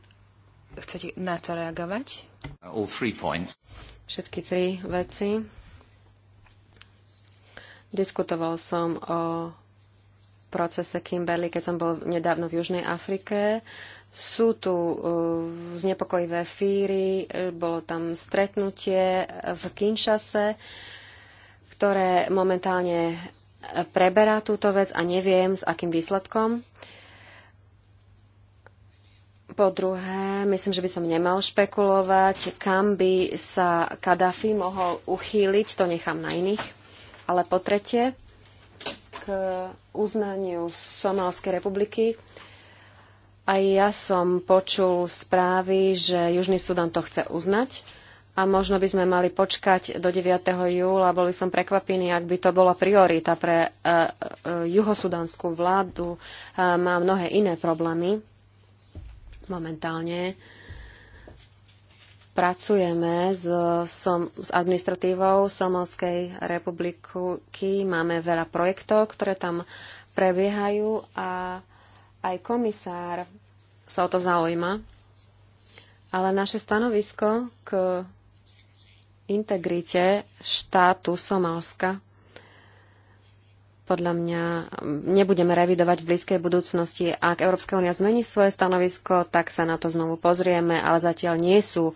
Chcete na to reagovať? Uh, all three points. Všetky tri veci. Diskutoval som o procese Kimberley, keď som bol nedávno v Južnej Afrike. Sú tu uh, znepokojivé fíry, uh, bolo tam stretnutie v Kinshase, ktoré momentálne preberá túto vec a neviem, s akým výsledkom. Uh, po druhé, myslím, že by som nemal špekulovať, kam by sa Kadafi mohol uchýliť, to nechám na iných. Ale po tretie, k uznaniu Somálskej republiky. Aj ja som počul správy, že Južný Sudan to chce uznať a možno by sme mali počkať do 9. júla. Boli som prekvapený, ak by to bola priorita pre uh, uh, juhosudanskú vládu. Uh, má mnohé iné problémy Momentálne pracujeme s, som, s administratívou Somalskej republiky. Máme veľa projektov, ktoré tam prebiehajú a aj komisár sa o to zaujíma. Ale naše stanovisko k integrite štátu Somálska podľa mňa nebudeme revidovať v blízkej budúcnosti. Ak Európska únia zmení svoje stanovisko, tak sa na to znovu pozrieme, ale zatiaľ nie sú uh,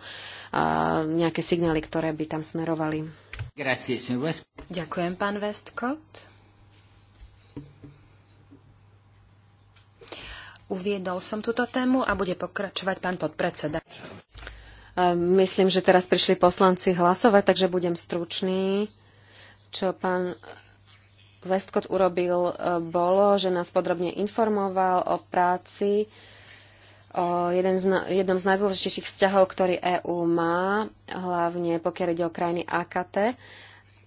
nejaké signály, ktoré by tam smerovali. Ďakujem, pán Westcott. Uviedol som túto tému a bude pokračovať pán podpredseda. Myslím, že teraz prišli poslanci hlasovať, takže budem stručný. Čo pán Westcott urobil, e, bolo, že nás podrobne informoval o práci, o jeden z, jednom z najdôležitejších vzťahov, ktorý EÚ má, hlavne pokiaľ ide o krajiny AKT.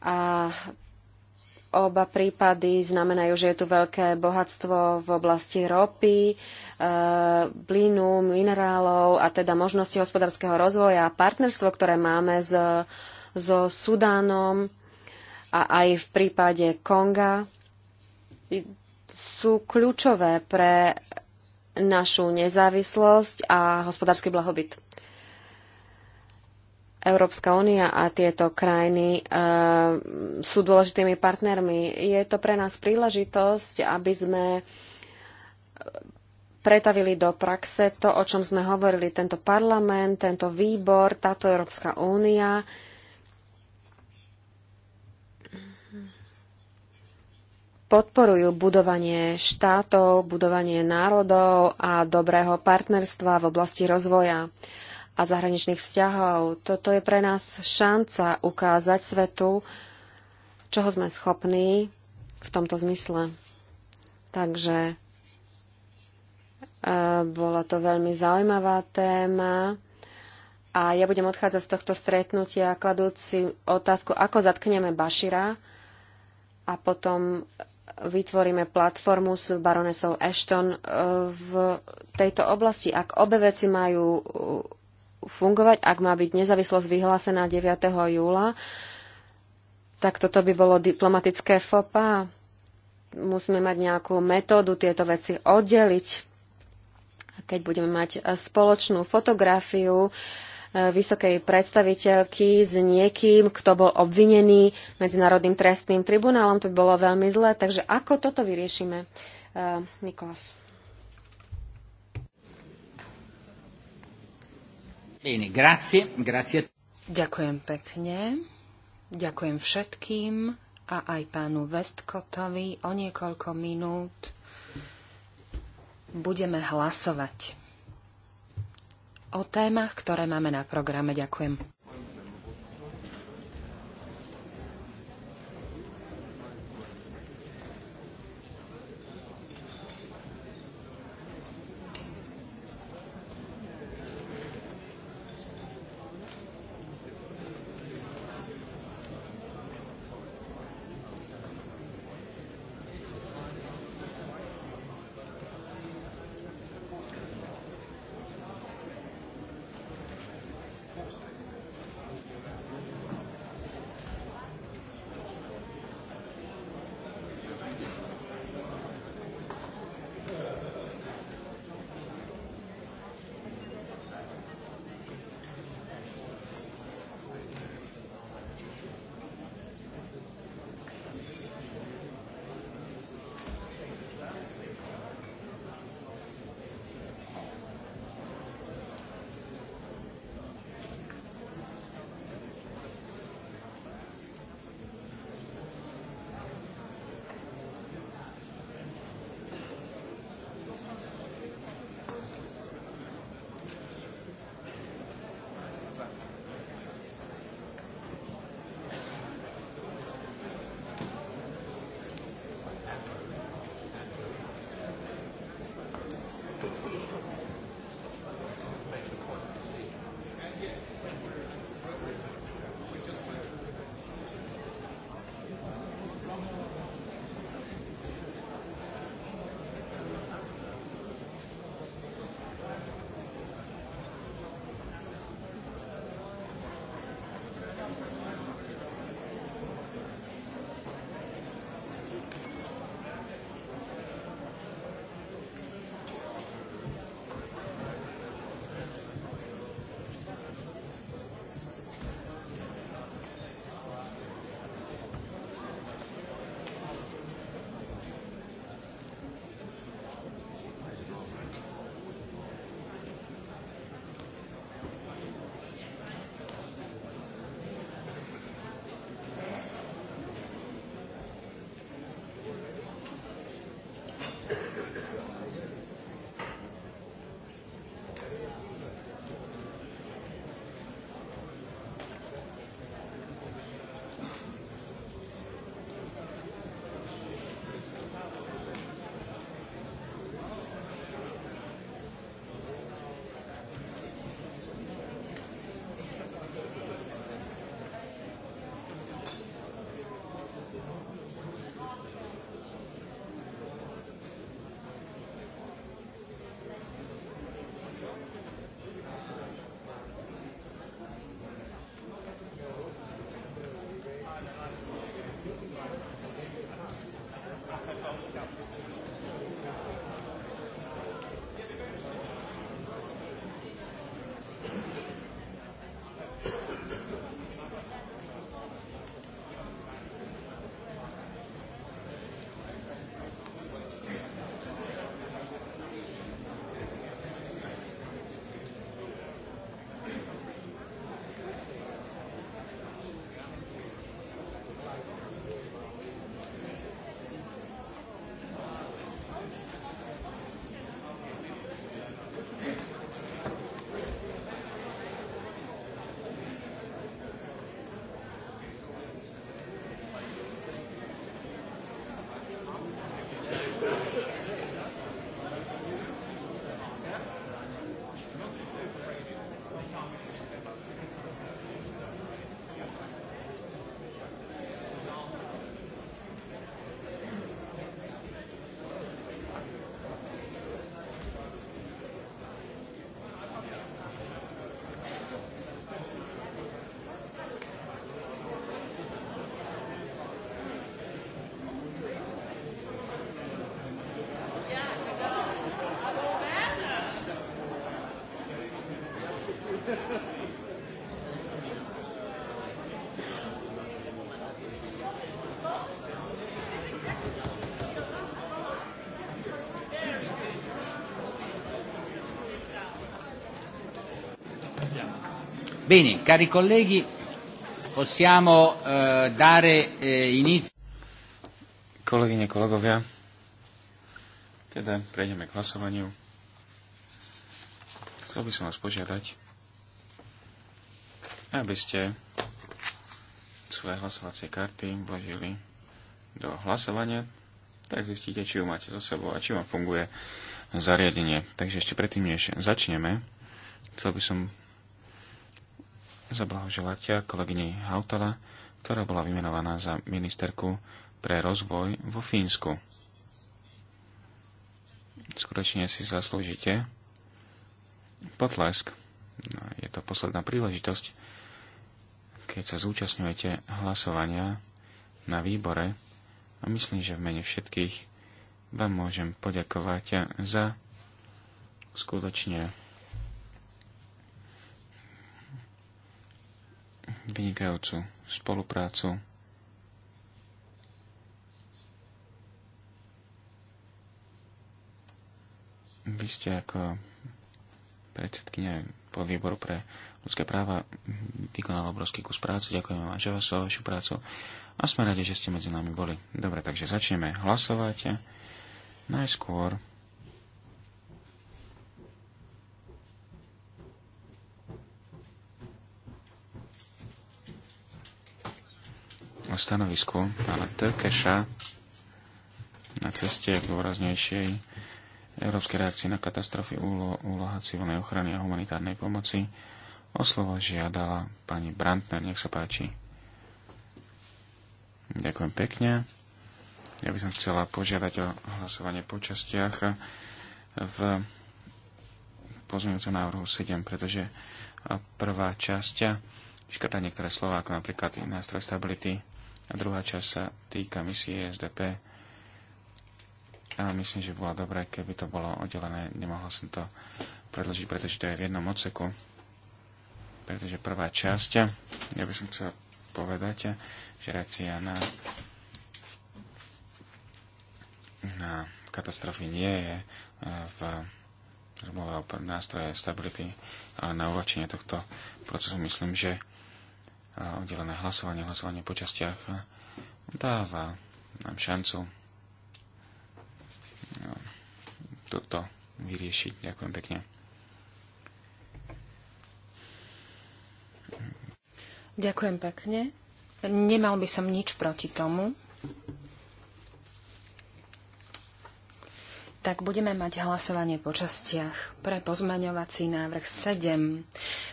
A oba prípady znamenajú, že je tu veľké bohatstvo v oblasti ropy, e, plynu, minerálov a teda možnosti hospodárskeho rozvoja a partnerstvo, ktoré máme s, so Sudánom a aj v prípade Konga sú kľúčové pre našu nezávislosť a hospodársky blahobyt. Európska únia a tieto krajiny e, sú dôležitými partnermi. Je to pre nás príležitosť, aby sme pretavili do praxe to, o čom sme hovorili, tento parlament, tento výbor, táto Európska únia. E, podporujú budovanie štátov, budovanie národov a dobrého partnerstva v oblasti rozvoja a zahraničných vzťahov. Toto je pre nás šanca ukázať svetu, čoho sme schopní v tomto zmysle. Takže e, bola to veľmi zaujímavá téma. A ja budem odchádzať z tohto stretnutia kladúci otázku, ako zatkneme Bašira a potom vytvoríme platformu s baronesou Ashton e, v tejto oblasti. Ak obe veci majú e, fungovať, ak má byť nezávislosť vyhlásená 9. júla, tak toto by bolo diplomatické fopa. Musíme mať nejakú metódu tieto veci oddeliť. Keď budeme mať e, spoločnú fotografiu, Eh, vysokej predstaviteľky s niekým, kto bol obvinený Medzinárodným trestným tribunálom. To by bolo veľmi zlé. Takže ako toto vyriešime? Eh, Nikolás. Grazie. Grazie. Ďakujem pekne. Ďakujem všetkým a aj pánu Westkotovi o niekoľko minút budeme hlasovať o témach, ktoré máme na programe. Ďakujem. Bene, cari colleghi, possiamo eh, dare eh, inizio. Kolegyne, kolegovia, teda prejdeme k hlasovaniu. Chcel by som vás požiadať, aby ste svoje hlasovacie karty vložili do hlasovania, tak zistíte, či ju máte so sebou a či vám funguje zariadenie. Takže ešte predtým, než začneme, chcel by som zablahoželať kolegyni Hautala, ktorá bola vymenovaná za ministerku pre rozvoj vo Fínsku. Skutočne si zaslúžite potlesk. No, je to posledná príležitosť, keď sa zúčastňujete hlasovania na výbore, a myslím, že v mene všetkých vám môžem poďakovať za skutočne vynikajúcu spoluprácu. Vy ste ako predsedkynia po výboru pre ľudské práva vykonala obrovský kus práce. Ďakujeme vám za vašu prácu a sme radi, že ste medzi nami boli. Dobre, takže začneme hlasovať. Najskôr o stanovisku pána Tökeša na ceste dôraznejšej Európskej reakcie na katastrofy úlo, úloha civilnej ochrany a humanitárnej pomoci. O slovo žiadala pani Brantner, nech sa páči. Ďakujem pekne. Ja by som chcela požiadať o hlasovanie po častiach v pozmeňujúcom návrhu 7, pretože prvá časť škrtá niektoré slova, ako napríklad nástroj stability, a druhá časť sa týka misie SDP a myslím, že bolo dobré, keby to bolo oddelené. Nemohla som to predložiť, pretože to je v jednom odseku. Pretože prvá časť, ja by som chcel povedať, že reakcia na, na katastrofy nie je e, v zmluve o nástroje stability, ale na uvačenie tohto procesu myslím, že e, oddelené hlasovanie, hlasovanie po častiach e, dáva nám šancu No, toto vyriešiť. Ďakujem pekne. Ďakujem pekne. Nemal by som nič proti tomu. tak budeme mať hlasovanie po častiach pre pozmaňovací návrh 7.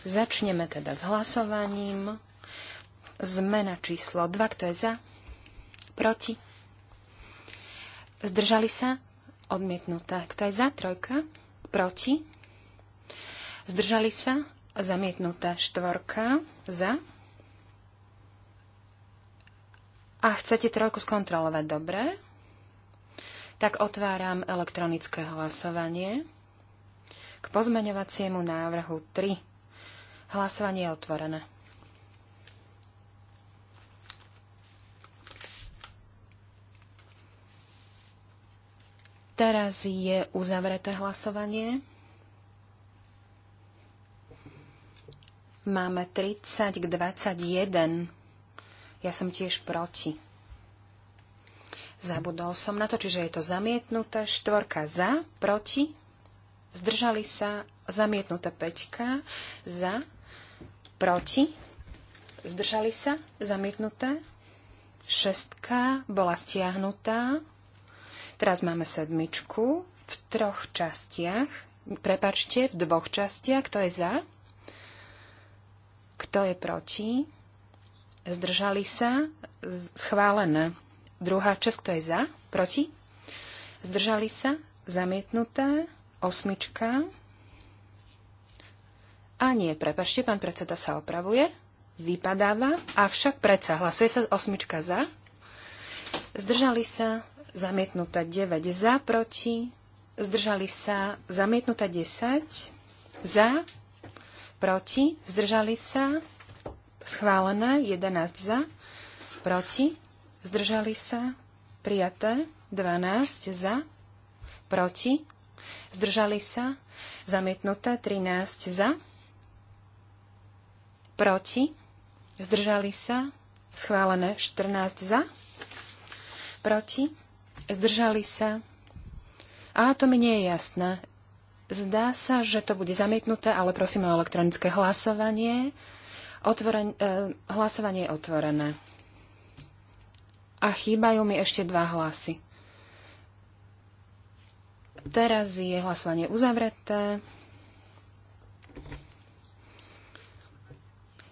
Začneme teda s hlasovaním. Zmena číslo 2, kto je za? Proti? Zdržali sa? odmietnutá. Kto je za? Trojka. Proti. Zdržali sa? zamietnutá Štvorka. Za. A chcete trojku skontrolovať? Dobre. Tak otváram elektronické hlasovanie k pozmeňovaciemu návrhu 3. Hlasovanie je otvorené. Teraz je uzavreté hlasovanie. Máme 30 k 21. Ja som tiež proti. Zabudol som na to, čiže je to zamietnuté. Štvorka za, proti. Zdržali sa zamietnuté peťka. Za, proti. Zdržali sa zamietnuté. Šestka bola stiahnutá. Teraz máme sedmičku v troch častiach. Prepačte, v dvoch častiach. Kto je za? Kto je proti? Zdržali sa? Schválené. Druhá časť, kto je za? Proti? Zdržali sa? Zamietnuté. Osmička. A nie, prepačte, pán predseda sa opravuje. Vypadáva, avšak predsa hlasuje sa osmička za. Zdržali sa zamietnuté 9 za, proti, zdržali sa, zamietnuté 10 za, proti, zdržali sa, schválené 11 za, proti, zdržali sa, prijaté 12 za, proti, zdržali sa, zamietnuté 13 za, proti, zdržali sa, schválené 14 za, proti, Zdržali sa? A to mi nie je jasné. Zdá sa, že to bude zamietnuté, ale prosím o elektronické hlasovanie. Otvoren, eh, hlasovanie je otvorené. A chýbajú mi ešte dva hlasy. Teraz je hlasovanie uzavreté.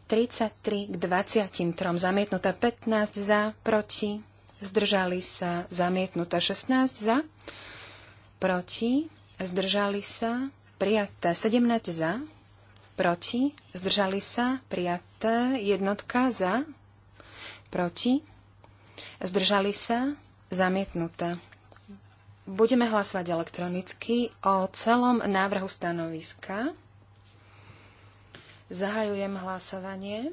33 k 23 zamietnuté 15 za, proti zdržali sa, zamietnuté 16 za, proti, zdržali sa, prijaté 17 za, proti, zdržali sa, prijaté jednotka za, proti, zdržali sa, zamietnuté. Budeme hlasovať elektronicky o celom návrhu stanoviska. Zahajujem hlasovanie.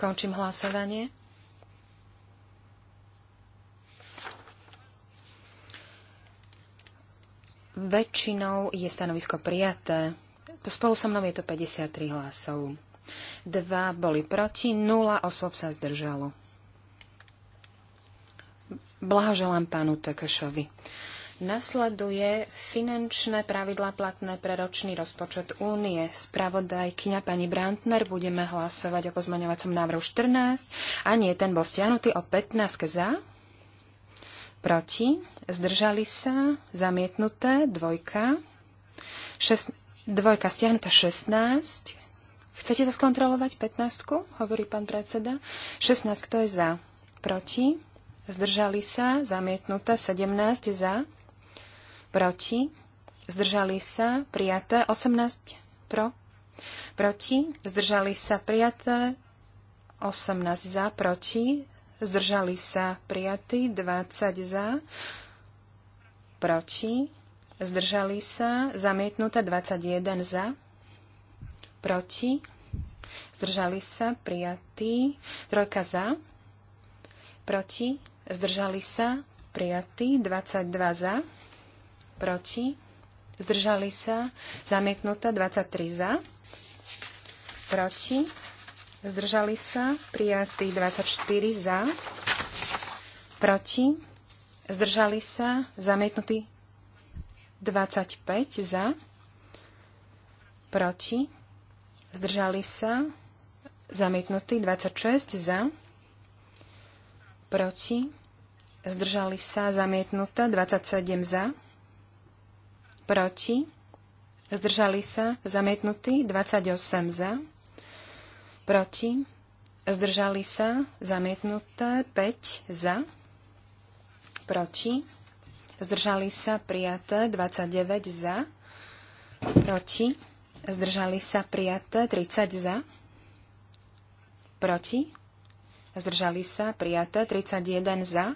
Končím hlasovanie. Väčšinou je stanovisko prijaté. Spolu so mnou je to 53 hlasov. Dva boli proti, nula osôb sa zdržalo. Blahoželám pánu Tekešovi. Nasleduje finančné pravidlá platné pre ročný rozpočet únie. kňa pani Brandner budeme hlasovať o pozmaňovacom návrhu 14 a nie ten bol stiahnutý o 15 za, proti, zdržali sa, zamietnuté, dvojka, šest, dvojka stiahnutá 16. Chcete to skontrolovať, 15, hovorí pán predseda. 16, kto je za, proti, zdržali sa, zamietnuté, 17 za, proti, zdržali sa, prijaté, 18 pro, proti, zdržali sa, prijaté, 18 za, proti, zdržali sa, prijatí, 20 za, proti, zdržali sa, zamietnuté 21 za, proti, zdržali sa, prijatý, trojka za, proti, zdržali sa, prijatý, 22 za, proti, zdržali sa, zamietnuté 23 za, proti, zdržali sa, prijatý 24 za, proti, zdržali sa, zamietnutí, 25 za, proti, zdržali sa, zamietnutí, 26 za, proti, zdržali sa, zamietnuté 27 za, proti, zdržali sa, zamietnutí, 28 za, proti, zdržali sa, zamietnuté 5 za, proti, zdržali sa prijaté 29 za, proti, zdržali sa prijaté 30 za, proti, zdržali sa prijaté 31 za,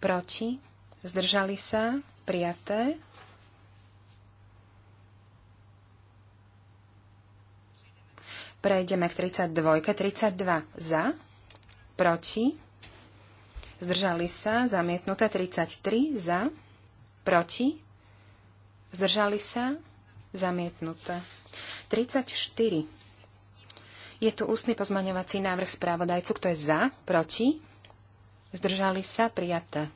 proti, zdržali sa prijaté Prejdeme k 32. 32 za, proti, zdržali sa, zamietnuté 33 za, proti, zdržali sa, zamietnuté 34. Je tu ústny pozmaňovací návrh správodajcu, kto je za, proti, zdržali sa, prijaté.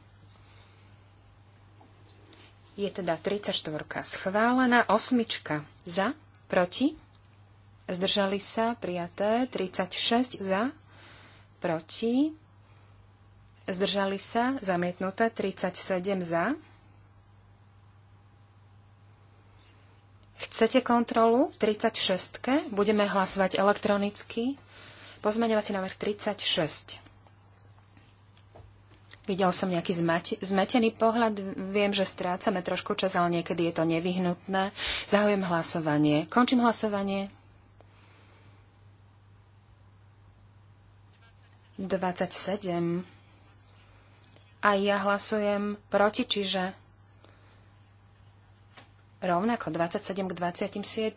Je teda 34 schválená, osmička za, proti, zdržali sa, prijaté, 36 za, proti, Zdržali sa? Zamietnuté. 37 za. Chcete kontrolu? V 36. Budeme hlasovať elektronicky. Pozmeňovací návrh 36. Videl som nejaký zmetený pohľad. Viem, že strácame trošku čas, ale niekedy je to nevyhnutné. Zahujem hlasovanie. Končím hlasovanie. 27 a ja hlasujem proti, čiže rovnako 27 k 27.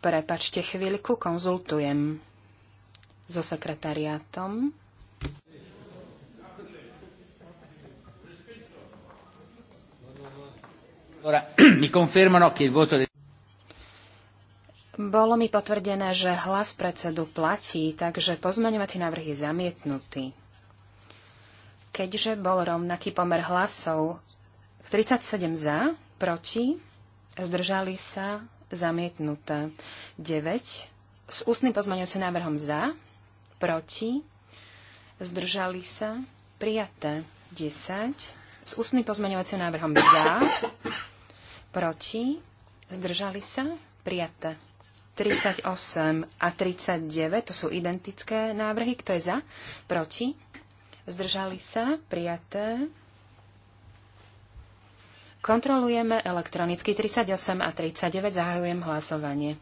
Prepačte chvíľku, konzultujem so sekretariátom. Ora mi confermano che il voto bolo mi potvrdené, že hlas predsedu platí, takže pozmeňovací návrh je zamietnutý. Keďže bol rovnaký pomer hlasov 37 za, proti, zdržali sa, zamietnuté. 9 s ústnym pozmeňovacím návrhom za, proti, zdržali sa, prijaté. 10 s ústnym pozmeňovacím návrhom za, proti, zdržali sa, prijaté. 38 a 39, to sú identické návrhy. Kto je za? Proti? Zdržali sa? Prijaté? Kontrolujeme elektronicky 38 a 39. Zahajujem hlasovanie.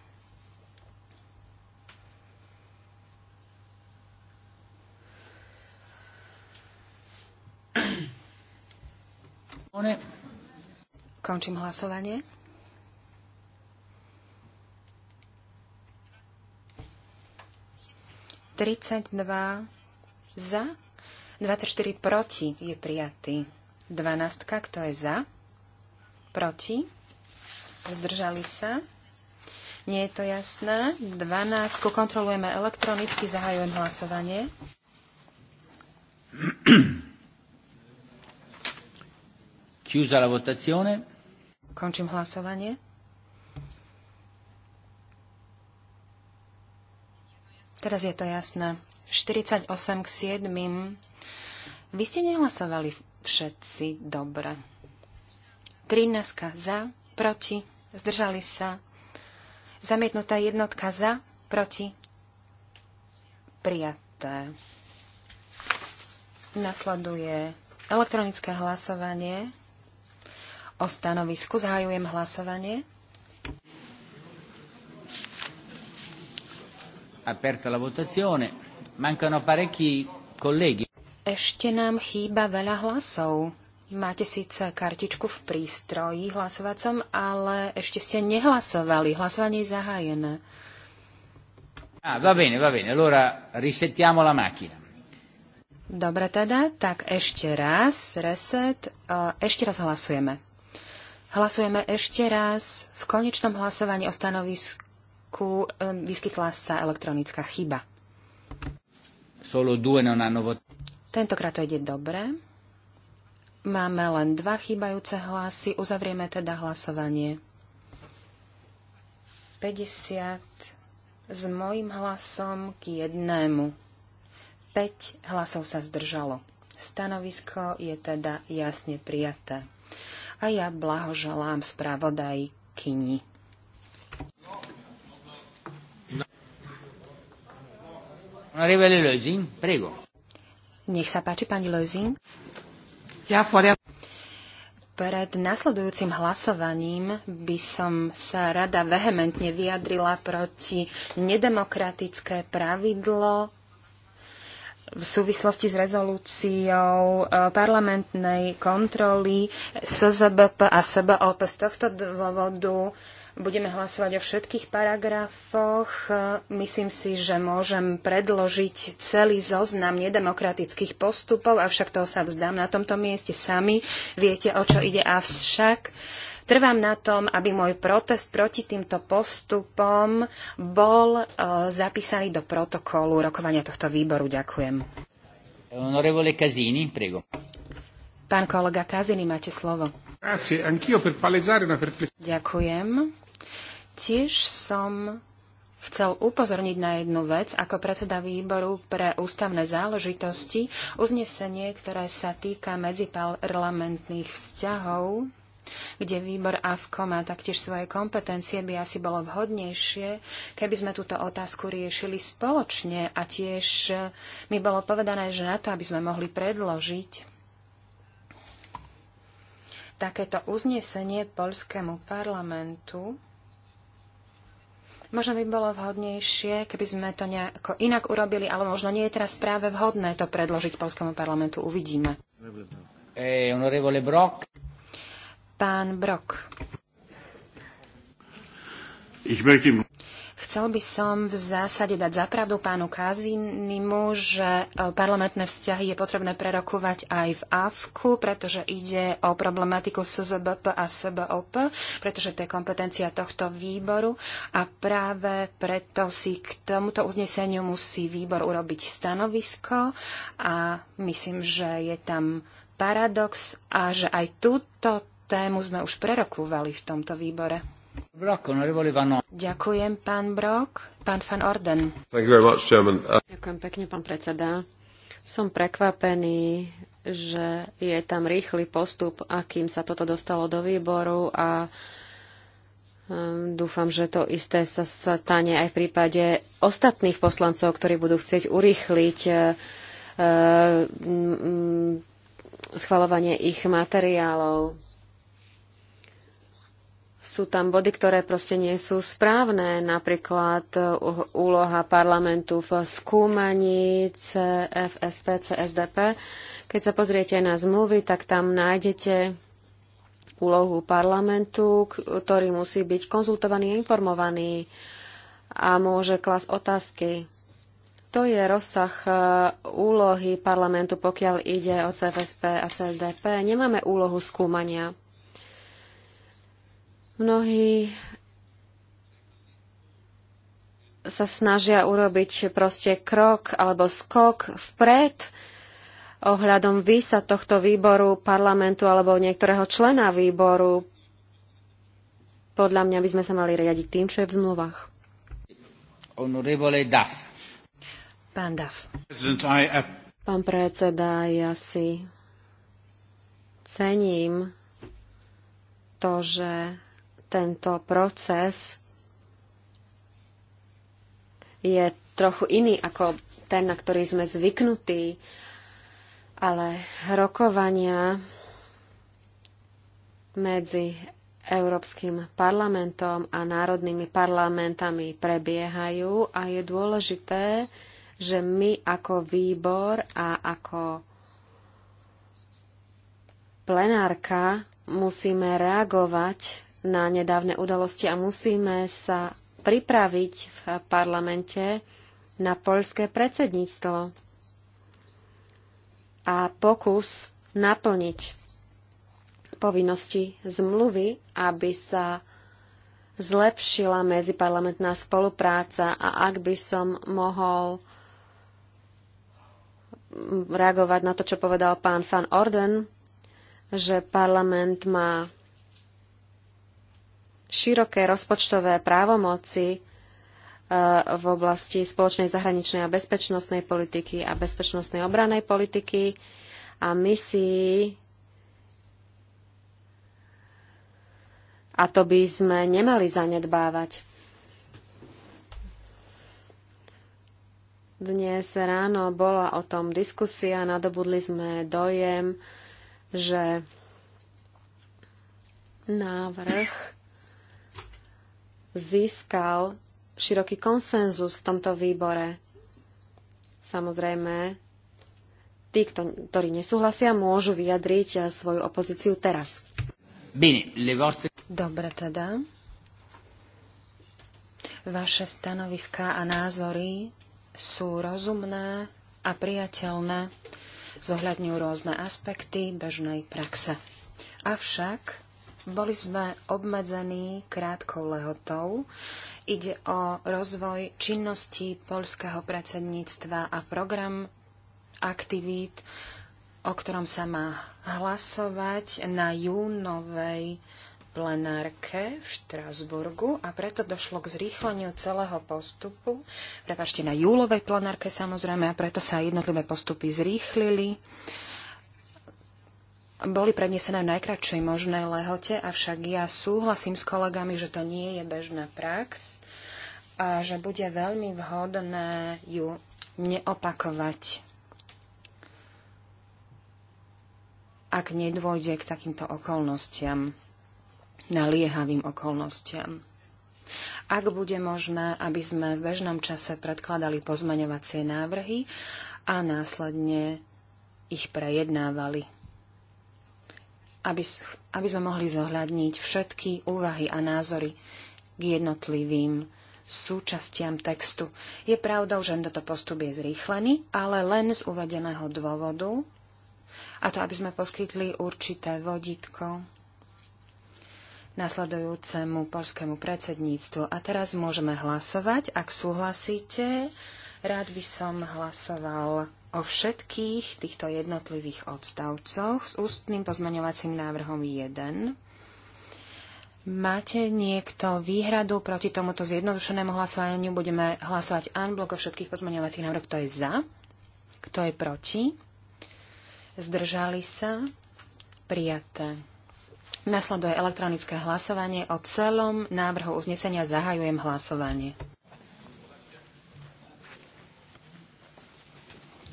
Končím hlasovanie. 32 za, 24 proti je prijatý. 12, kto je za, proti, zdržali sa. Nie je to jasné. 12, kontrolujeme elektronicky, zahajujem hlasovanie. Chiusa la votazione. Končím hlasovanie. Teraz je to jasné. 48 k 7. Vy ste nehlasovali všetci dobre. 13 za, proti, zdržali sa. Zamietnutá jednotka za, proti, prijaté. Nasleduje elektronické hlasovanie. O stanovisku zahajujem hlasovanie. Aperta la votazione. Mancano parecchi colleghi. Ešte nám chýba veľa hlasov. Máte síce kartičku v prístroji hlasovacom, ale ešte ste nehlasovali. Hlasovanie je zahájené. Ah, va bene, va bene. Allora risettiamo la macchina. Dobre teda, tak ešte raz, reset, e, ešte raz hlasujeme. Hlasujeme ešte raz v konečnom hlasovaní o stanovisku roku vyskytla sa elektronická chyba. Tentokrát to ide dobre. Máme len dva chýbajúce hlasy. Uzavrieme teda hlasovanie. 50 s mojim hlasom k jednému. 5 hlasov sa zdržalo. Stanovisko je teda jasne prijaté. A ja blahoželám spravodajkyni. Nech sa páči, pani Lozin. Pred nasledujúcim hlasovaním by som sa rada vehementne vyjadrila proti nedemokratické pravidlo v súvislosti s rezolúciou e, parlamentnej kontroly SZBP a SBOP. Z tohto dôvodu Budeme hlasovať o všetkých paragrafoch. Myslím si, že môžem predložiť celý zoznam nedemokratických postupov, avšak toho sa vzdám na tomto mieste sami. Viete, o čo ide avšak. Trvám na tom, aby môj protest proti týmto postupom bol e, zapísaný do protokolu rokovania tohto výboru. Ďakujem. Onorevole Casini, prego. Pán kolega Kazini, máte slovo. Grazie, anch'io per palesare una perplessità. Ďakujem. Tiež som chcel upozorniť na jednu vec ako predseda výboru pre ústavné záležitosti, uznesenie, ktoré sa týka medziparlamentných vzťahov kde výbor AFKO má taktiež svoje kompetencie, by asi bolo vhodnejšie, keby sme túto otázku riešili spoločne a tiež mi bolo povedané, že na to, aby sme mohli predložiť takéto uznesenie Polskému parlamentu, Možno by bolo vhodnejšie, keby sme to nejako inak urobili, ale možno nie je teraz práve vhodné to predložiť Polskému parlamentu. Uvidíme. Eh, Brock. Pán Brok. Ich möchte Chcel by som v zásade dať zapravdu pánu Kazinimu, že e, parlamentné vzťahy je potrebné prerokovať aj v AFKu, pretože ide o problematiku SZBP a SBOP, pretože to je kompetencia tohto výboru a práve preto si k tomuto uzneseniu musí výbor urobiť stanovisko a myslím, že je tam paradox a že aj túto tému sme už prerokovali v tomto výbore. Ďakujem, pán Brok. Pán Van Orden. Much, uh, Ďakujem pekne, pán predseda. Som prekvapený, že je tam rýchly postup, akým sa toto dostalo do výboru a um, Dúfam, že to isté sa stane aj v prípade ostatných poslancov, ktorí budú chcieť urýchliť uh, uh, schvalovanie ich materiálov sú tam body, ktoré proste nie sú správne, napríklad e, úloha parlamentu v skúmaní CFSP, CSDP. Keď sa pozriete na zmluvy, tak tam nájdete úlohu parlamentu, ktorý musí byť konzultovaný a informovaný a môže klas otázky. To je rozsah e, úlohy parlamentu, pokiaľ ide o CFSP a CSDP. Nemáme úlohu skúmania Mnohí sa snažia urobiť proste krok alebo skok vpred ohľadom výsa tohto výboru, parlamentu alebo niektorého člena výboru. Podľa mňa by sme sa mali riadiť tým, čo je v zmluvách. Pán Daf. Pán predseda, ja si cením to, že tento proces je trochu iný ako ten, na ktorý sme zvyknutí, ale rokovania medzi Európskym parlamentom a národnými parlamentami prebiehajú a je dôležité, že my ako výbor a ako plenárka musíme reagovať na nedávne udalosti a musíme sa pripraviť v parlamente na poľské predsedníctvo a pokus naplniť povinnosti zmluvy, aby sa zlepšila medziparlamentná spolupráca a ak by som mohol reagovať na to, čo povedal pán Van Orden, že parlament má široké rozpočtové právomoci e, v oblasti spoločnej zahraničnej a bezpečnostnej politiky a bezpečnostnej obranej politiky a misií. A to by sme nemali zanedbávať. Dnes ráno bola o tom diskusia, nadobudli sme dojem, že návrh získal široký konsenzus v tomto výbore. Samozrejme, tí, ktorí nesúhlasia, môžu vyjadriť eh, svoju opozíciu teraz. Dobre teda. Vaše stanoviská a názory sú rozumné a priateľné, zohľadňujú rôzne aspekty bežnej praxe. Avšak boli sme obmedzení krátkou lehotou. Ide o rozvoj činnosti poľského predsedníctva a program aktivít, o ktorom sa má hlasovať na júnovej plenárke v Štrásburgu a preto došlo k zrýchleniu celého postupu. Prepašte, na júlovej plenárke samozrejme a preto sa jednotlivé postupy zrýchlili. Uh, boli prednesené v najkračšej možnej lehote, avšak ja súhlasím s kolegami, že to nie je bežná prax a že bude veľmi vhodné ju neopakovať, ak nedôjde k takýmto okolnostiam, naliehavým okolnostiam. Ak bude možné, aby sme v bežnom čase predkladali pozmaňovacie návrhy a následne ich prejednávali aby, aby sme mohli zohľadniť všetky úvahy a názory k jednotlivým súčastiam textu. Je pravdou, že tento postup je zrýchlený, ale len z uvedeného dôvodu, a to aby sme poskytli určité vodítko nasledujúcemu polskému predsedníctvu. A teraz môžeme hlasovať, ak súhlasíte Rád by som hlasoval o všetkých týchto jednotlivých odstavcoch s ústnym pozmeňovacím návrhom 1. Máte niekto výhradu proti tomuto zjednodušenému hlasovaniu? Budeme hlasovať blok o všetkých pozmeňovacích návrhoch. Kto je za? Kto je proti? Zdržali sa? Prijaté. Nasleduje elektronické hlasovanie o celom návrhu uznesenia. Zahajujem hlasovanie.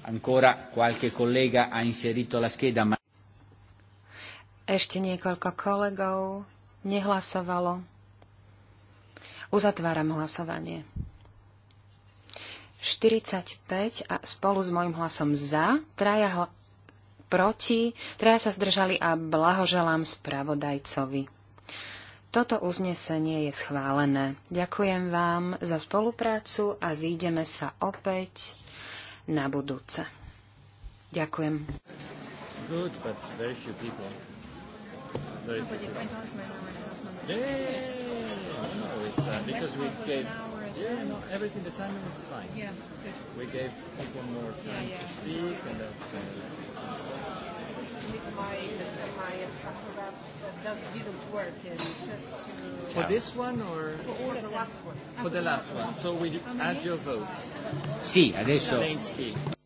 Ancora qualche collega ha inserito la scheda, ma... Ešte niekoľko kolegov nehlasovalo. Uzatváram hlasovanie. 45 a spolu s môjim hlasom za, traja hla- proti, traja sa zdržali a blahoželám spravodajcovi. Toto uznesenie je schválené. Ďakujem vám za spoluprácu a zídeme sa opäť na budúce. Ďakujem. Good, but very few people. Very few people. Yeah, No, it's uh, because we gave. Yeah, no, everything. The timing was fine. Yeah, good. We gave people more time yeah, yeah. to speak and that kind of. My that didn't work and just to For this one or for the last one? For the last one. So we add your votes. Sì, adesso. Zelensky.